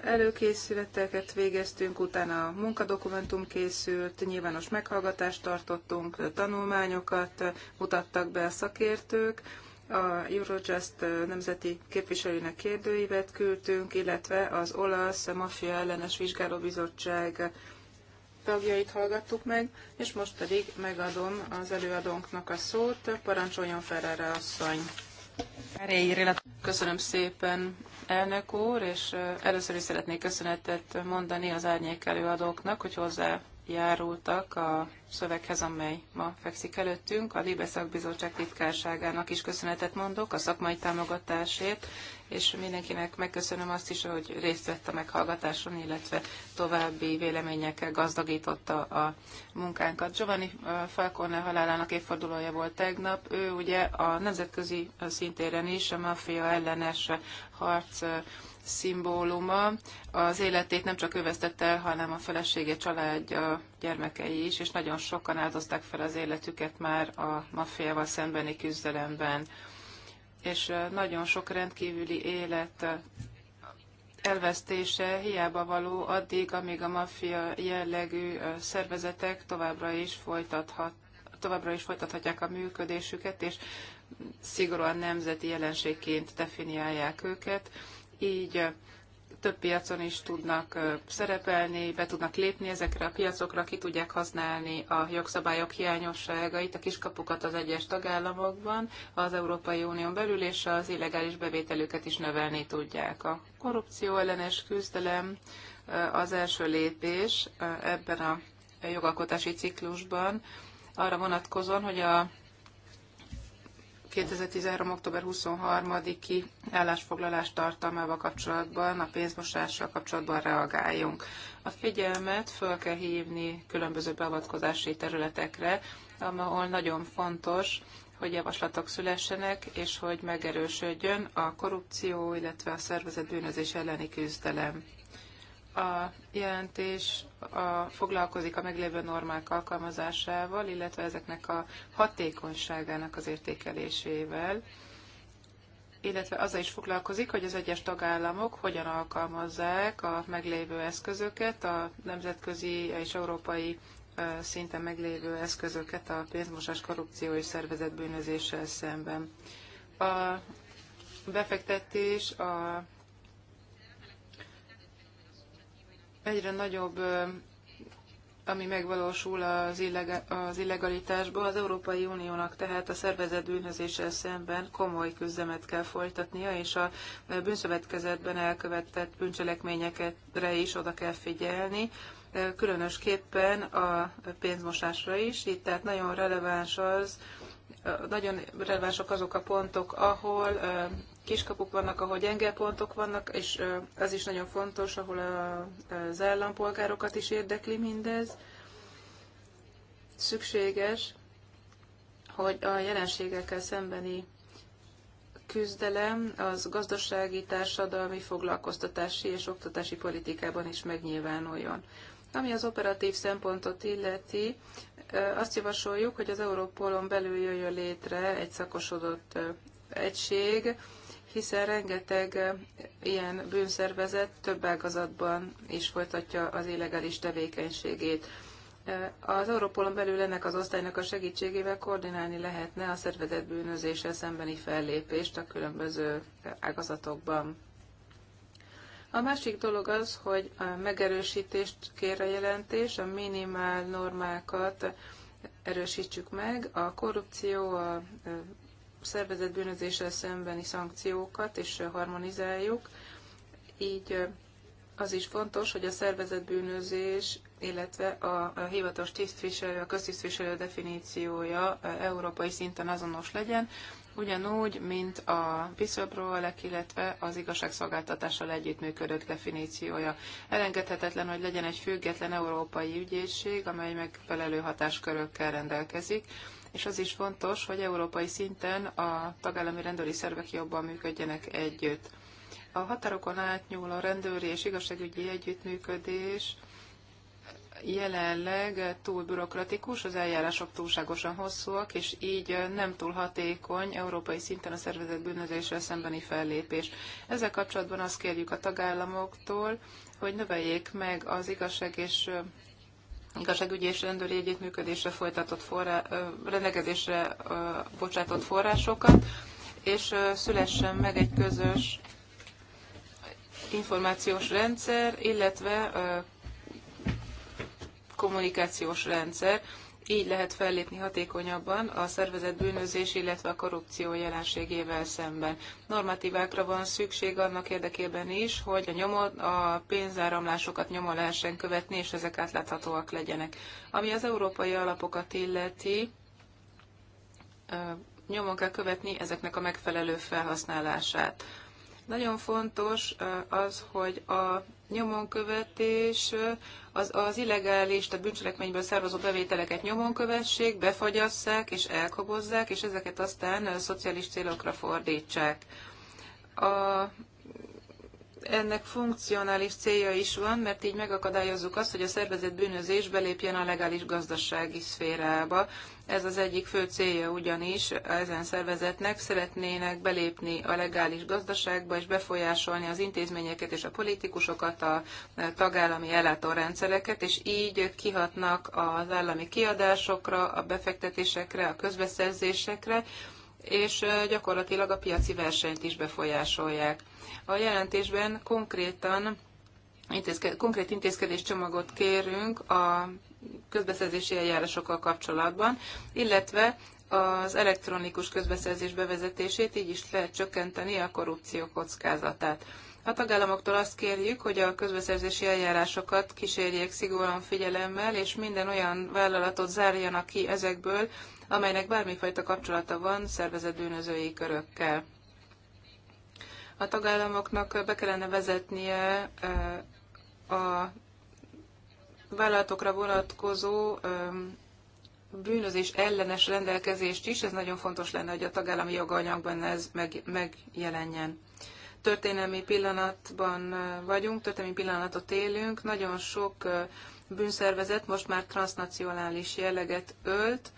Előkészületeket végeztünk, utána a munkadokumentum készült, nyilvános meghallgatást tartottunk, tanulmányokat mutattak be a szakértők, a Eurojust nemzeti képviselőnek kérdőívet küldtünk, illetve az olasz maffia ellenes vizsgálóbizottság tagjait hallgattuk meg, és most pedig megadom az előadónknak a szót. Parancsoljon Ferrara asszony! Köszönöm szépen, elnök úr, és először is szeretnék köszönetet mondani az árnyék előadóknak, hogy hozzá járultak a szöveghez, amely ma fekszik előttünk. A Libe Szakbizottság titkárságának is köszönetet mondok a szakmai támogatásért, és mindenkinek megköszönöm azt is, hogy részt vett a meghallgatáson, illetve további véleményekkel gazdagította a munkánkat. Giovanni Falcone halálának évfordulója volt tegnap. Ő ugye a nemzetközi szintéren is a maffia ellenes harc szimbóluma. Az életét nem csak öveztette el, hanem a felesége, családja, gyermekei is, és nagyon sokan áldozták fel az életüket már a maffiával szembeni küzdelemben. És nagyon sok rendkívüli élet elvesztése hiába való addig, amíg a maffia jellegű szervezetek továbbra is folytathat továbbra is folytathatják a működésüket, és szigorúan nemzeti jelenségként definiálják őket így több piacon is tudnak szerepelni, be tudnak lépni ezekre a piacokra, ki tudják használni a jogszabályok hiányosságait, a kiskapukat az egyes tagállamokban, az Európai Unión belül, és az illegális bevételüket is növelni tudják. A korrupció ellenes küzdelem az első lépés ebben a jogalkotási ciklusban, arra vonatkozóan, hogy a 2013. október 23-i állásfoglalás tartalmával kapcsolatban, a pénzmosással kapcsolatban reagáljunk. A figyelmet föl kell hívni különböző beavatkozási területekre, ahol nagyon fontos, hogy javaslatok szülessenek, és hogy megerősödjön a korrupció, illetve a szervezett bűnözés elleni küzdelem. A jelentés a, foglalkozik a meglévő normák alkalmazásával, illetve ezeknek a hatékonyságának az értékelésével, illetve azzal is foglalkozik, hogy az egyes tagállamok hogyan alkalmazzák a meglévő eszközöket, a nemzetközi és európai szinten meglévő eszközöket a pénzmosás, korrupció és szervezetbűnözéssel szemben. A befektetés a egyre nagyobb ami megvalósul az, illeg- az az Európai Uniónak tehát a szervezett bűnözéssel szemben komoly küzdemet kell folytatnia, és a bűnszövetkezetben elkövetett bűncselekményekre is oda kell figyelni, különösképpen a pénzmosásra is. Itt tehát nagyon releváns az, nagyon relevánsak azok a pontok, ahol kiskapuk vannak, ahol gyenge pontok vannak, és ez is nagyon fontos, ahol az állampolgárokat is érdekli mindez. Szükséges, hogy a jelenségekkel szembeni küzdelem az gazdasági, társadalmi, foglalkoztatási és oktatási politikában is megnyilvánuljon. Ami az operatív szempontot illeti, azt javasoljuk, hogy az Európolon belül jöjjön létre egy szakosodott egység, hiszen rengeteg eh, ilyen bűnszervezet több ágazatban is folytatja az illegális tevékenységét. Eh, az Európolon belül ennek az osztálynak a segítségével koordinálni lehetne a szervezett bűnözéssel szembeni fellépést a különböző ágazatokban. A másik dolog az, hogy a megerősítést kér a jelentés, a minimál normákat erősítsük meg, a korrupció, a eh, szervezett bűnözéssel szembeni szankciókat, és harmonizáljuk. Így az is fontos, hogy a szervezett bűnözés, illetve a, a hivatalos tisztviselő, a köztisztviselő definíciója európai szinten azonos legyen, ugyanúgy, mint a Piszöbrólek, illetve az igazságszolgáltatással együttműködött definíciója. Elengedhetetlen, hogy legyen egy független európai ügyészség, amely megfelelő hatáskörökkel rendelkezik, és az is fontos, hogy európai szinten a tagállami rendőri szervek jobban működjenek együtt. A határokon átnyúló rendőri és igazságügyi együttműködés jelenleg túl bürokratikus, az eljárások túlságosan hosszúak, és így nem túl hatékony európai szinten a szervezet bűnözéssel szembeni fellépés. Ezzel kapcsolatban azt kérjük a tagállamoktól, hogy növeljék meg az igazság és igazságügyi és rendőri együttműködésre folytatott forrá, rendelkezésre bocsátott forrásokat, és szülessen meg egy közös információs rendszer, illetve kommunikációs rendszer, így lehet fellépni hatékonyabban a szervezett bűnözés, illetve a korrupció jelenségével szemben. Normatívákra van szükség annak érdekében is, hogy a, nyomon, a pénzáramlásokat nyomon lehessen követni, és ezek átláthatóak legyenek. Ami az európai alapokat illeti, nyomon kell követni ezeknek a megfelelő felhasználását. Nagyon fontos az, hogy a követés, az, az illegális, tehát bűncselekményből származó bevételeket nyomon kövessék, befagyasszák és elkobozzák, és ezeket aztán szociális célokra fordítsák. A ennek funkcionális célja is van, mert így megakadályozzuk azt, hogy a szervezett bűnözés belépjen a legális gazdasági szférába. Ez az egyik fő célja ugyanis ezen szervezetnek szeretnének belépni a legális gazdaságba és befolyásolni az intézményeket és a politikusokat, a tagállami ellátórendszereket, és így kihatnak az állami kiadásokra, a befektetésekre, a közbeszerzésekre, és gyakorlatilag a piaci versenyt is befolyásolják. A jelentésben konkrétan intézke, konkrét csomagot kérünk a közbeszerzési eljárásokkal kapcsolatban, illetve az elektronikus közbeszerzés bevezetését, így is lehet csökkenteni a korrupció kockázatát. A tagállamoktól azt kérjük, hogy a közbeszerzési eljárásokat kísérjék szigorúan figyelemmel, és minden olyan vállalatot zárjanak ki ezekből, amelynek bármifajta kapcsolata van szervezett bűnözői körökkel. A tagállamoknak be kellene vezetnie a vállalatokra vonatkozó bűnözés ellenes rendelkezést is, ez nagyon fontos lenne, hogy a tagállami joganyagban ez meg, megjelenjen. Történelmi pillanatban vagyunk, történelmi pillanatot élünk, nagyon sok bűnszervezet most már transnacionális jelleget ölt,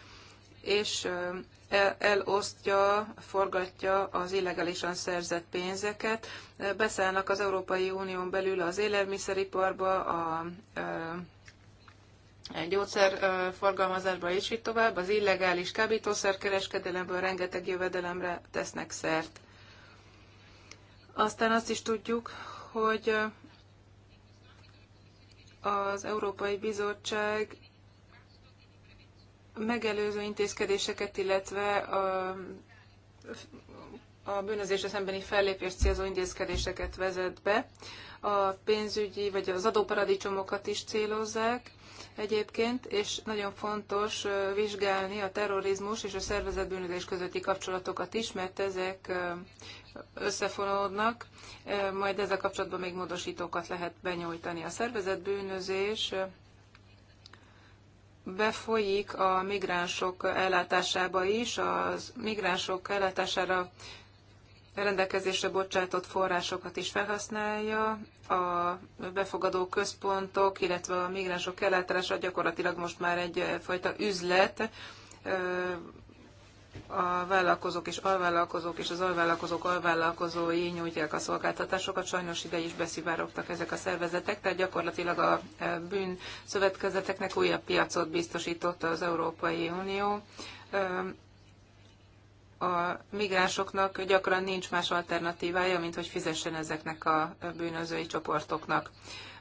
és elosztja, forgatja az illegálisan szerzett pénzeket. Beszállnak az Európai Unión belül az élelmiszeriparba, a, gyógyszerforgalmazásba és így tovább. Az illegális kábítószerkereskedelemből rengeteg jövedelemre tesznek szert. Aztán azt is tudjuk, hogy az Európai Bizottság megelőző intézkedéseket, illetve a, a bűnözésre szembeni fellépés célzó intézkedéseket vezet be. A pénzügyi vagy az adóparadicsomokat is célozzák egyébként, és nagyon fontos vizsgálni a terrorizmus és a szervezett bűnözés közötti kapcsolatokat is, mert ezek összefonódnak, majd ezzel kapcsolatban még módosítókat lehet benyújtani. A szervezett bűnözés befolyik a migránsok ellátásába is, az migránsok ellátására rendelkezésre bocsátott forrásokat is felhasználja, a befogadó központok, illetve a migránsok ellátása gyakorlatilag most már egyfajta üzlet, a vállalkozók és alvállalkozók és az alvállalkozók alvállalkozói nyújtják a szolgáltatásokat. Sajnos ide is beszivárogtak ezek a szervezetek, tehát gyakorlatilag a e, bűn szövetkezeteknek újabb piacot biztosította az Európai Unió. E, a migránsoknak gyakran nincs más alternatívája, mint hogy fizessen ezeknek a bűnözői csoportoknak.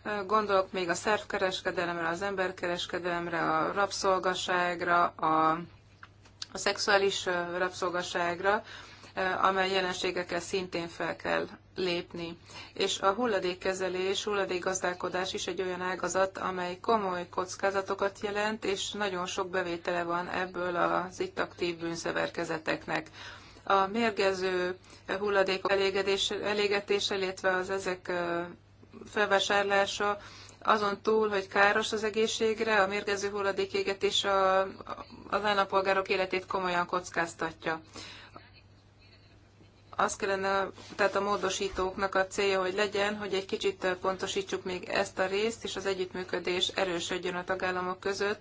E, gondolok még a szervkereskedelemre, az emberkereskedelemre, a rabszolgaságra, a a szexuális rabszolgaságra, amely jelenségekkel szintén fel kell lépni. És a hulladékkezelés, hulladékgazdálkodás is egy olyan ágazat, amely komoly kockázatokat jelent, és nagyon sok bevétele van ebből az itt aktív bűnszerkezeteknek. A mérgező hulladékok elégetése, illetve az ezek felvásárlása azon túl, hogy káros az egészségre, a mérgező hulladék égetés a, az állampolgárok életét komolyan kockáztatja. Az kellene, tehát a módosítóknak a célja, hogy legyen, hogy egy kicsit pontosítsuk még ezt a részt, és az együttműködés erősödjön a tagállamok között,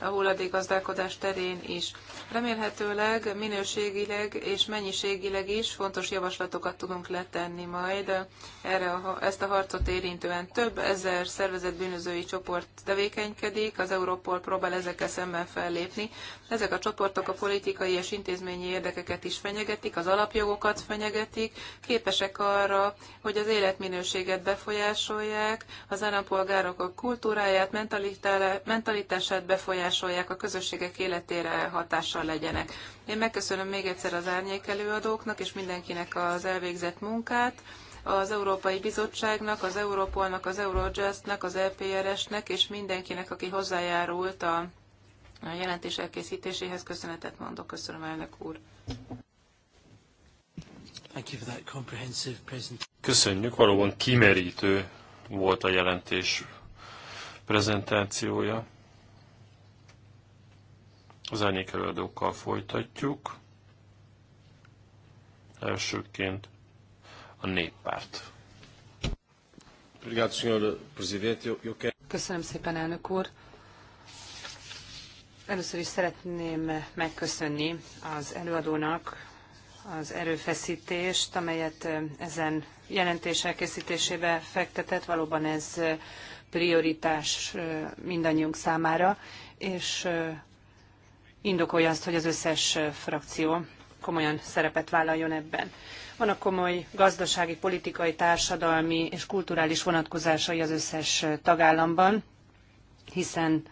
a hulladékgazdálkodás terén is. Remélhetőleg minőségileg és mennyiségileg is fontos javaslatokat tudunk letenni majd erre a, ezt a harcot érintően. Több ezer szervezett bűnözői csoport tevékenykedik, az Európol próbál ezekkel szemben fellépni. Ezek a csoportok a politikai és intézményi érdekeket is fenyegetik, az alapjogokat fenyegetik, képesek arra, hogy az életminőséget befolyásolják, az állampolgárok a kultúráját, mentalitását befolyásolják, befolyásolják a közösségek életére hatással legyenek. Én megköszönöm még egyszer az árnyék előadóknak és mindenkinek az elvégzett munkát az Európai Bizottságnak, az Európolnak, az Eurojustnak, az LPRS-nek e és mindenkinek, aki hozzájárult a, a jelentés elkészítéséhez köszönetet mondok. Köszönöm, elnök úr. Köszönjük, valóban kimerítő volt a jelentés prezentációja. Az árnyékelőadókkal folytatjuk. Elsőként a néppárt. Köszönöm szépen, elnök úr. Először is szeretném megköszönni az előadónak az erőfeszítést, amelyet ezen jelentés elkészítésébe fektetett. Valóban ez prioritás mindannyiunk számára, és indokolja azt, hogy az összes frakció komolyan szerepet vállaljon ebben. Vannak komoly gazdasági, politikai, társadalmi és kulturális vonatkozásai az összes tagállamban, hiszen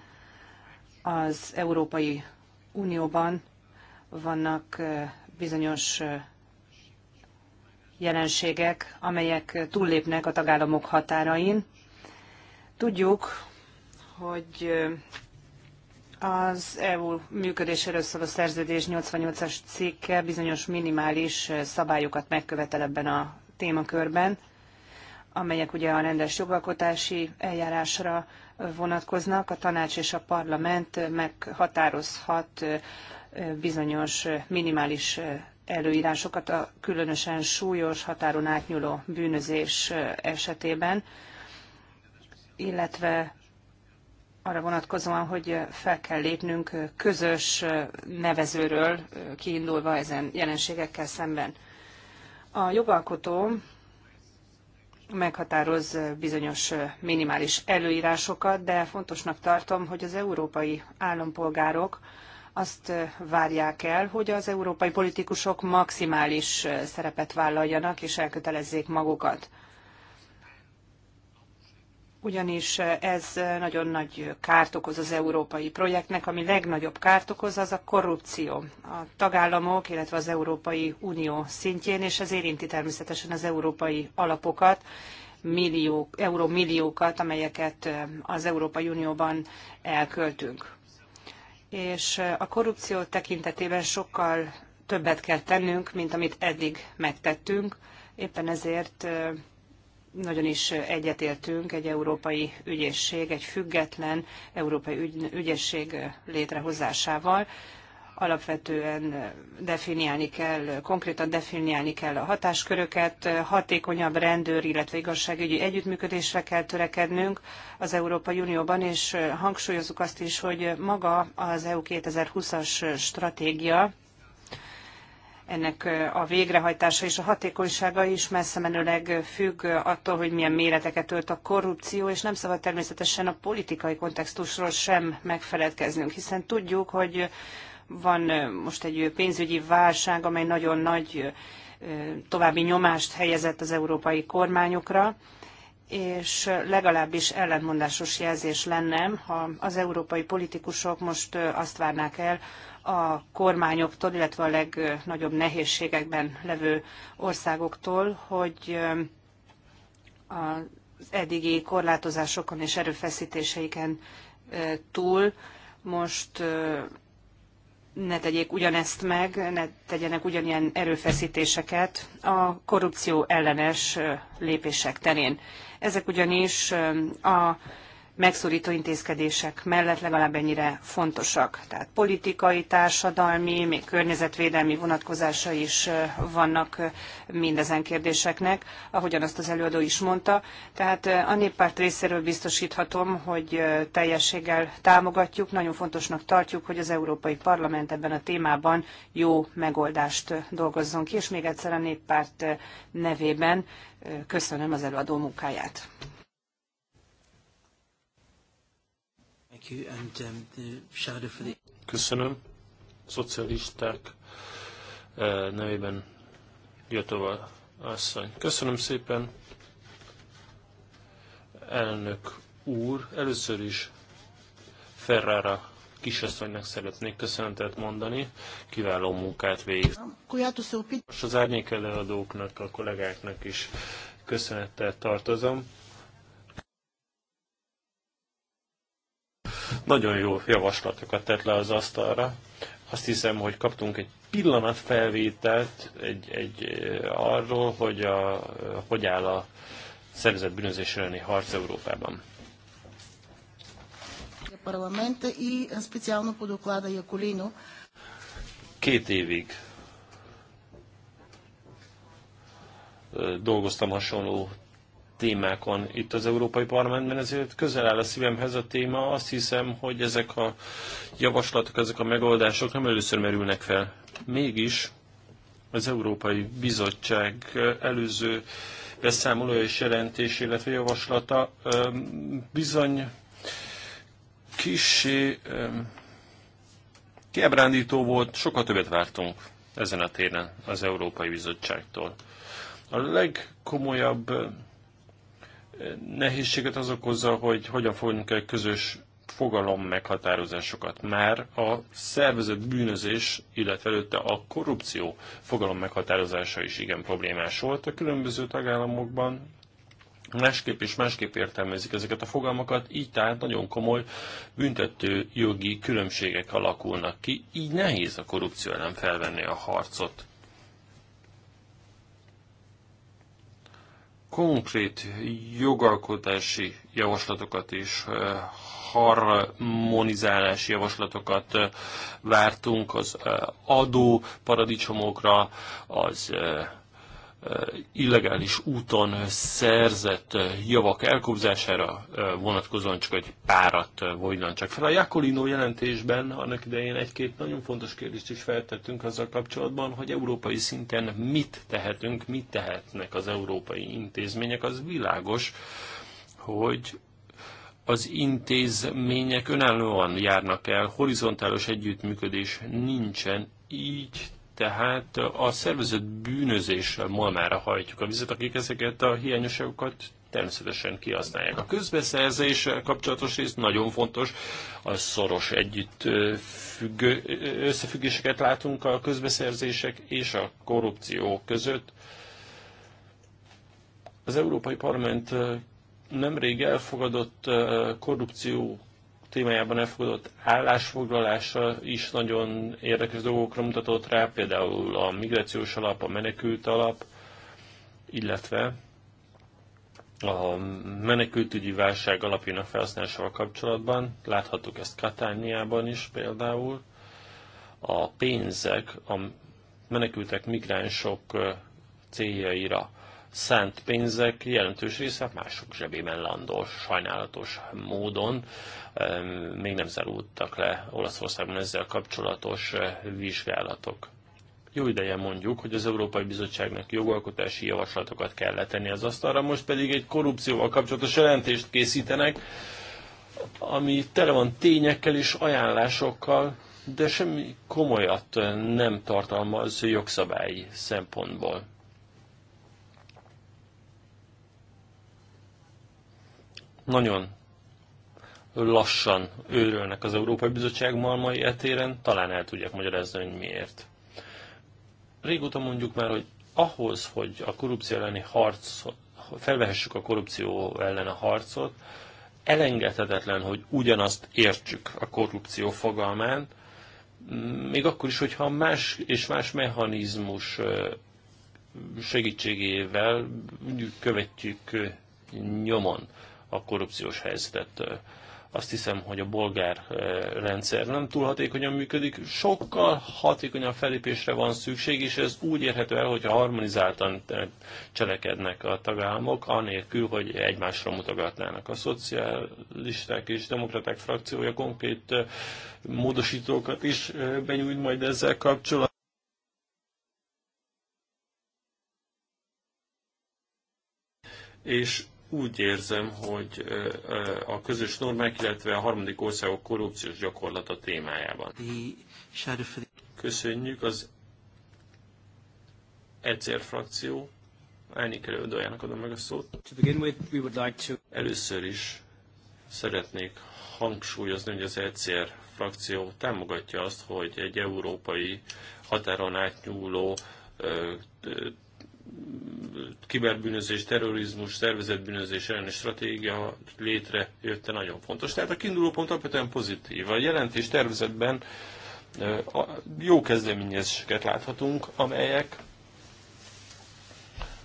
az Európai Unióban vannak bizonyos jelenségek, amelyek túllépnek a tagállamok határain. Tudjuk, hogy az EU működéséről szóló szerződés 88-as cikke bizonyos minimális szabályokat megkövetel ebben a témakörben, amelyek ugye a rendes jogalkotási eljárásra vonatkoznak. A tanács és a parlament meghatározhat bizonyos minimális előírásokat a különösen súlyos határon átnyúló bűnözés esetében, illetve arra vonatkozóan, hogy fel kell lépnünk közös nevezőről kiindulva ezen jelenségekkel szemben. A jogalkotó meghatároz bizonyos minimális előírásokat, de fontosnak tartom, hogy az európai állampolgárok azt várják el, hogy az európai politikusok maximális szerepet vállaljanak és elkötelezzék magukat ugyanis ez nagyon nagy kárt okoz az európai projektnek, ami legnagyobb kárt okoz, az a korrupció a tagállamok, illetve az Európai Unió szintjén, és ez érinti természetesen az európai alapokat, millió, eurómilliókat, amelyeket az Európai Unióban elköltünk. És a korrupció tekintetében sokkal többet kell tennünk, mint amit eddig megtettünk. Éppen ezért nagyon is egyetértünk egy európai ügyészség, egy független európai ügy, ügyészség létrehozásával. Alapvetően definiálni kell, konkrétan definiálni kell a hatásköröket, hatékonyabb rendőr, illetve igazságügyi együttműködésre kell törekednünk az Európai Unióban, és hangsúlyozzuk azt is, hogy maga az EU 2020-as stratégia ennek a végrehajtása és a hatékonysága is messze menőleg függ attól, hogy milyen méreteket ölt a korrupció, és nem szabad természetesen a politikai kontextusról sem megfeledkeznünk, hiszen tudjuk, hogy van most egy pénzügyi válság, amely nagyon nagy további nyomást helyezett az európai kormányokra, és legalábbis ellentmondásos jelzés lenne, ha az európai politikusok most azt várnák el, a kormányoktól, illetve a legnagyobb nehézségekben levő országoktól, hogy az eddigi korlátozásokon és erőfeszítéseiken túl most ne tegyék ugyanezt meg, ne tegyenek ugyanilyen erőfeszítéseket a korrupció ellenes lépések terén. Ezek ugyanis a megszorító intézkedések mellett legalább ennyire fontosak. Tehát politikai, társadalmi, még környezetvédelmi vonatkozása is vannak mindezen kérdéseknek, ahogyan azt az előadó is mondta. Tehát a néppárt részéről biztosíthatom, hogy teljességgel támogatjuk, nagyon fontosnak tartjuk, hogy az Európai Parlament ebben a témában jó megoldást dolgozzon ki, és még egyszer a néppárt nevében köszönöm az előadó munkáját. you. And um, the shadow for the... Köszönöm. Szocialisták eh, nevében Jotova asszony. Köszönöm szépen, elnök úr. Először is Ferrara kisasszonynak szeretnék köszönetet mondani. Kiváló munkát végez. Most az árnyék előadóknak, a kollégáknak is köszönettel tartozom. Nagyon jó javaslatokat tett le az asztalra. Azt hiszem, hogy kaptunk egy pillanatfelvételt egy, egy, eh, arról, hogy a, eh, hogy áll a szervezett bűnözés elleni harc Európában. Két évig dolgoztam э, hasonló témákon itt az Európai Parlamentben, ezért közel áll a szívemhez a téma. Azt hiszem, hogy ezek a javaslatok, ezek a megoldások nem először merülnek fel. Mégis az Európai Bizottság előző beszámoló és jelentés, illetve javaslata bizony kicsi kiebrándító volt, sokkal többet vártunk ezen a téren az Európai Bizottságtól. A legkomolyabb nehézséget az okozza, hogy hogyan fogunk egy közös fogalom meghatározásokat. Már a szervezett bűnözés, illetve előtte a korrupció fogalom meghatározása is igen problémás volt a különböző tagállamokban. Másképp és másképp értelmezik ezeket a fogalmakat, így tehát nagyon komoly büntető jogi különbségek alakulnak ki, így nehéz a korrupció ellen felvenni a harcot. konkrét jogalkotási javaslatokat és harmonizálási javaslatokat vártunk az adó paradicsomokra, az illegális úton szerzett javak elkobzására vonatkozóan csak egy párat vogyan csak fel. A Jakolino jelentésben annak idején egy-két nagyon fontos kérdést is feltettünk azzal kapcsolatban, hogy európai szinten mit tehetünk, mit tehetnek az európai intézmények. Az világos, hogy az intézmények önállóan járnak el, horizontális együttműködés nincsen, így tehát a szervezet bűnözéssel malmára hajtjuk a vizet, akik ezeket a hiányosságokat természetesen kihasználják. A közbeszerzés kapcsolatos rész nagyon fontos, a szoros együtt függő, összefüggéseket látunk a közbeszerzések és a korrupció között. Az Európai Parlament nemrég elfogadott korrupció témájában elfogadott állásfoglalása is nagyon érdekes dolgokra mutatott rá, például a migrációs alap, a menekült alap, illetve a menekültügyi válság alapjának felhasználásával kapcsolatban. Láthattuk ezt Katániában is például. A pénzek a menekültek, migránsok eh, céljaira szánt pénzek jelentős része mások zsebében landol, sajnálatos módon. Még nem zárultak le Olaszországban ezzel kapcsolatos eh, vizsgálatok. Jó ideje mondjuk, hogy az Európai Bizottságnak jogalkotási javaslatokat kell letenni az asztalra, most pedig egy korrupcióval kapcsolatos jelentést készítenek, ami tele van tényekkel és ajánlásokkal, de semmi komolyat eh, nem tartalmaz jogszabályi szempontból. Nagyon lassan őrölnek az Európai Bizottság malmai etéren, talán el tudják magyarázni, hogy miért. Régóta mondjuk már, hogy ahhoz, hogy a korrupció elleni harc, felvehessük a korrupció ellen a harcot, elengedhetetlen, hogy ugyanazt értsük a korrupció fogalmán, még akkor is, hogyha más és más mechanizmus segítségével követjük nyomon a korrupciós helyzetet. Azt hiszem, hogy a bolgár eh, rendszer nem túl hatékonyan működik, sokkal hatékonyabb felépésre van szükség, és ez úgy érhető el, hogyha harmonizáltan eh, cselekednek a tagállamok, anélkül, hogy egymásra mutogatnának. A szocialisták és demokraták frakciója konkrét eh, módosítókat is benyújt majd ezzel kapcsolatban. és úgy érzem, hogy a közös normák, illetve a harmadik országok korrupciós gyakorlata témájában. Köszönjük az ECR frakció elnök előadójának adom meg a szót. Először is szeretnék hangsúlyozni, hogy az ECR frakció támogatja azt, hogy egy európai határon átnyúló kiberbűnözés, terrorizmus, szervezetbűnözés elleni stratégia létrejötte nagyon fontos. Tehát a kiinduló pont alapvetően pozitív. A jelentés tervezetben jó kezdeményezéseket láthatunk, amelyek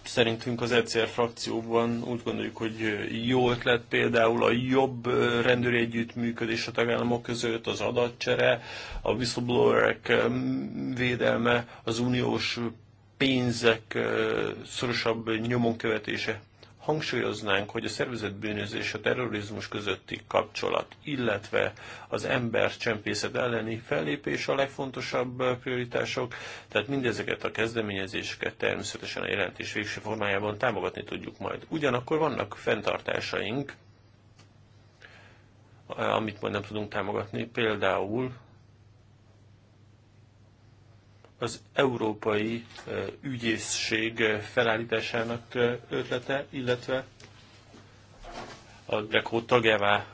szerintünk az ECR frakcióban úgy gondoljuk, hogy jó ötlet például a jobb rendőri együttműködés a tagállamok között, az adatcsere, a whistleblowerek védelme, az uniós pénzek szorosabb nyomon követése. Hangsúlyoznánk, hogy a szervezetbűnözés a terrorizmus közötti kapcsolat, illetve az ember csempészet elleni fellépés a legfontosabb prioritások, tehát mindezeket a kezdeményezéseket természetesen a jelentés végső formájában támogatni tudjuk majd. Ugyanakkor vannak fenntartásaink, amit majd nem tudunk támogatni, például az európai ügyészség felállításának ötlete, illetve a Greco tagjává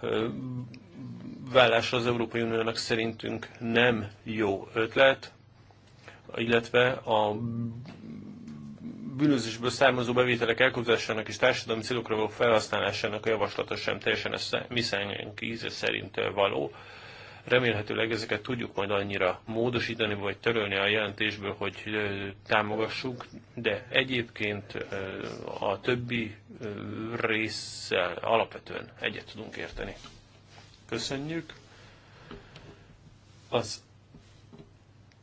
vállása az Európai Uniónak szerintünk nem jó ötlet, illetve a bűnözésből származó bevételek elkobzásának és társadalmi célokra való felhasználásának a javaslata sem teljesen a mi szerint való. Remélhetőleg ezeket tudjuk majd annyira módosítani vagy törölni a jelentésből, hogy támogassuk, de egyébként a többi résszel alapvetően egyet tudunk érteni. Köszönjük. Az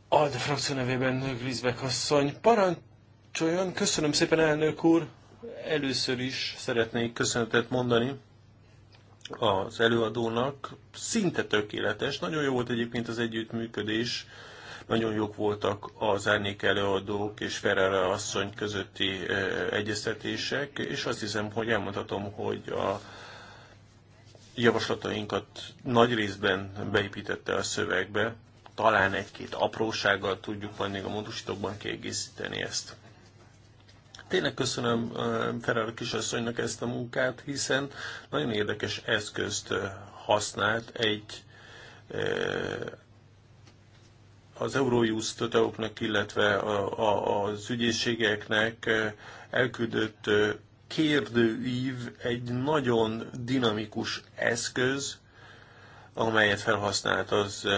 ALDE frakció nevében Grisbeck asszony parancsoljon. Köszönöm szépen, elnök úr. Először is szeretnék köszönetet mondani az előadónak. Szinte tökéletes, nagyon jó volt egyébként az együttműködés, nagyon jók voltak az árnyék előadók és Ferrara asszony közötti egyeztetések, és azt hiszem, hogy elmondhatom, hogy a javaslatainkat nagy részben beépítette a szövegbe, talán egy-két aprósággal tudjuk majd még a módosítókban kiegészíteni ezt. Tényleg köszönöm Ferrari kisasszonynak ezt a munkát, hiszen nagyon érdekes eszközt használt egy az Eurojust teoknak, illetve az ügyészségeknek elküldött kérdőív egy nagyon dinamikus eszköz, amelyet felhasznált az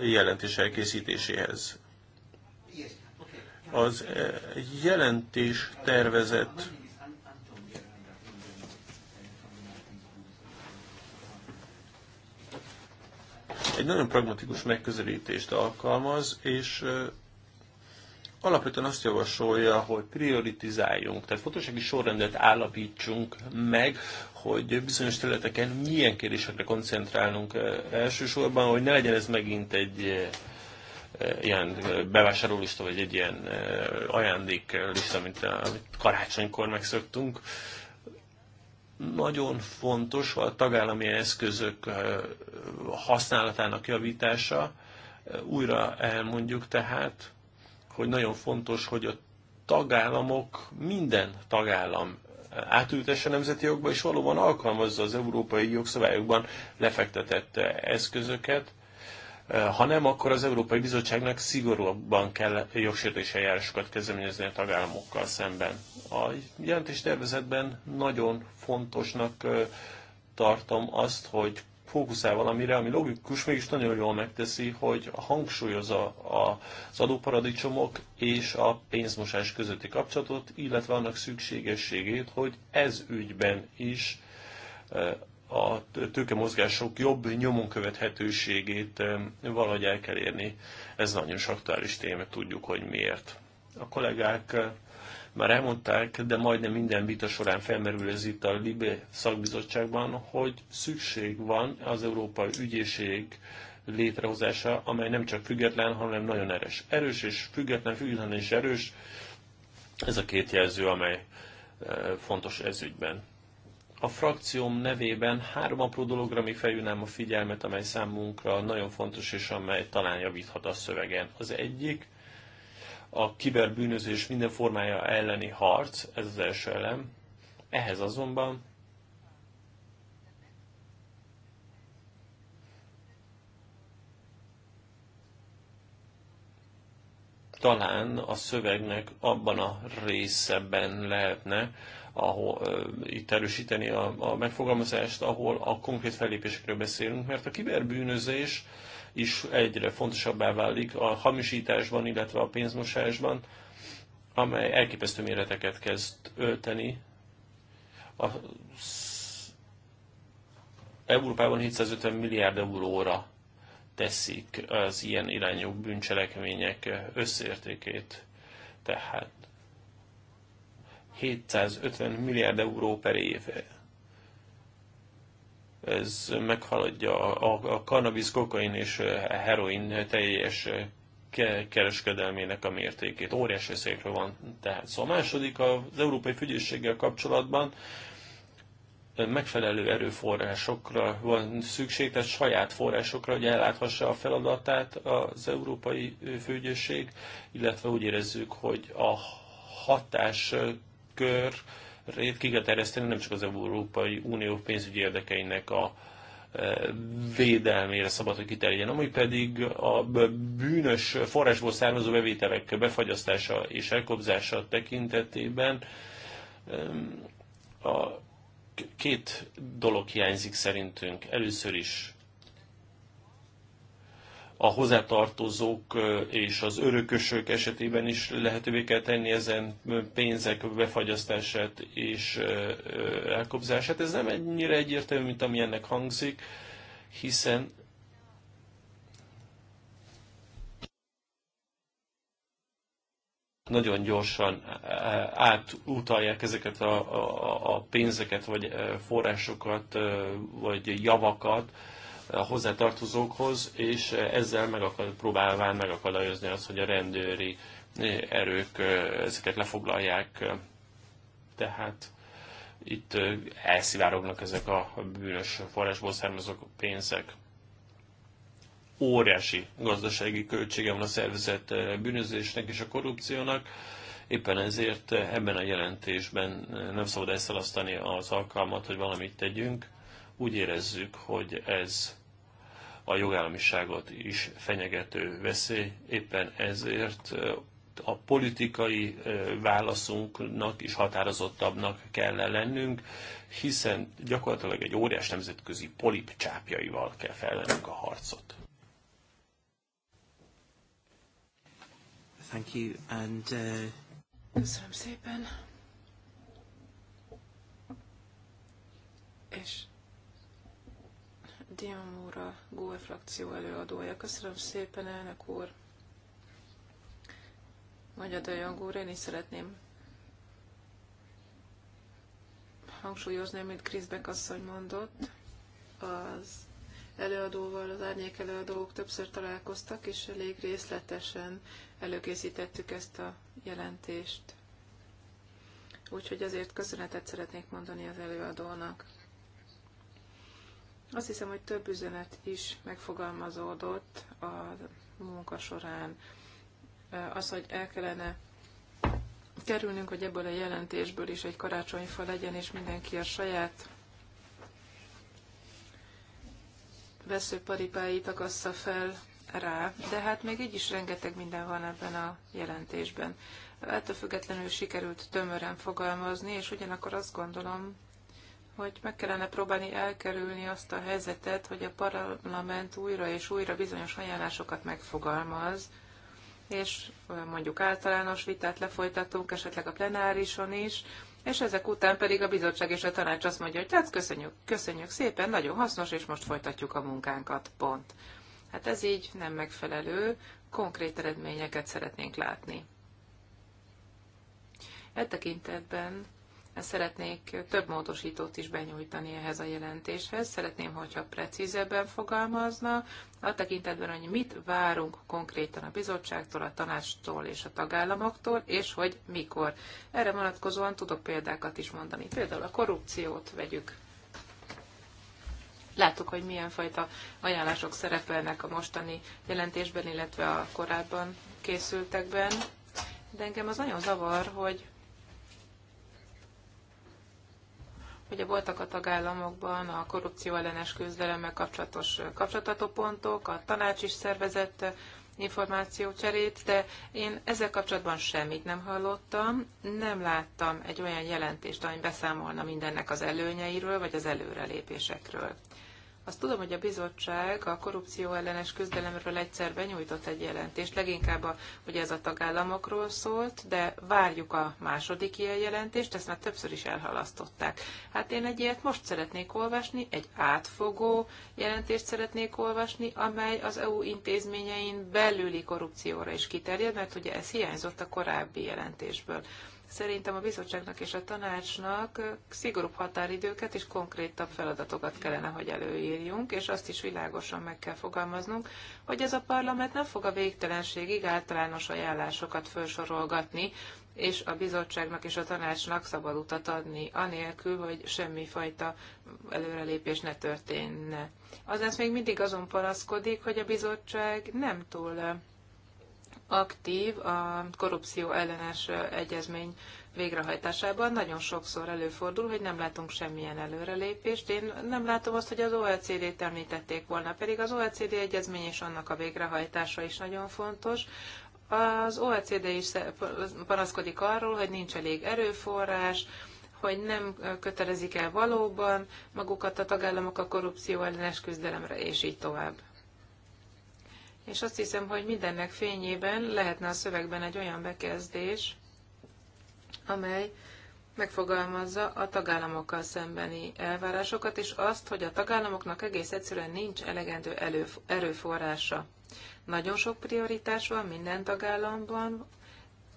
jelentés elkészítéséhez. Az eh, jelentés tervezett egy nagyon pragmatikus megközelítést alkalmaz, és eh, alapvetően azt javasolja, hogy prioritizáljunk, tehát fontossági sorrendet állapítsunk meg, hogy bizonyos területeken milyen kérdésekre koncentrálunk eh, elsősorban, hogy ne legyen ez megint egy Eh, ilyen eh, bevásárlólista, vagy egy ilyen eh, lista, mint amit karácsonykor megszoktunk. Nagyon fontos a tagállami eszközök használatának javítása. Újra elmondjuk tehát, hogy nagyon fontos, hogy a tagállamok, minden tagállam átültesse nemzeti jogba, és valóban alkalmazza az európai jogszabályokban lefektetett eszközöket, ha nem, akkor az Európai Bizottságnak szigorúbban kell jogsértési eljárásokat kezdeményezni a tagállamokkal szemben. A jelentés tervezetben nagyon fontosnak tartom azt, hogy fókuszál valamire, ami logikus, mégis nagyon jól megteszi, hogy hangsúlyozza az adóparadicsomok és a pénzmosás közötti kapcsolatot, illetve annak szükségességét, hogy ez ügyben is a tőkemozgások jobb nyomon követhetőségét valahogy el kell érni. Ez nagyon aktuális téma, tudjuk, hogy miért. A kollégák már elmondták, de majdnem minden vita során felmerül ez itt a Libé szakbizottságban, hogy szükség van az Európai Ügyészség létrehozása, amely nem csak független, hanem nagyon erős. Erős és független, független és erős, ez a két jelző, amely fontos ez ügyben a frakcióm nevében három apró dologra mi felhívnám a figyelmet, amely számunkra nagyon fontos, és amely talán javíthat a szövegen. Az egyik a kiberbűnözés minden formája elleni harc, ez az első elem. Ehhez azonban talán a szövegnek abban a részeben lehetne, ahol itt erősíteni a, a megfogalmazást, ahol a konkrét fellépésekről beszélünk, mert a kiberbűnözés is egyre fontosabbá válik a hamisításban, illetve a pénzmosásban, amely elképesztő méreteket kezd ölteni. A Európában 750 milliárd euróra teszik az ilyen irányú bűncselekmények összértékét. Tehát 750 milliárd euró per év. Ez meghaladja a, a cannabis, kokain és heroin teljes kereskedelmének a mértékét. Óriási összegekről van tehát Szóval a második az európai fügyészséggel kapcsolatban megfelelő erőforrásokra van szükség, tehát saját forrásokra, hogy elláthassa a feladatát az európai főügyészség, illetve úgy érezzük, hogy a hatás kör ki kell terjeszteni nem csak az Európai Unió pénzügyi érdekeinek a e, védelmére szabad, hogy kiterjedjen, ami pedig a bűnös forrásból származó bevételek befagyasztása és elkobzása tekintetében a két dolog hiányzik szerintünk. Először is a hozzátartozók és az örökösök esetében is lehetővé kell tenni ezen pénzek befagyasztását és elkobzását. Ez nem ennyire egyértelmű, mint ami ennek hangzik, hiszen nagyon gyorsan átutalják ezeket a, a pénzeket, vagy forrásokat, vagy javakat a hozzátartozókhoz, és ezzel meg akar, próbálván megakadályozni azt, hogy a rendőri eh, erők eh, ezeket lefoglalják. Tehát itt eh, elszivárognak ezek a bűnös forrásból származó pénzek. Óriási gazdasági költsége van a szervezett bűnözésnek és a korrupciónak. Éppen ezért ebben a jelentésben nem szabad elszalasztani az alkalmat, hogy valamit tegyünk úgy érezzük, hogy ez a jogállamiságot is fenyegető veszély, éppen ezért eh, a politikai eh, válaszunknak is határozottabbnak kell lennünk, hiszen gyakorlatilag egy óriás nemzetközi polip csápjaival kell felvennünk a harcot. Thank you, and, uh... Köszönöm szépen. És Diamúra, GUE frakció előadója. Köszönöm szépen, elnök úr! Magyar Dajang úr, én is szeretném hangsúlyozni, amit Krisz asszony mondott. Az előadóval, az árnyék előadók többször találkoztak, és elég részletesen előkészítettük ezt a jelentést. Úgyhogy azért köszönetet szeretnék mondani az előadónak. Azt hiszem, hogy több üzenet is megfogalmazódott a munka során. Az, hogy el kellene kerülnünk, hogy ebből a jelentésből is egy karácsonyfa legyen, és mindenki a saját veszőparipáit akassza fel rá, de hát még így is rengeteg minden van ebben a jelentésben. Ettől függetlenül sikerült tömören fogalmazni, és ugyanakkor azt gondolom, hogy meg kellene próbálni elkerülni azt a helyzetet, hogy a parlament újra és újra bizonyos ajánlásokat megfogalmaz, és mondjuk általános vitát lefolytatunk, esetleg a plenárison is, és ezek után pedig a bizottság és a tanács azt mondja, hogy tehát köszönjük, köszönjük szépen, nagyon hasznos, és most folytatjuk a munkánkat, pont. Hát ez így nem megfelelő, konkrét eredményeket szeretnénk látni. E tekintetben szeretnék több módosítót is benyújtani ehhez a jelentéshez. Szeretném, hogyha precízebben fogalmazna, a tekintetben, hogy mit várunk konkrétan a bizottságtól, a tanácstól és a tagállamoktól, és hogy mikor. Erre vonatkozóan tudok példákat is mondani. Például a korrupciót vegyük. Láttuk, hogy milyen fajta ajánlások szerepelnek a mostani jelentésben, illetve a korábban készültekben. De engem az nagyon zavar, hogy Ugye voltak a tagállamokban a korrupció ellenes küzdelemmel kapcsolatos kapcsolatató pontok, a tanács is szervezett információcserét, de én ezzel kapcsolatban semmit nem hallottam, nem láttam egy olyan jelentést, ami beszámolna mindennek az előnyeiről, vagy az előrelépésekről. Azt tudom, hogy a bizottság a korrupció ellenes küzdelemről egyszer benyújtott egy jelentést, leginkább a, ugye ez a tagállamokról szólt, de várjuk a második ilyen jelentést, ezt már többször is elhalasztották. Hát én egy ilyet most szeretnék olvasni, egy átfogó jelentést szeretnék olvasni, amely az EU intézményein belüli korrupcióra is kiterjed, mert ugye ez hiányzott a korábbi jelentésből. Szerintem a bizottságnak és a tanácsnak szigorúbb határidőket és konkrétabb feladatokat kellene, hogy előírjunk, és azt is világosan meg kell fogalmaznunk, hogy ez a parlament nem fog a végtelenségig általános ajánlásokat felsorolgatni, és a bizottságnak és a tanácsnak szabad utat adni, anélkül, hogy semmi fajta előrelépés ne történne. Az lesz még mindig azon panaszkodik, hogy a bizottság nem túl aktív a korrupció ellenes egyezmény végrehajtásában nagyon sokszor előfordul, hogy nem látunk semmilyen előrelépést. Én nem látom azt, hogy az OECD-t említették volna, pedig az OECD egyezmény és annak a végrehajtása is nagyon fontos. Az OECD is panaszkodik arról, hogy nincs elég erőforrás, hogy nem kötelezik el valóban magukat a tagállamok a korrupció ellenes küzdelemre, és így tovább és azt hiszem, hogy mindennek fényében lehetne a szövegben egy olyan bekezdés, amely megfogalmazza a tagállamokkal szembeni elvárásokat, és azt, hogy a tagállamoknak egész egyszerűen nincs elegendő erőforrása. Nagyon sok prioritás van minden tagállamban,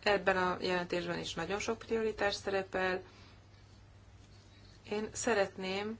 ebben a jelentésben is nagyon sok prioritás szerepel. Én szeretném,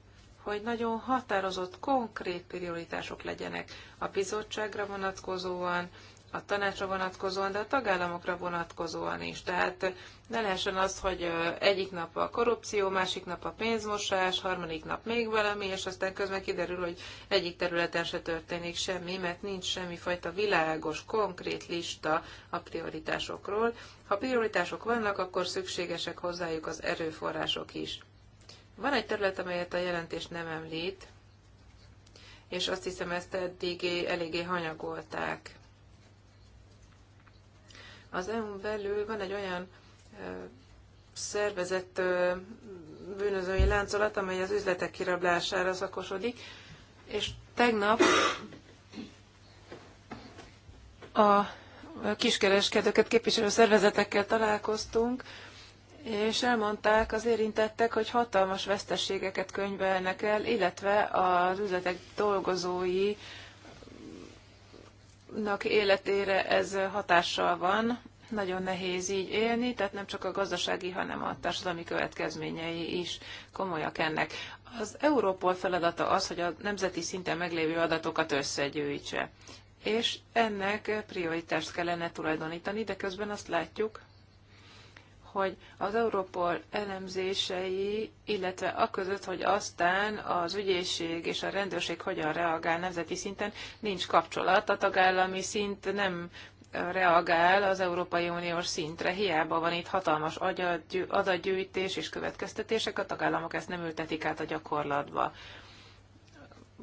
hogy nagyon határozott, konkrét prioritások legyenek a bizottságra vonatkozóan, a tanácsra vonatkozóan, de a tagállamokra vonatkozóan is. Tehát ne lehessen az, hogy egyik nap a korrupció, másik nap a pénzmosás, harmadik nap még valami, és aztán közben kiderül, hogy egyik területen se történik semmi, mert nincs semmi fajta világos, konkrét lista a prioritásokról. Ha prioritások vannak, akkor szükségesek hozzájuk az erőforrások is. Van egy terület, amelyet a jelentés nem említ, és azt hiszem ezt eddig eléggé hanyagolták. Az EU-n belül van egy olyan szervezett bűnözői láncolat, amely az üzletek kirablására szakosodik, és tegnap a kiskereskedőket képviselő szervezetekkel találkoztunk, és elmondták az érintettek, hogy hatalmas veszteségeket könyvelnek el, illetve az üzletek dolgozói életére ez hatással van, nagyon nehéz így élni, tehát nem csak a gazdasági, hanem a társadalmi következményei is komolyak ennek. Az Európol feladata az, hogy a nemzeti szinten meglévő adatokat összegyűjtse. És ennek prioritást kellene tulajdonítani, de közben azt látjuk, hogy az Europol elemzései, illetve a között, hogy aztán az ügyészség és a rendőrség hogyan reagál nemzeti szinten, nincs kapcsolat. A tagállami szint nem reagál az Európai Uniós szintre. Hiába van itt hatalmas adatgyűjtés és következtetések, a tagállamok ezt nem ültetik át a gyakorlatba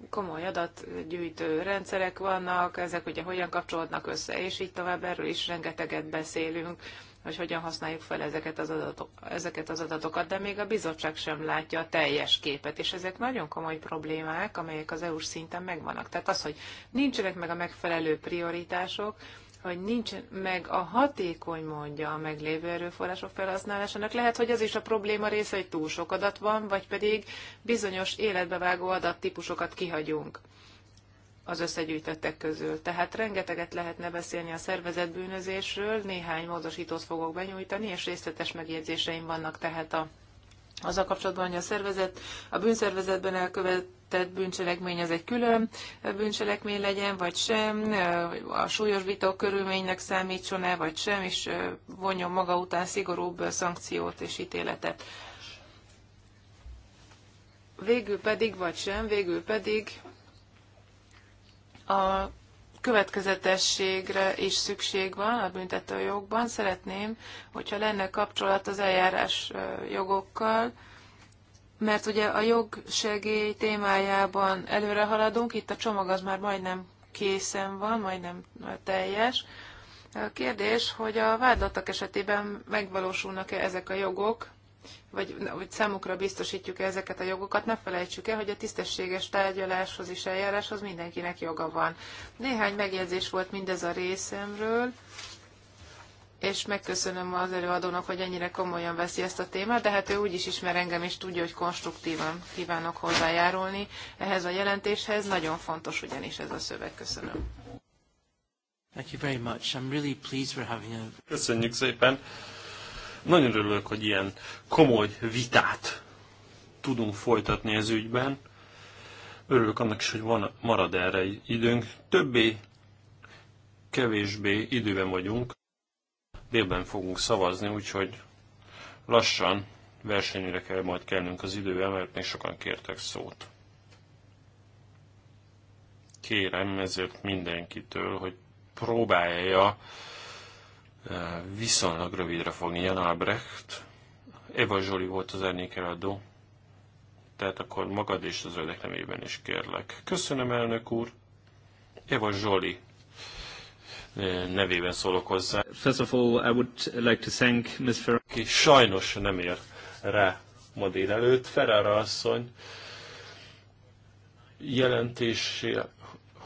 komoly adatgyűjtő rendszerek vannak, ezek ugye hogyan kapcsolódnak össze, és így tovább erről is rengeteget beszélünk hogy hogyan használjuk fel ezeket az, adatok, ezeket az adatokat, de még a bizottság sem látja a teljes képet, és ezek nagyon komoly problémák, amelyek az EU-s szinten megvannak. Tehát az, hogy nincsenek meg a megfelelő prioritások, hogy nincs meg a hatékony mondja a meglévő erőforrások felhasználásának. Lehet, hogy az is a probléma része, hogy túl sok adat van, vagy pedig bizonyos életbevágó adattípusokat kihagyunk az összegyűjtettek közül. Tehát rengeteget lehetne beszélni a szervezetbűnözésről. néhány módosítót fogok benyújtani, és részletes megjegyzéseim vannak tehát a az a kapcsolatban, hogy a szervezet, a bűnszervezetben elkövetett bűncselekmény az egy külön bűncselekmény legyen, vagy sem, a súlyos vitó körülménynek számítson-e, vagy sem, és vonjon maga után szigorúbb szankciót és ítéletet. Végül pedig, vagy sem, végül pedig a következetességre is szükség van a büntetőjogban. Szeretném, hogyha lenne kapcsolat az eljárás jogokkal, mert ugye a jogsegély témájában előre haladunk, itt a csomag az már majdnem készen van, majdnem teljes. A kérdés, hogy a vádlatok esetében megvalósulnak-e ezek a jogok, vagy, vagy számukra biztosítjuk -e ezeket a jogokat, ne felejtsük el, hogy a tisztességes tárgyaláshoz és eljáráshoz mindenkinek joga van. Néhány megjegyzés volt mindez a részemről, és megköszönöm az előadónak, hogy ennyire komolyan veszi ezt a témát, de hát ő úgy is ismer engem, és tudja, hogy konstruktívan kívánok hozzájárulni ehhez a jelentéshez. Nagyon fontos ugyanis ez a szöveg. Köszönöm. Thank you very much. I'm really pleased having a... Köszönjük szépen. Nagyon örülök, hogy ilyen komoly vitát tudunk folytatni ez ügyben. Örülök annak is, hogy van, marad erre időnk. Többé, kevésbé időben vagyunk. Délben fogunk szavazni, úgyhogy lassan versenyre kell majd kelnünk az idővel, mert még sokan kértek szót. Kérem ezért mindenkitől, hogy próbálja viszonylag rövidre fogni. Jan Albrecht, Eva Zsoli volt az elnékeladó, tehát akkor magad és az öldek nemében is kérlek. Köszönöm, elnök úr. Eva Zsoli nevében szólok hozzá. First of all, I would like to thank Ms. Ferrara. Ki sajnos nem ér rá ma délelőtt. Ferrara asszony jelentésével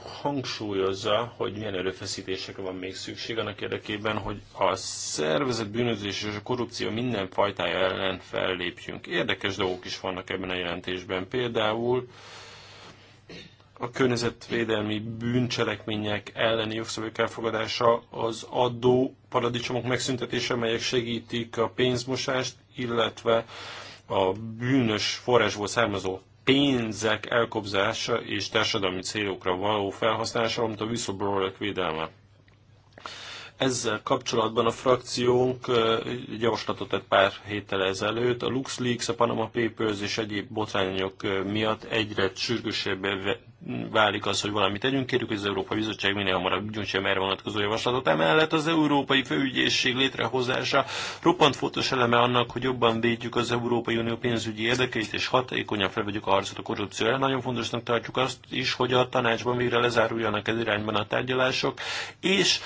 hangsúlyozza, hogy milyen erőfeszítésekre van még szükség annak érdekében, hogy a szervezet bűnözés és a korrupció minden fajtája ellen fellépjünk. Érdekes dolgok is vannak ebben a jelentésben. Például a környezetvédelmi bűncselekmények elleni jogszabályok elfogadása, az adó paradicsomok megszüntetése, melyek segítik a pénzmosást, illetve a bűnös forrásból származó pénzek elkobzása és társadalmi célokra való felhasználása, valamint a whistleblowerek védelme. Ezzel kapcsolatban a frakciónk javaslatot tett pár héttel ezelőtt. A LuxLeaks, a Panama Papers és egyéb botrányok miatt egyre sürgősebb válik az, hogy valamit tegyünk. Kérjük, hogy az Európai Bizottság minél hamarabb gyűjtse erre vonatkozó javaslatot. Emellett az Európai Főügyészség létrehozása roppant fontos eleme annak, hogy jobban védjük az Európai Unió pénzügyi érdekeit és hatékonyan felvegyük a harcot a korrupcióra. Nagyon fontosnak tartjuk azt is, hogy a tanácsban végre lezáruljanak ez irányban a tárgyalások, és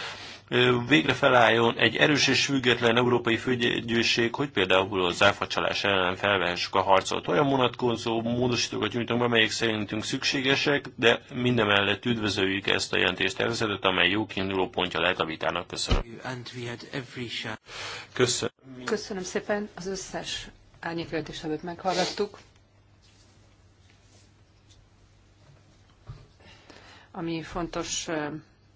végre felálljon egy erős és független európai főgyőség, hogy például az áfacsalás ellen felvehessük a harcot. Olyan vonatkozó módosítókat nyújtunk be, amelyek szerintünk szükségesek, de mindemellett üdvözöljük ezt a jelentést tervezetet, amely jó kiinduló pontja lehet a vitának. Köszönöm. Köszönöm. Köszönöm szépen az összes előtt meghallgattuk. Ami fontos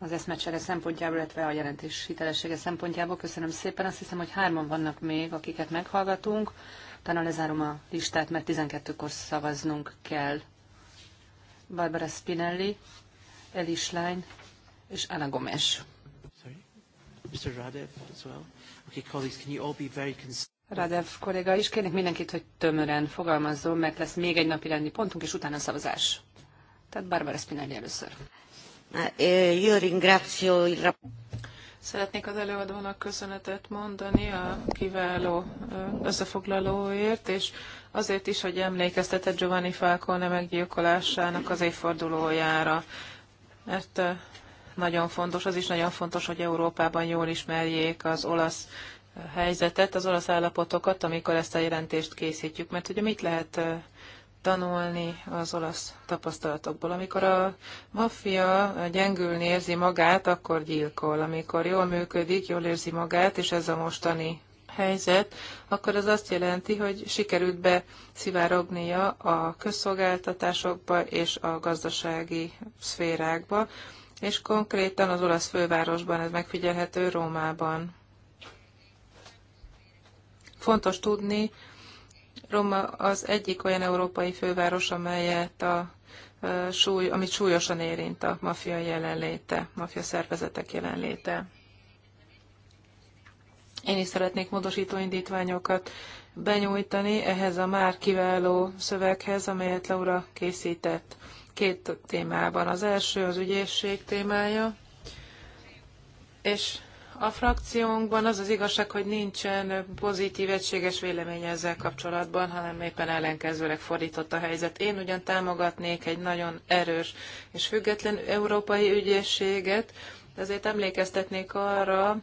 az eszmecsere szempontjából, illetve a jelentés hitelessége szempontjából. Köszönöm szépen. Azt hiszem, hogy hárman vannak még, akiket meghallgatunk. Utána lezárom a listát, mert 12-kor szavaznunk kell. Barbara Spinelli, Elis Schlein és Anna Gomes. Mr. Radev as well. Okay, colleagues, can you all be very Radev kolléga is, kérnék mindenkit, hogy tömören fogalmazzon, mert lesz még egy napi rendi pontunk, és utána szavazás. Tehát Barbara Spinelli először. Eh, eh, io ringrazio il Szeretnék az előadónak köszönetet mondani a kiváló eh, összefoglalóért, és azért is, hogy emlékeztetett Giovanni Falcone meggyilkolásának az évfordulójára. Mert nagyon fontos, az is nagyon fontos, hogy Európában jól ismerjék az olasz helyzetet, az olasz állapotokat, amikor ezt a jelentést készítjük. Mert ugye mit lehet tanulni az olasz tapasztalatokból. Amikor a maffia gyengülni érzi magát, akkor gyilkol. Amikor jól működik, jól érzi magát, és ez a mostani helyzet, akkor az azt jelenti, hogy sikerült be szivárognia a közszolgáltatásokba és a gazdasági szférákba, és konkrétan az olasz fővárosban ez megfigyelhető Rómában. Fontos tudni, Roma az egyik olyan európai főváros, amelyet a súly, amit súlyosan érint a mafia jelenléte, mafia szervezetek jelenléte. Én is szeretnék módosító indítványokat benyújtani ehhez a már kiváló szöveghez, amelyet Laura készített két témában. Az első az ügyészség témája, és a frakciónkban az az igazság, hogy nincsen pozitív, egységes vélemény ezzel kapcsolatban, hanem éppen ellenkezőleg fordított a helyzet. Én ugyan támogatnék egy nagyon erős és független európai ügyészséget, ezért emlékeztetnék arra,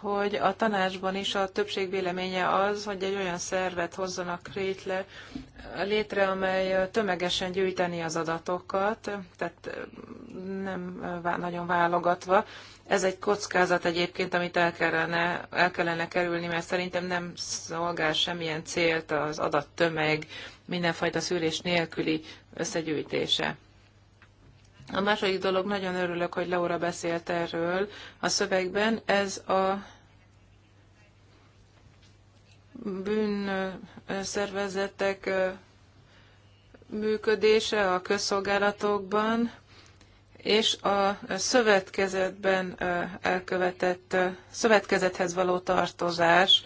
hogy a tanácsban is a többség véleménye az, hogy egy olyan szervet hozzanak rétle, létre, amely tömegesen gyűjteni az adatokat, tehát nem nagyon válogatva. Ez egy kockázat egyébként, amit el kellene, el kellene kerülni, mert szerintem nem szolgál semmilyen célt az adattömeg mindenfajta szűrés nélküli összegyűjtése. A második dolog, nagyon örülök, hogy Laura beszélt erről a szövegben, ez a bűnszervezetek működése a közszolgálatokban és a szövetkezetben elkövetett, szövetkezethez való tartozás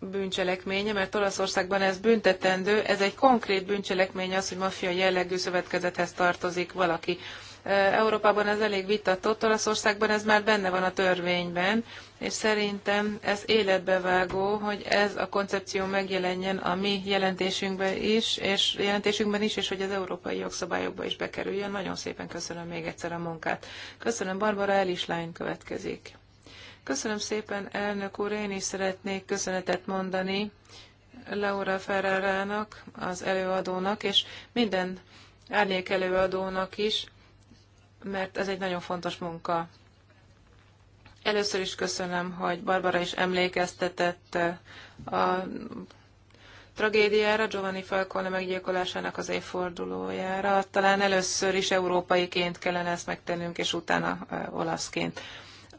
bűncselekménye, mert Olaszországban ez büntetendő, ez egy konkrét bűncselekmény az, hogy maffia jellegű szövetkezethez tartozik valaki. Európában ez elég vitatott, Olaszországban ez már benne van a törvényben, és szerintem ez életbevágó, hogy ez a koncepció megjelenjen a mi jelentésünkben is, és jelentésünkben is, és hogy az európai jogszabályokba is bekerüljön. Nagyon szépen köszönöm még egyszer a munkát. Köszönöm, Barbara Elislány következik. Köszönöm szépen, elnök úr, én is szeretnék köszönetet mondani Laura Ferrerának, az előadónak, és minden árnyék előadónak is, mert ez egy nagyon fontos munka. Először is köszönöm, hogy Barbara is emlékeztetett uh, a tragédiára, Giovanni Falcone meggyilkolásának az évfordulójára. Talán először is európaiként kellene ezt megtennünk, és utána uh, olaszként.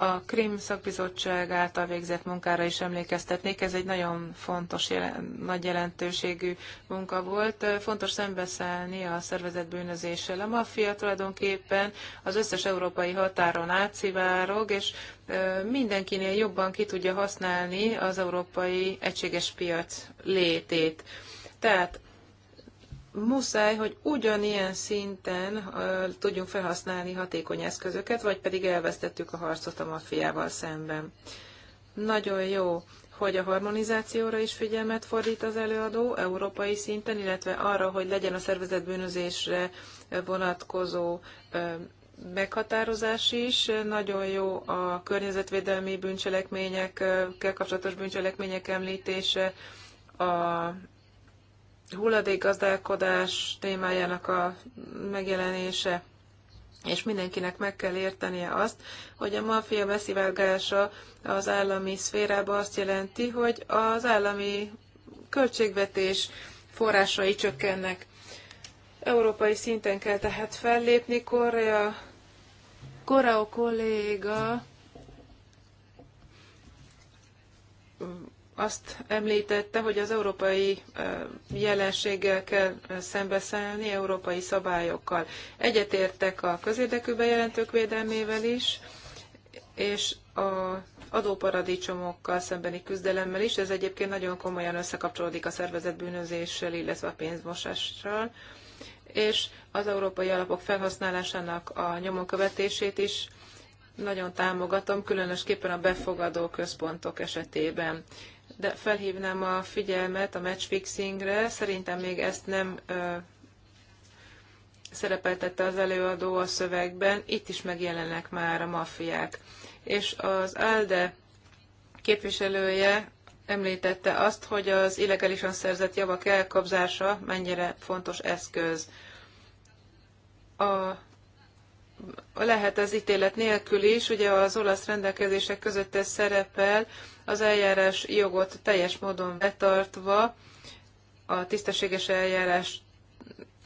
A Krim szakbizottság által végzett munkára is emlékeztetnék, ez egy nagyon fontos, jelen, nagy jelentőségű munka volt. Fontos szembeszállni a szervezett bűnözéssel. A maffia tulajdonképpen az összes európai határon átszivárog, és mindenkinél jobban ki tudja használni az európai egységes piac létét. Tehát muszáj, hogy ugyanilyen szinten uh, tudjunk felhasználni hatékony eszközöket, vagy pedig elvesztettük a harcot a maffiával szemben. Nagyon jó, hogy a harmonizációra is figyelmet fordít az előadó európai szinten, illetve arra, hogy legyen a szervezetbűnözésre vonatkozó uh, meghatározás is, nagyon jó a környezetvédelmi bűncselekményekkel kapcsolatos bűncselekmények említése, a hulladékgazdálkodás témájának a megjelenése, és mindenkinek meg kell értenie azt, hogy a maffia beszivágása az állami szférába azt jelenti, hogy az állami költségvetés forrásai csökkennek. Európai szinten kell tehát fellépni. Korea, Koreó kolléga azt említette, hogy az európai jelenséggel kell szembeszállni, európai szabályokkal. Egyetértek a közérdekű bejelentők védelmével is, és a adóparadicsomokkal szembeni küzdelemmel is. Ez egyébként nagyon komolyan összekapcsolódik a szervezetbűnözéssel, illetve a pénzmosással és az európai alapok felhasználásának a nyomon követését is nagyon támogatom, különösképpen a befogadó központok esetében de felhívnám a figyelmet a matchfixingre. Szerintem még ezt nem ö, szerepeltette az előadó a szövegben. Itt is megjelennek már a maffiák. És az ALDE képviselője említette azt, hogy az illegálisan szerzett javak elkobzása mennyire fontos eszköz. A lehet az ítélet nélkül is, ugye az olasz rendelkezések között ez szerepel, az eljárás jogot teljes módon betartva, a tisztességes eljárás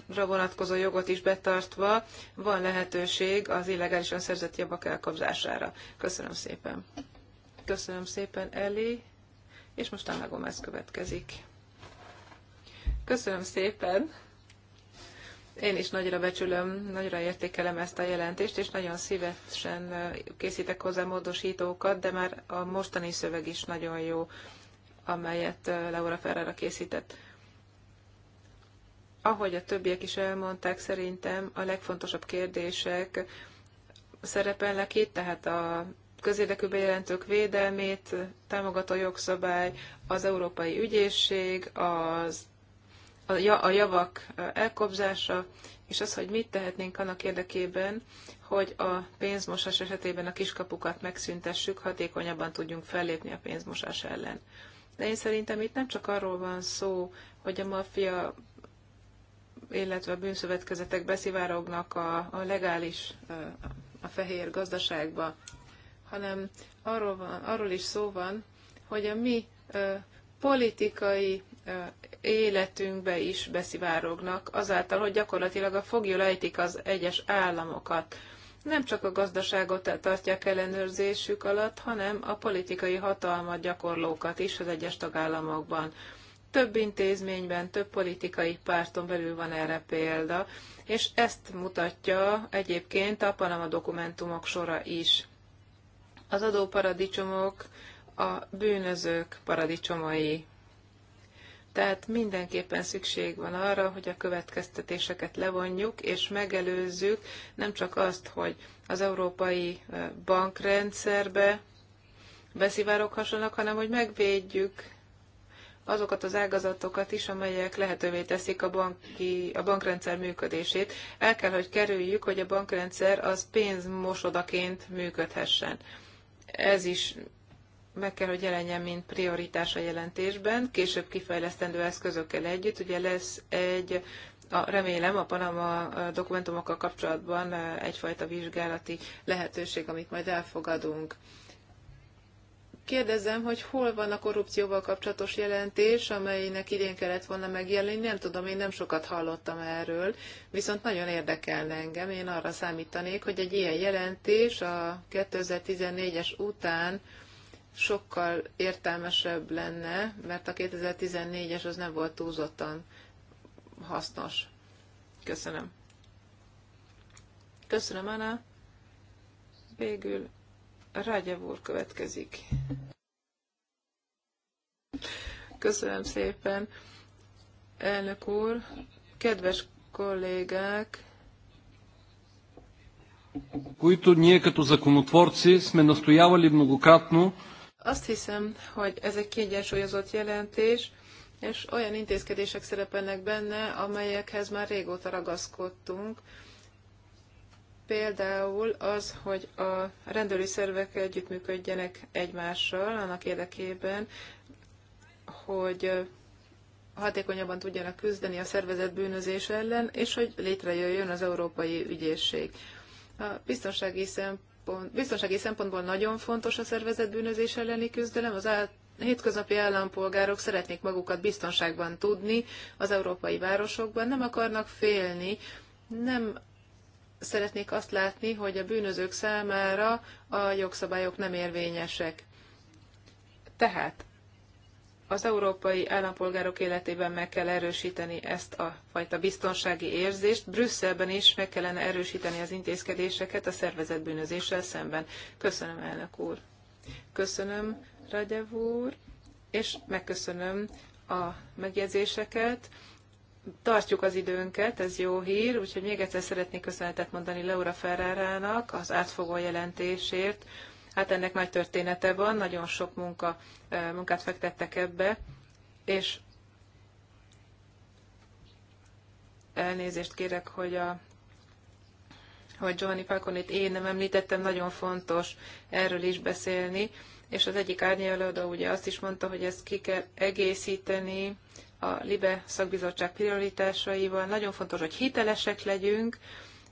vonatkozó jogot is betartva van lehetőség az illegálisan szerzett javak elkapzására. Köszönöm szépen. Köszönöm szépen, Eli. És most a Gomez következik. Köszönöm szépen. Én is nagyra becsülöm, nagyra értékelem ezt a jelentést, és nagyon szívesen készítek hozzá módosítókat, de már a mostani szöveg is nagyon jó, amelyet Laura Ferrara készített. Ahogy a többiek is elmondták, szerintem a legfontosabb kérdések szerepelnek itt, tehát a közérdekű bejelentők védelmét, támogató jogszabály, az Európai Ügyészség, az a javak elkobzása, és az, hogy mit tehetnénk annak érdekében, hogy a pénzmosás esetében a kiskapukat megszüntessük, hatékonyabban tudjunk fellépni a pénzmosás ellen. De én szerintem itt nem csak arról van szó, hogy a maffia, illetve a bűnszövetkezetek beszivárognak a, a legális, a fehér gazdaságba, hanem arról, van, arról is szó van, hogy a mi politikai életünkbe is beszivárognak, azáltal, hogy gyakorlatilag a foglyul ejtik az egyes államokat. Nem csak a gazdaságot tartják ellenőrzésük alatt, hanem a politikai hatalmat gyakorlókat is az egyes tagállamokban. Több intézményben, több politikai párton belül van erre példa, és ezt mutatja egyébként a Panama dokumentumok sora is. Az adóparadicsomok a bűnözők paradicsomai tehát mindenképpen szükség van arra, hogy a következtetéseket levonjuk, és megelőzzük nem csak azt, hogy az európai bankrendszerbe hasonlók, hanem hogy megvédjük azokat az ágazatokat is, amelyek lehetővé teszik a, banki, a bankrendszer működését. El kell, hogy kerüljük, hogy a bankrendszer az pénzmosodaként működhessen. Ez is meg kell, hogy jelenjen, mint prioritás a jelentésben, később kifejlesztendő eszközökkel együtt. Ugye lesz egy, a, remélem a Panama dokumentumokkal kapcsolatban egyfajta vizsgálati lehetőség, amit majd elfogadunk. Kérdezem, hogy hol van a korrupcióval kapcsolatos jelentés, amelynek idén kellett volna megjelenni, nem tudom, én nem sokat hallottam erről, viszont nagyon érdekelne engem, én arra számítanék, hogy egy ilyen jelentés a 2014-es után sokkal értelmesebb lenne, mert a 2014-es az nem volt túlzottan hasznos. Köszönöm. Köszönöm, Anna. Végül Rágyev úr következik. Köszönöm szépen, elnök úr, kedves kollégák! които ние като законотворци сме настоявали многократно azt hiszem, hogy ez egy kiegyensúlyozott jelentés, és olyan intézkedések szerepelnek benne, amelyekhez már régóta ragaszkodtunk. Például az, hogy a rendőri szervek együttműködjenek egymással annak érdekében, hogy hatékonyabban tudjanak küzdeni a szervezett bűnözés ellen, és hogy létrejöjjön az Európai Ügyészség. A biztonsági szempont szempont, biztonsági szempontból nagyon fontos a szervezett bűnözés elleni küzdelem, az át, hétköznapi állampolgárok szeretnék magukat biztonságban tudni az európai városokban, nem akarnak félni, nem szeretnék azt látni, hogy a bűnözők számára a jogszabályok nem érvényesek. Tehát az európai állampolgárok életében meg kell erősíteni ezt a fajta biztonsági érzést. Brüsszelben is meg kellene erősíteni az intézkedéseket a szervezetbűnözéssel szemben. Köszönöm, elnök úr. Köszönöm, Radev úr, és megköszönöm a megjegyzéseket. Tartjuk az időnket, ez jó hír, úgyhogy még egyszer szeretnék köszönetet mondani Laura Ferrárának az átfogó jelentésért, Hát ennek nagy története van, nagyon sok munka, munkát fektettek ebbe, és elnézést kérek, hogy a hogy Giovanni Falconit én nem említettem, nagyon fontos erről is beszélni, és az egyik árnyéladó ugye azt is mondta, hogy ezt ki kell egészíteni a LIBE szakbizottság prioritásaival. Nagyon fontos, hogy hitelesek legyünk,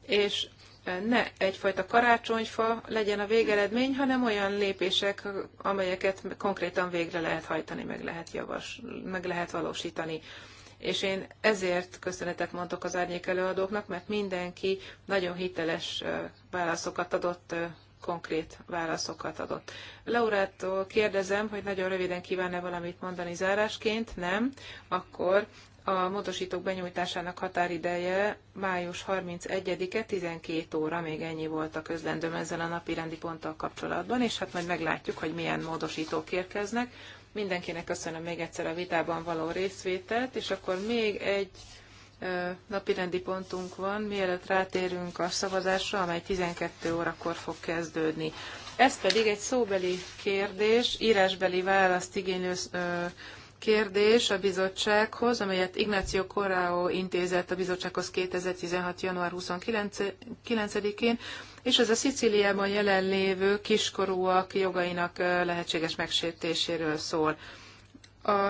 és ne egyfajta karácsonyfa legyen a végeredmény, hanem olyan lépések, amelyeket konkrétan végre lehet hajtani, meg lehet, javas, meg lehet valósítani. És én ezért köszönetet mondok az árnyék előadóknak, mert mindenki nagyon hiteles válaszokat adott, konkrét válaszokat adott. Laurától kérdezem, hogy nagyon röviden kívánne valamit mondani zárásként, nem? Akkor a módosítók benyújtásának határideje május 31-e 12 óra, még ennyi volt a közlendőm ezzel a napi rendi ponttal kapcsolatban, és hát majd meglátjuk, hogy milyen módosítók érkeznek. Mindenkinek köszönöm még egyszer a vitában való részvételt, és akkor még egy napirendi pontunk van, mielőtt rátérünk a szavazásra, amely 12 órakor fog kezdődni. Ez pedig egy szóbeli kérdés, írásbeli választ igénylő kérdés a bizottsághoz, amelyet Ignacio Corrao intézett a bizottsághoz 2016. január 29-én, és ez a Szicíliában jelenlévő kiskorúak jogainak lehetséges megsértéséről szól. A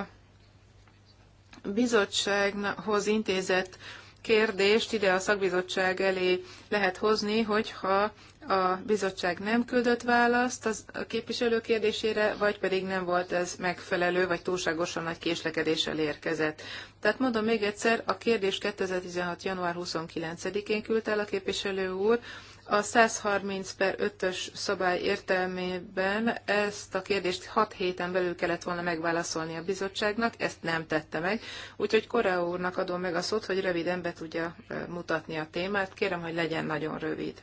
bizottsághoz intézett kérdést ide a szakbizottság elé lehet hozni, hogyha a bizottság nem küldött választ az a képviselő kérdésére, vagy pedig nem volt ez megfelelő, vagy túlságosan nagy késlekedéssel érkezett. Tehát mondom még egyszer, a kérdés 2016. január 29-én küldte el a képviselő úr, a 130 per 5-ös szabály értelmében ezt a kérdést 6 héten belül kellett volna megválaszolni a bizottságnak, ezt nem tette meg, úgyhogy Korea úrnak adom meg a szót, hogy röviden be tudja eh, mutatni a témát. Kérem, hogy legyen nagyon rövid.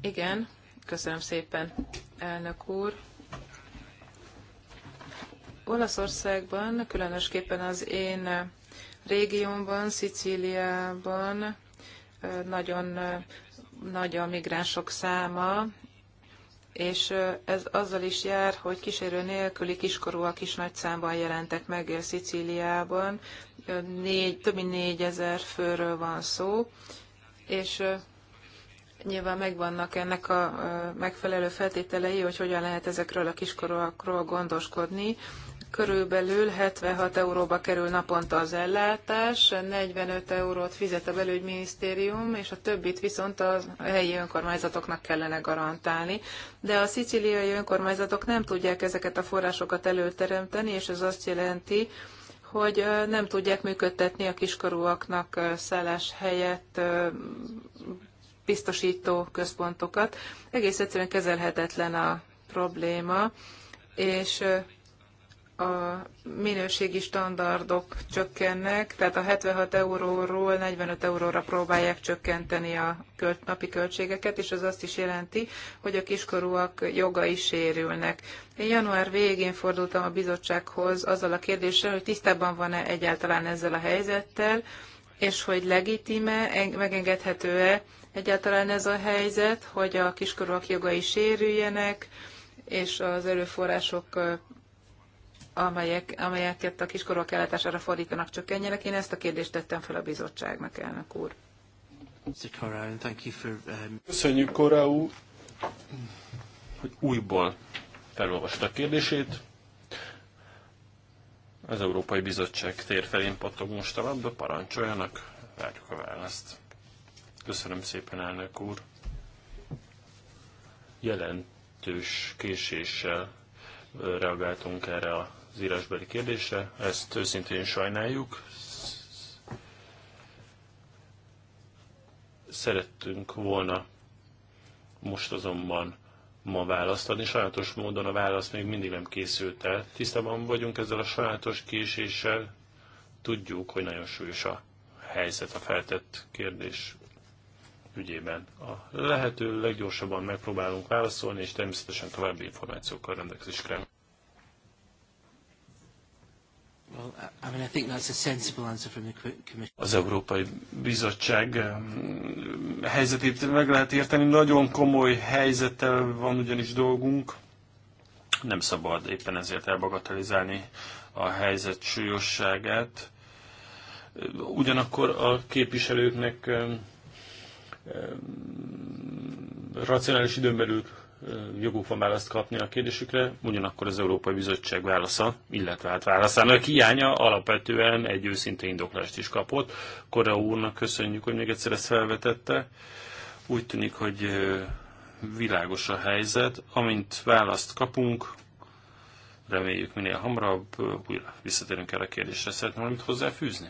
Igen, köszönöm szépen, elnök úr. Olaszországban, különösképpen az én régiómban, Szicíliában nagyon nagy a migránsok száma, és ez azzal is jár, hogy kísérő nélküli kiskorúak is nagy számban jelentek meg Szicíliában. Négy, több mint négyezer főről van szó, és nyilván megvannak ennek a megfelelő feltételei, hogy hogyan lehet ezekről a kiskorúakról gondoskodni körülbelül 76 euróba kerül naponta az ellátás, 45 eurót fizet a belügyminisztérium, és a többit viszont a helyi önkormányzatoknak kellene garantálni. De a szicíliai önkormányzatok nem tudják ezeket a forrásokat előteremteni, és ez azt jelenti, hogy nem tudják működtetni a kiskorúaknak szállás helyett biztosító központokat. Egész egyszerűen kezelhetetlen a probléma, és a minőségi standardok csökkennek, tehát a 76 euróról 45 euróra próbálják csökkenteni a napi költségeket, és az azt is jelenti, hogy a kiskorúak jogai sérülnek. Én január végén fordultam a bizottsághoz azzal a kérdéssel, hogy tisztában van-e egyáltalán ezzel a helyzettel, és hogy legitime, megengedhető-e egyáltalán ez a helyzet, hogy a kiskorúak jogai sérüljenek, és az erőforrások amelyek, amelyeket a kiskorúak ellátására fordítanak, csökkenjenek. Én ezt a kérdést tettem fel a bizottságnak, elnök úr. Um, Köszönjük, Kora hogy újból felolvasta a kérdését. Az Európai Bizottság tér felén pattog most a labda, parancsoljanak, várjuk a választ. Köszönöm szépen, elnök úr. Jelentős késéssel reagáltunk erre a az írásbeli kérdése. ezt őszintén sajnáljuk. Szerettünk volna most azonban ma választ adni. Sajátos módon a válasz még mindig nem készült el. Tisztában vagyunk ezzel a sajátos késéssel. Tudjuk, hogy nagyon súlyos a helyzet a feltett kérdés ügyében. A lehető leggyorsabban megpróbálunk válaszolni, és természetesen további információkkal rendelkezésre. Az Európai Bizottság um, helyzetét meg lehet érteni, nagyon komoly helyzettel van ugyanis dolgunk. Nem szabad éppen ezért elbagatelizálni a helyzet súlyosságát. Ugyanakkor a képviselőknek um, um, racionális időn belül joguk van választ kapni a kérdésükre, ugyanakkor az Európai Bizottság válasza, illetve hát válaszának hiánya alapvetően egy őszinte indoklást is kapott. Kora úrnak köszönjük, hogy még egyszer ezt felvetette. Úgy tűnik, hogy világos a helyzet. Amint választ kapunk, reméljük minél hamarabb újra visszatérünk erre a kérdésre. Szeretném valamit hozzáfűzni?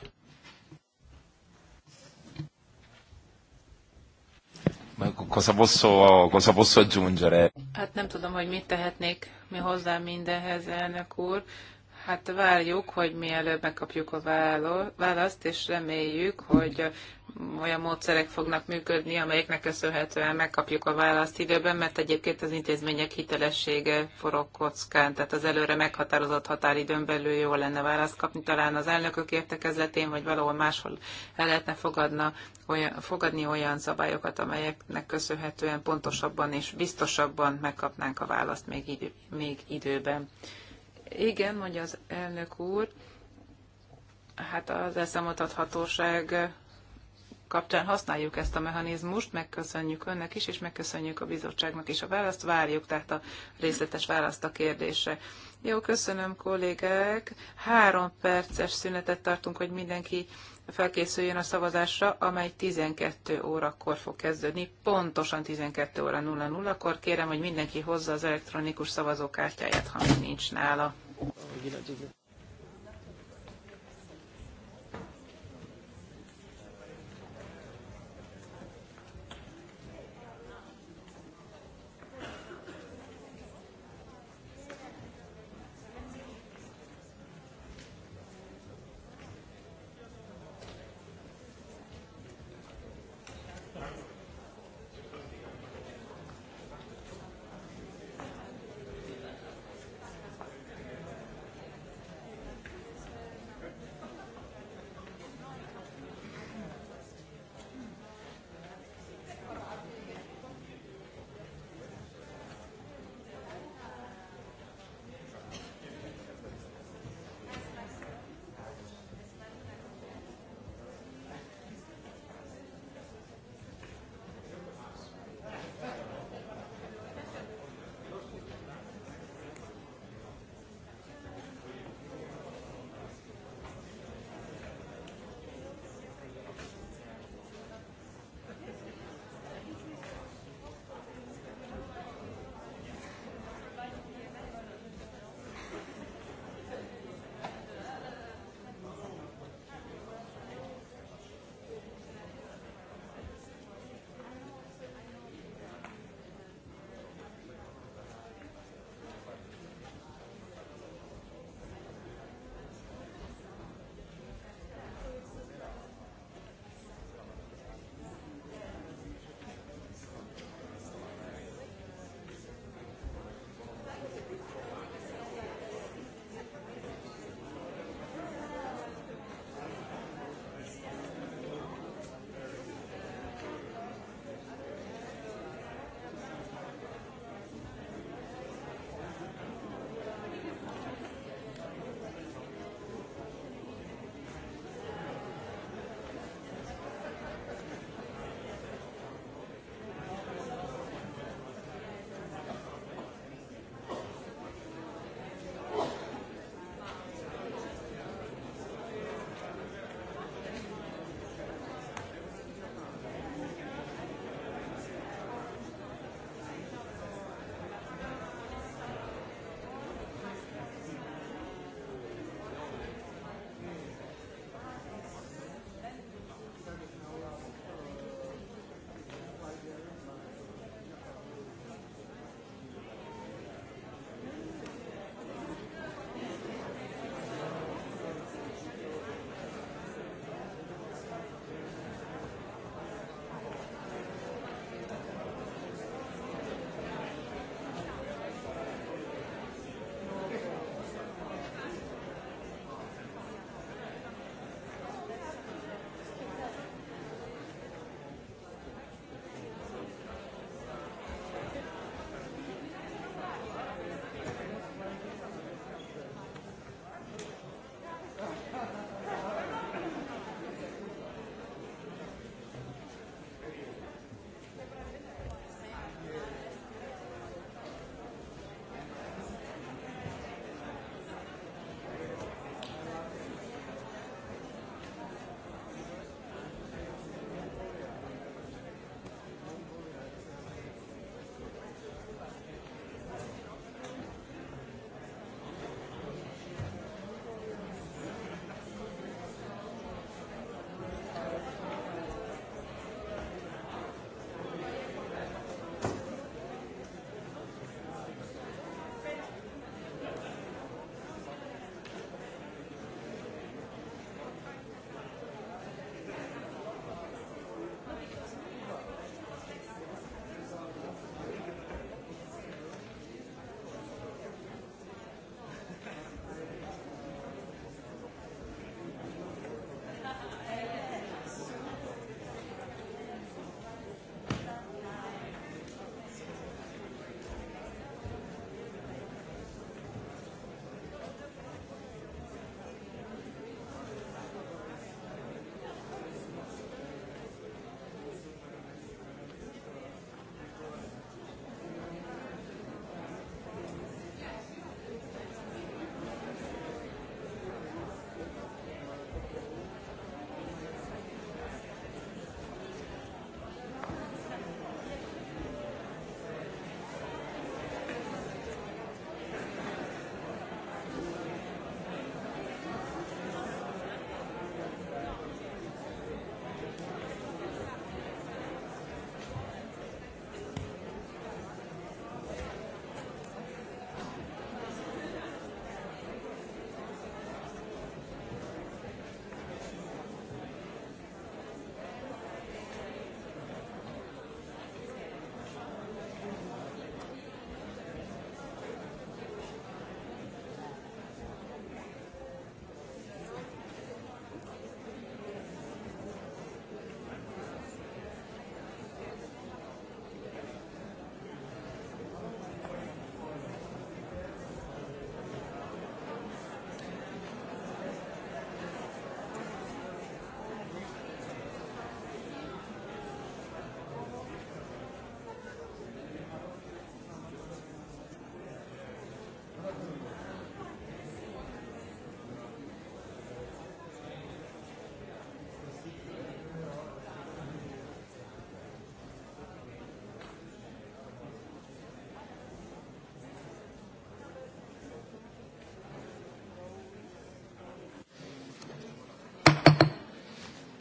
Cosa posso, cosa posso aggiungere? Hát nem tudom, hogy mit tehetnék mi hozzá mindenhez, elnök úr. Hát várjuk, hogy mielőbb megkapjuk a választ, és reméljük, hogy olyan módszerek fognak működni, amelyeknek köszönhetően megkapjuk a választ időben, mert egyébként az intézmények hitelessége forog kockán, tehát az előre meghatározott határidőn belül jó lenne választ kapni, talán az elnökök értekezletén, vagy valahol máshol el lehetne fogadna, olyan, fogadni olyan szabályokat, amelyeknek köszönhetően pontosabban és biztosabban megkapnánk a választ még, idő, még időben. Igen, mondja az elnök úr, hát az elszámoltathatóság kapcsán használjuk ezt a mechanizmust, megköszönjük önnek is, és megköszönjük a bizottságnak is a választ, várjuk tehát a részletes választ a kérdésre. Jó, köszönöm kollégák. Három perces szünetet tartunk, hogy mindenki felkészüljön a szavazásra, amely 12 órakor fog kezdődni, pontosan 12 óra 00-kor. Kérem, hogy mindenki hozza az elektronikus szavazókártyáját, ha még nincs nála.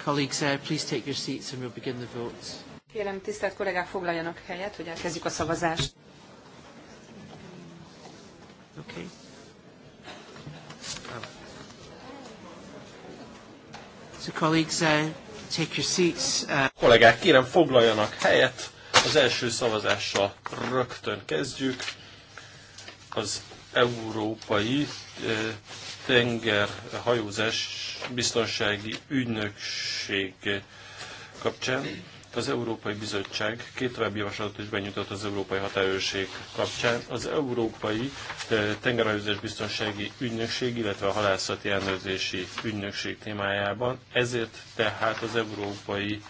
Colleagues, uh, please take your seats and we'll begin the votes. Kérem, tisztelt kollégák, foglaljanak helyet, hogy elkezdjük a szavazást. Okay. Oh. So colleagues, uh, take your seats. Uh... Kollégák, kérem, foglaljanak helyet. Az első szavazással rögtön kezdjük. Az európai eh, uh, tengerhajózás biztonsági ügynökség ügynökség kapcsán. Az Európai Bizottság két további javaslatot is benyújtott az Európai Határőrség kapcsán. Az Európai eh, Tengerhajózás Biztonsági Ügynökség, illetve a Halászati Ellenőrzési Ügynökség témájában. Ezért tehát az Európai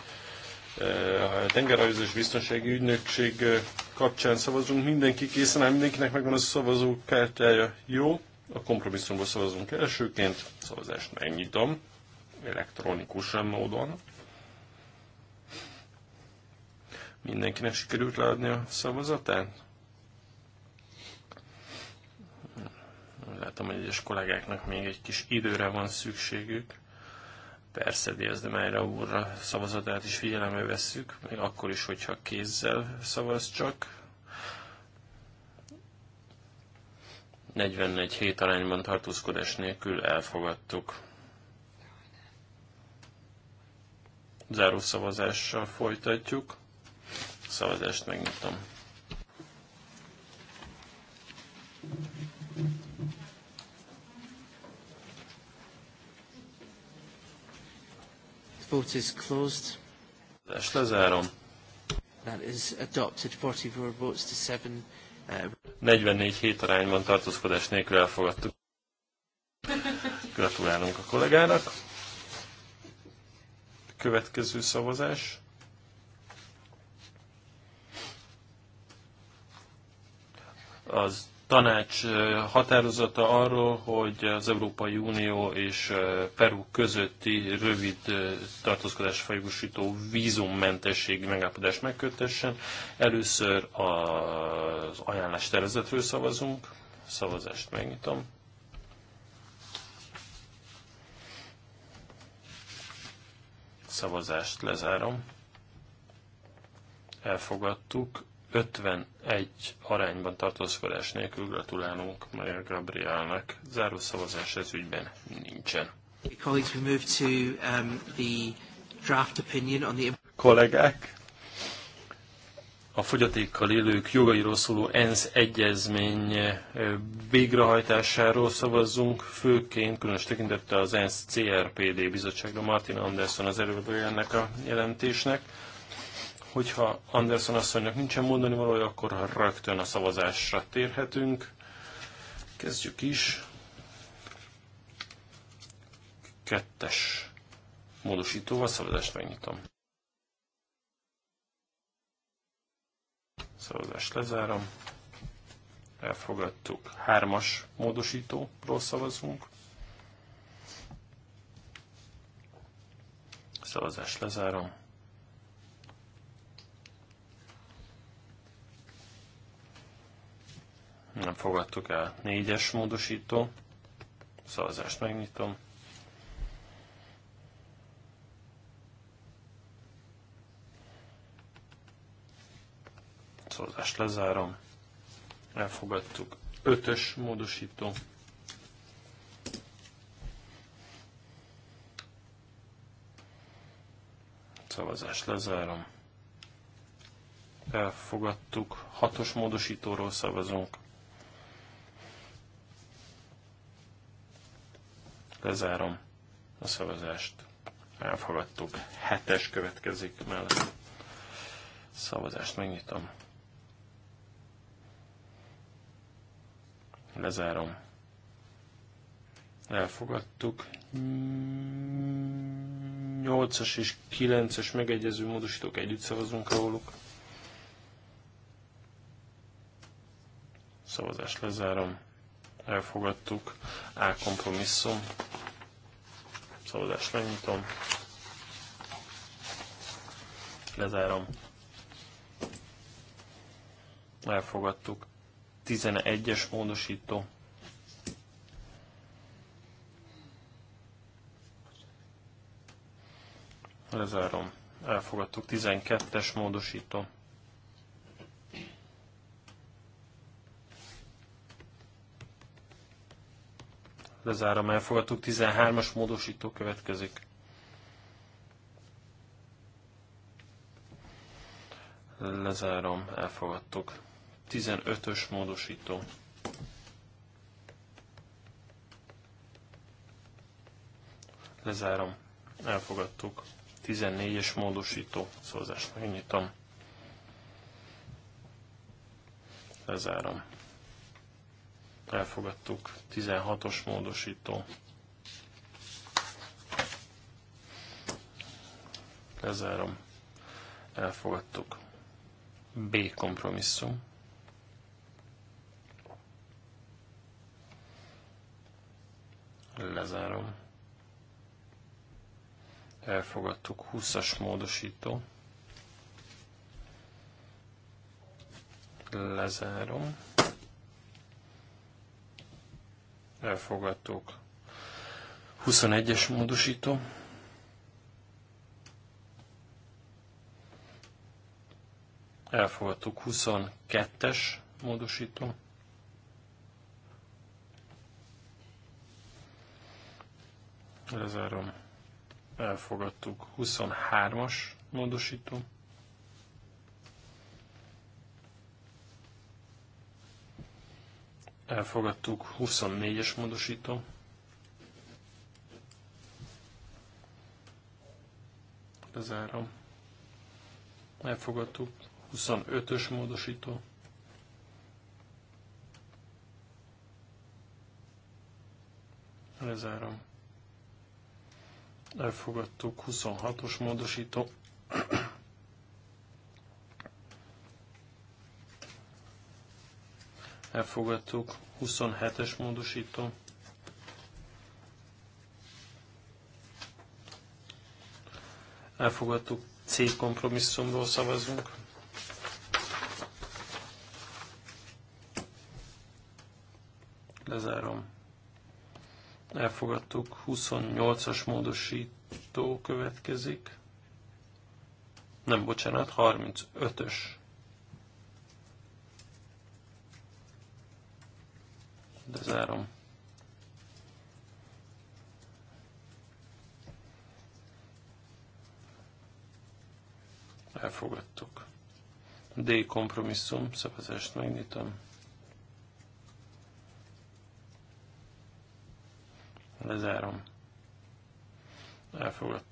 eh, Tengerhajózás Biztonsági Ügynökség eh, kapcsán szavazunk. Mindenki készen áll, mindenkinek megvan a szavazókártyája. Jó, a kompromisszumból szavazunk elsőként. Szavazást megnyitom elektronikusan módon. Mindenkinek sikerült leadni a szavazatát? Látom, hogy egyes kollégáknak még egy kis időre van szükségük. Persze, Diaz de Májra úrra szavazatát is figyelembe vesszük, még akkor is, hogyha kézzel szavaz csak. 41 hét arányban tartózkodás nélkül elfogadtuk. záró szavazással folytatjuk. Szavazást megnyitom. Vote is closed. Ezt lezárom. That is adopted 44 votes to 7. 44 uh, hét arányban tartózkodás nélkül elfogadtuk. Gratulálunk a kollégának következő szavazás. Az tanács határozata arról, hogy az Európai Unió és Peru közötti rövid tartózkodás fajúsító vízummentességi megállapodás megkötessen. Először az ajánlás tervezetről szavazunk. Szavazást megnyitom. szavazást lezárom. Elfogadtuk. 51 arányban tartózkodás nélkül gratulálunk Maria Gabrielnek. Záró szavazás ez ügyben nincsen. Colleagues, we move to um, the draft opinion on the... Kollégák, a fogyatékkal élők jogairól szóló ENSZ egyezmény eh, végrehajtásáról szavazzunk, főként különös tekintettel az ENSZ CRPD bizottságra Martin Anderson az előadója ennek a jelentésnek. Hogyha Anderson asszonynak nincsen mondani valója, akkor rögtön a szavazásra térhetünk. Kezdjük is. Kettes módosítóval szavazást megnyitom. Szavazást lezárom. Elfogadtuk. Hármas módosítóról szavazunk. Szavazást lezárom. Nem fogadtuk el. Négyes módosító. Szavazást megnyitom. Szavazást lezárom. Elfogadtuk. Ötös módosító. Szavazást lezárom. Elfogadtuk. Hatos módosítóról szavazunk. Lezárom a szavazást. Elfogadtuk. Hetes következik mellett. Szavazást megnyitom. Lezárom. Elfogadtuk. 8-as és 9-es megegyező módosítók együtt szavazunk róluk. Szavazást lezárom. Elfogadtuk. A kompromisszum. Szavazást megnyitom. Lezárom. Elfogadtuk. 11-es módosító. Lezárom. Elfogadtuk. 12-es módosító. Lezárom. Elfogadtuk. 13-as módosító következik. Lezárom. Elfogadtuk. 15-ös módosító. Lezárom. Elfogadtuk. 14-es módosító. Szózást megnyitom. Lezárom. Elfogadtuk. 16-os módosító. Lezárom. Elfogadtuk. B kompromisszum Lezárom. Elfogadtuk 20-as módosító. Lezárom. Elfogadtuk 21-es módosító. Elfogadtuk 22-es módosító. Lezárom. Elfogadtuk. 23-as módosító. Elfogadtuk. 24-es módosító. Lezárom. Elfogadtuk. 25-ös módosító. Lezárom elfogadtuk 26-os módosító. Elfogadtuk 27-es módosító. Elfogadtuk C kompromisszumról szavazunk. Lezárom elfogadtuk, 28-as módosító következik. Nem, bocsánat, 35-ös. De zárom. Elfogadtuk. D kompromisszum, szavazást megnyitom.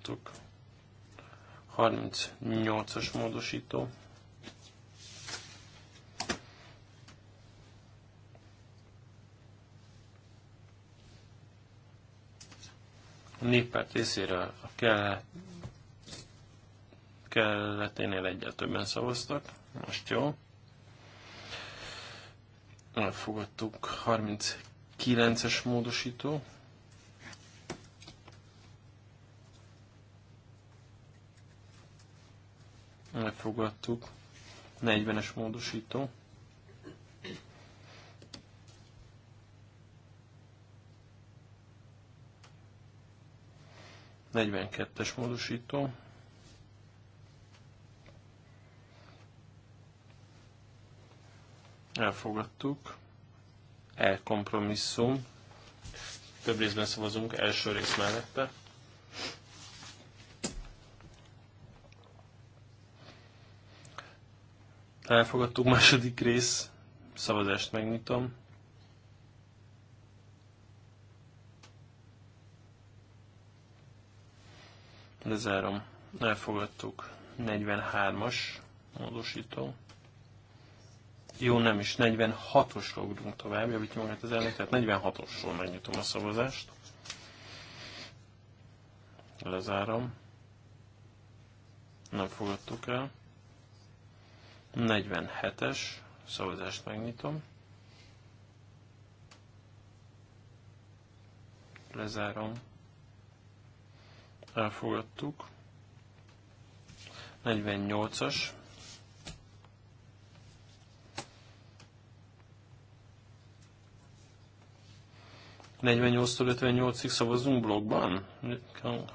elfogadtuk. 38-as módosító. A néppárt részéről a kellett, kelleténél egyet többen szavaztak. Most jó. Elfogadtuk 39-es módosító. elfogadtuk. 40-es módosító. Negyvenkettes módosító. Elfogadtuk. Elkompromisszum. Több részben szavazunk első rész mellette. Elfogadtuk második rész. Szavazást megnyitom. Lezárom. Elfogadtuk. 43-as módosító. Jó, nem is. 46-osra ugrunk tovább. Javítjuk magát az elnök. Tehát 46-osról megnyitom a szavazást. Lezárom. Nem fogadtuk el. 47-es, szavazást megnyitom. Lezárom. Elfogadtuk. 48-as. Negyvennyolctól 58-ig szavazunk blogban?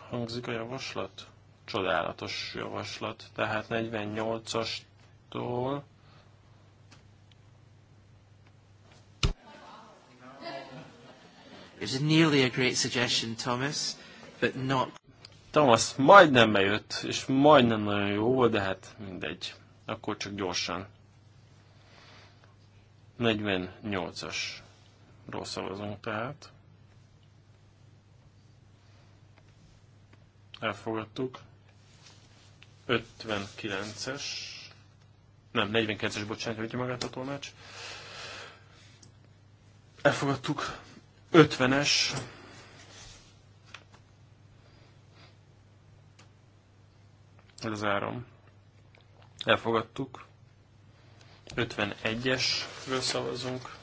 Hangzik a javaslat? Csodálatos javaslat. Tehát 48-as tól It was nearly a great suggestion, Thomas, but not... Thomas majdnem bejött, és majdnem nagyon jó volt, de hát mindegy. Akkor csak gyorsan. 48-as. Rossz szavazunk tehát. Elfogadtuk. 59-es nem, 49-es, bocsánat, hogy magát a tolmács. Elfogadtuk. 50-es. Lezárom. Elfogadtuk. 51-esről szavazunk.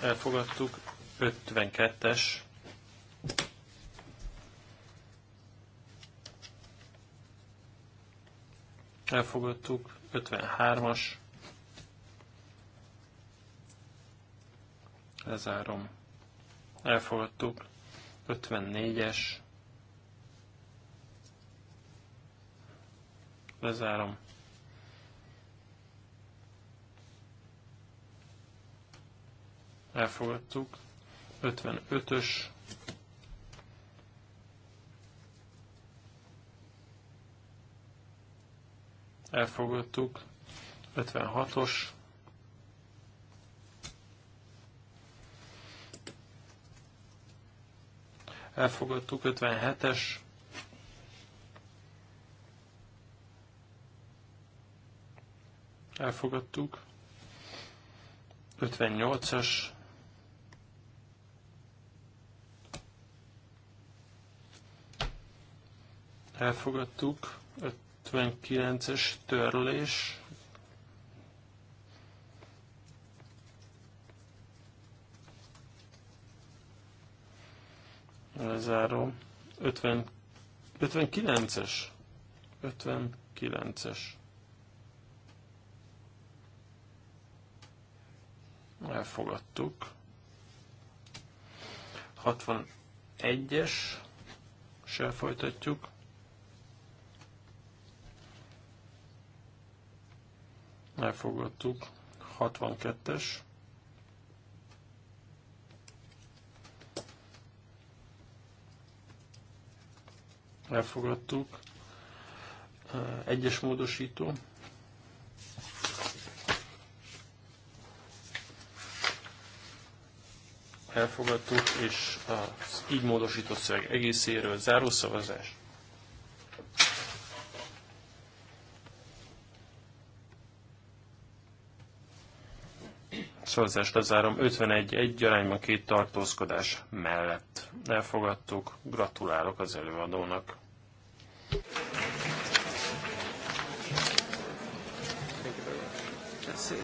Elfogadtuk. 52-es. elfogadtuk, 53-as, lezárom, elfogadtuk, 54-es, lezárom, elfogadtuk, 55-ös, elfogadtuk. 56-os. Elfogadtuk 57-es. Elfogadtuk. 58-as. Elfogadtuk. 59-es törlés. Lezáró. 59-es. 59-es. Elfogadtuk. 61-es. Se folytatjuk. elfogadtuk. 62-es. Elfogadtuk. Egyes módosító. Elfogadtuk, és az így módosított szöveg egészéről zárószavazás. szavazást lezárom, 51 egy arányban két tartózkodás mellett. Elfogadtuk, gratulálok az előadónak.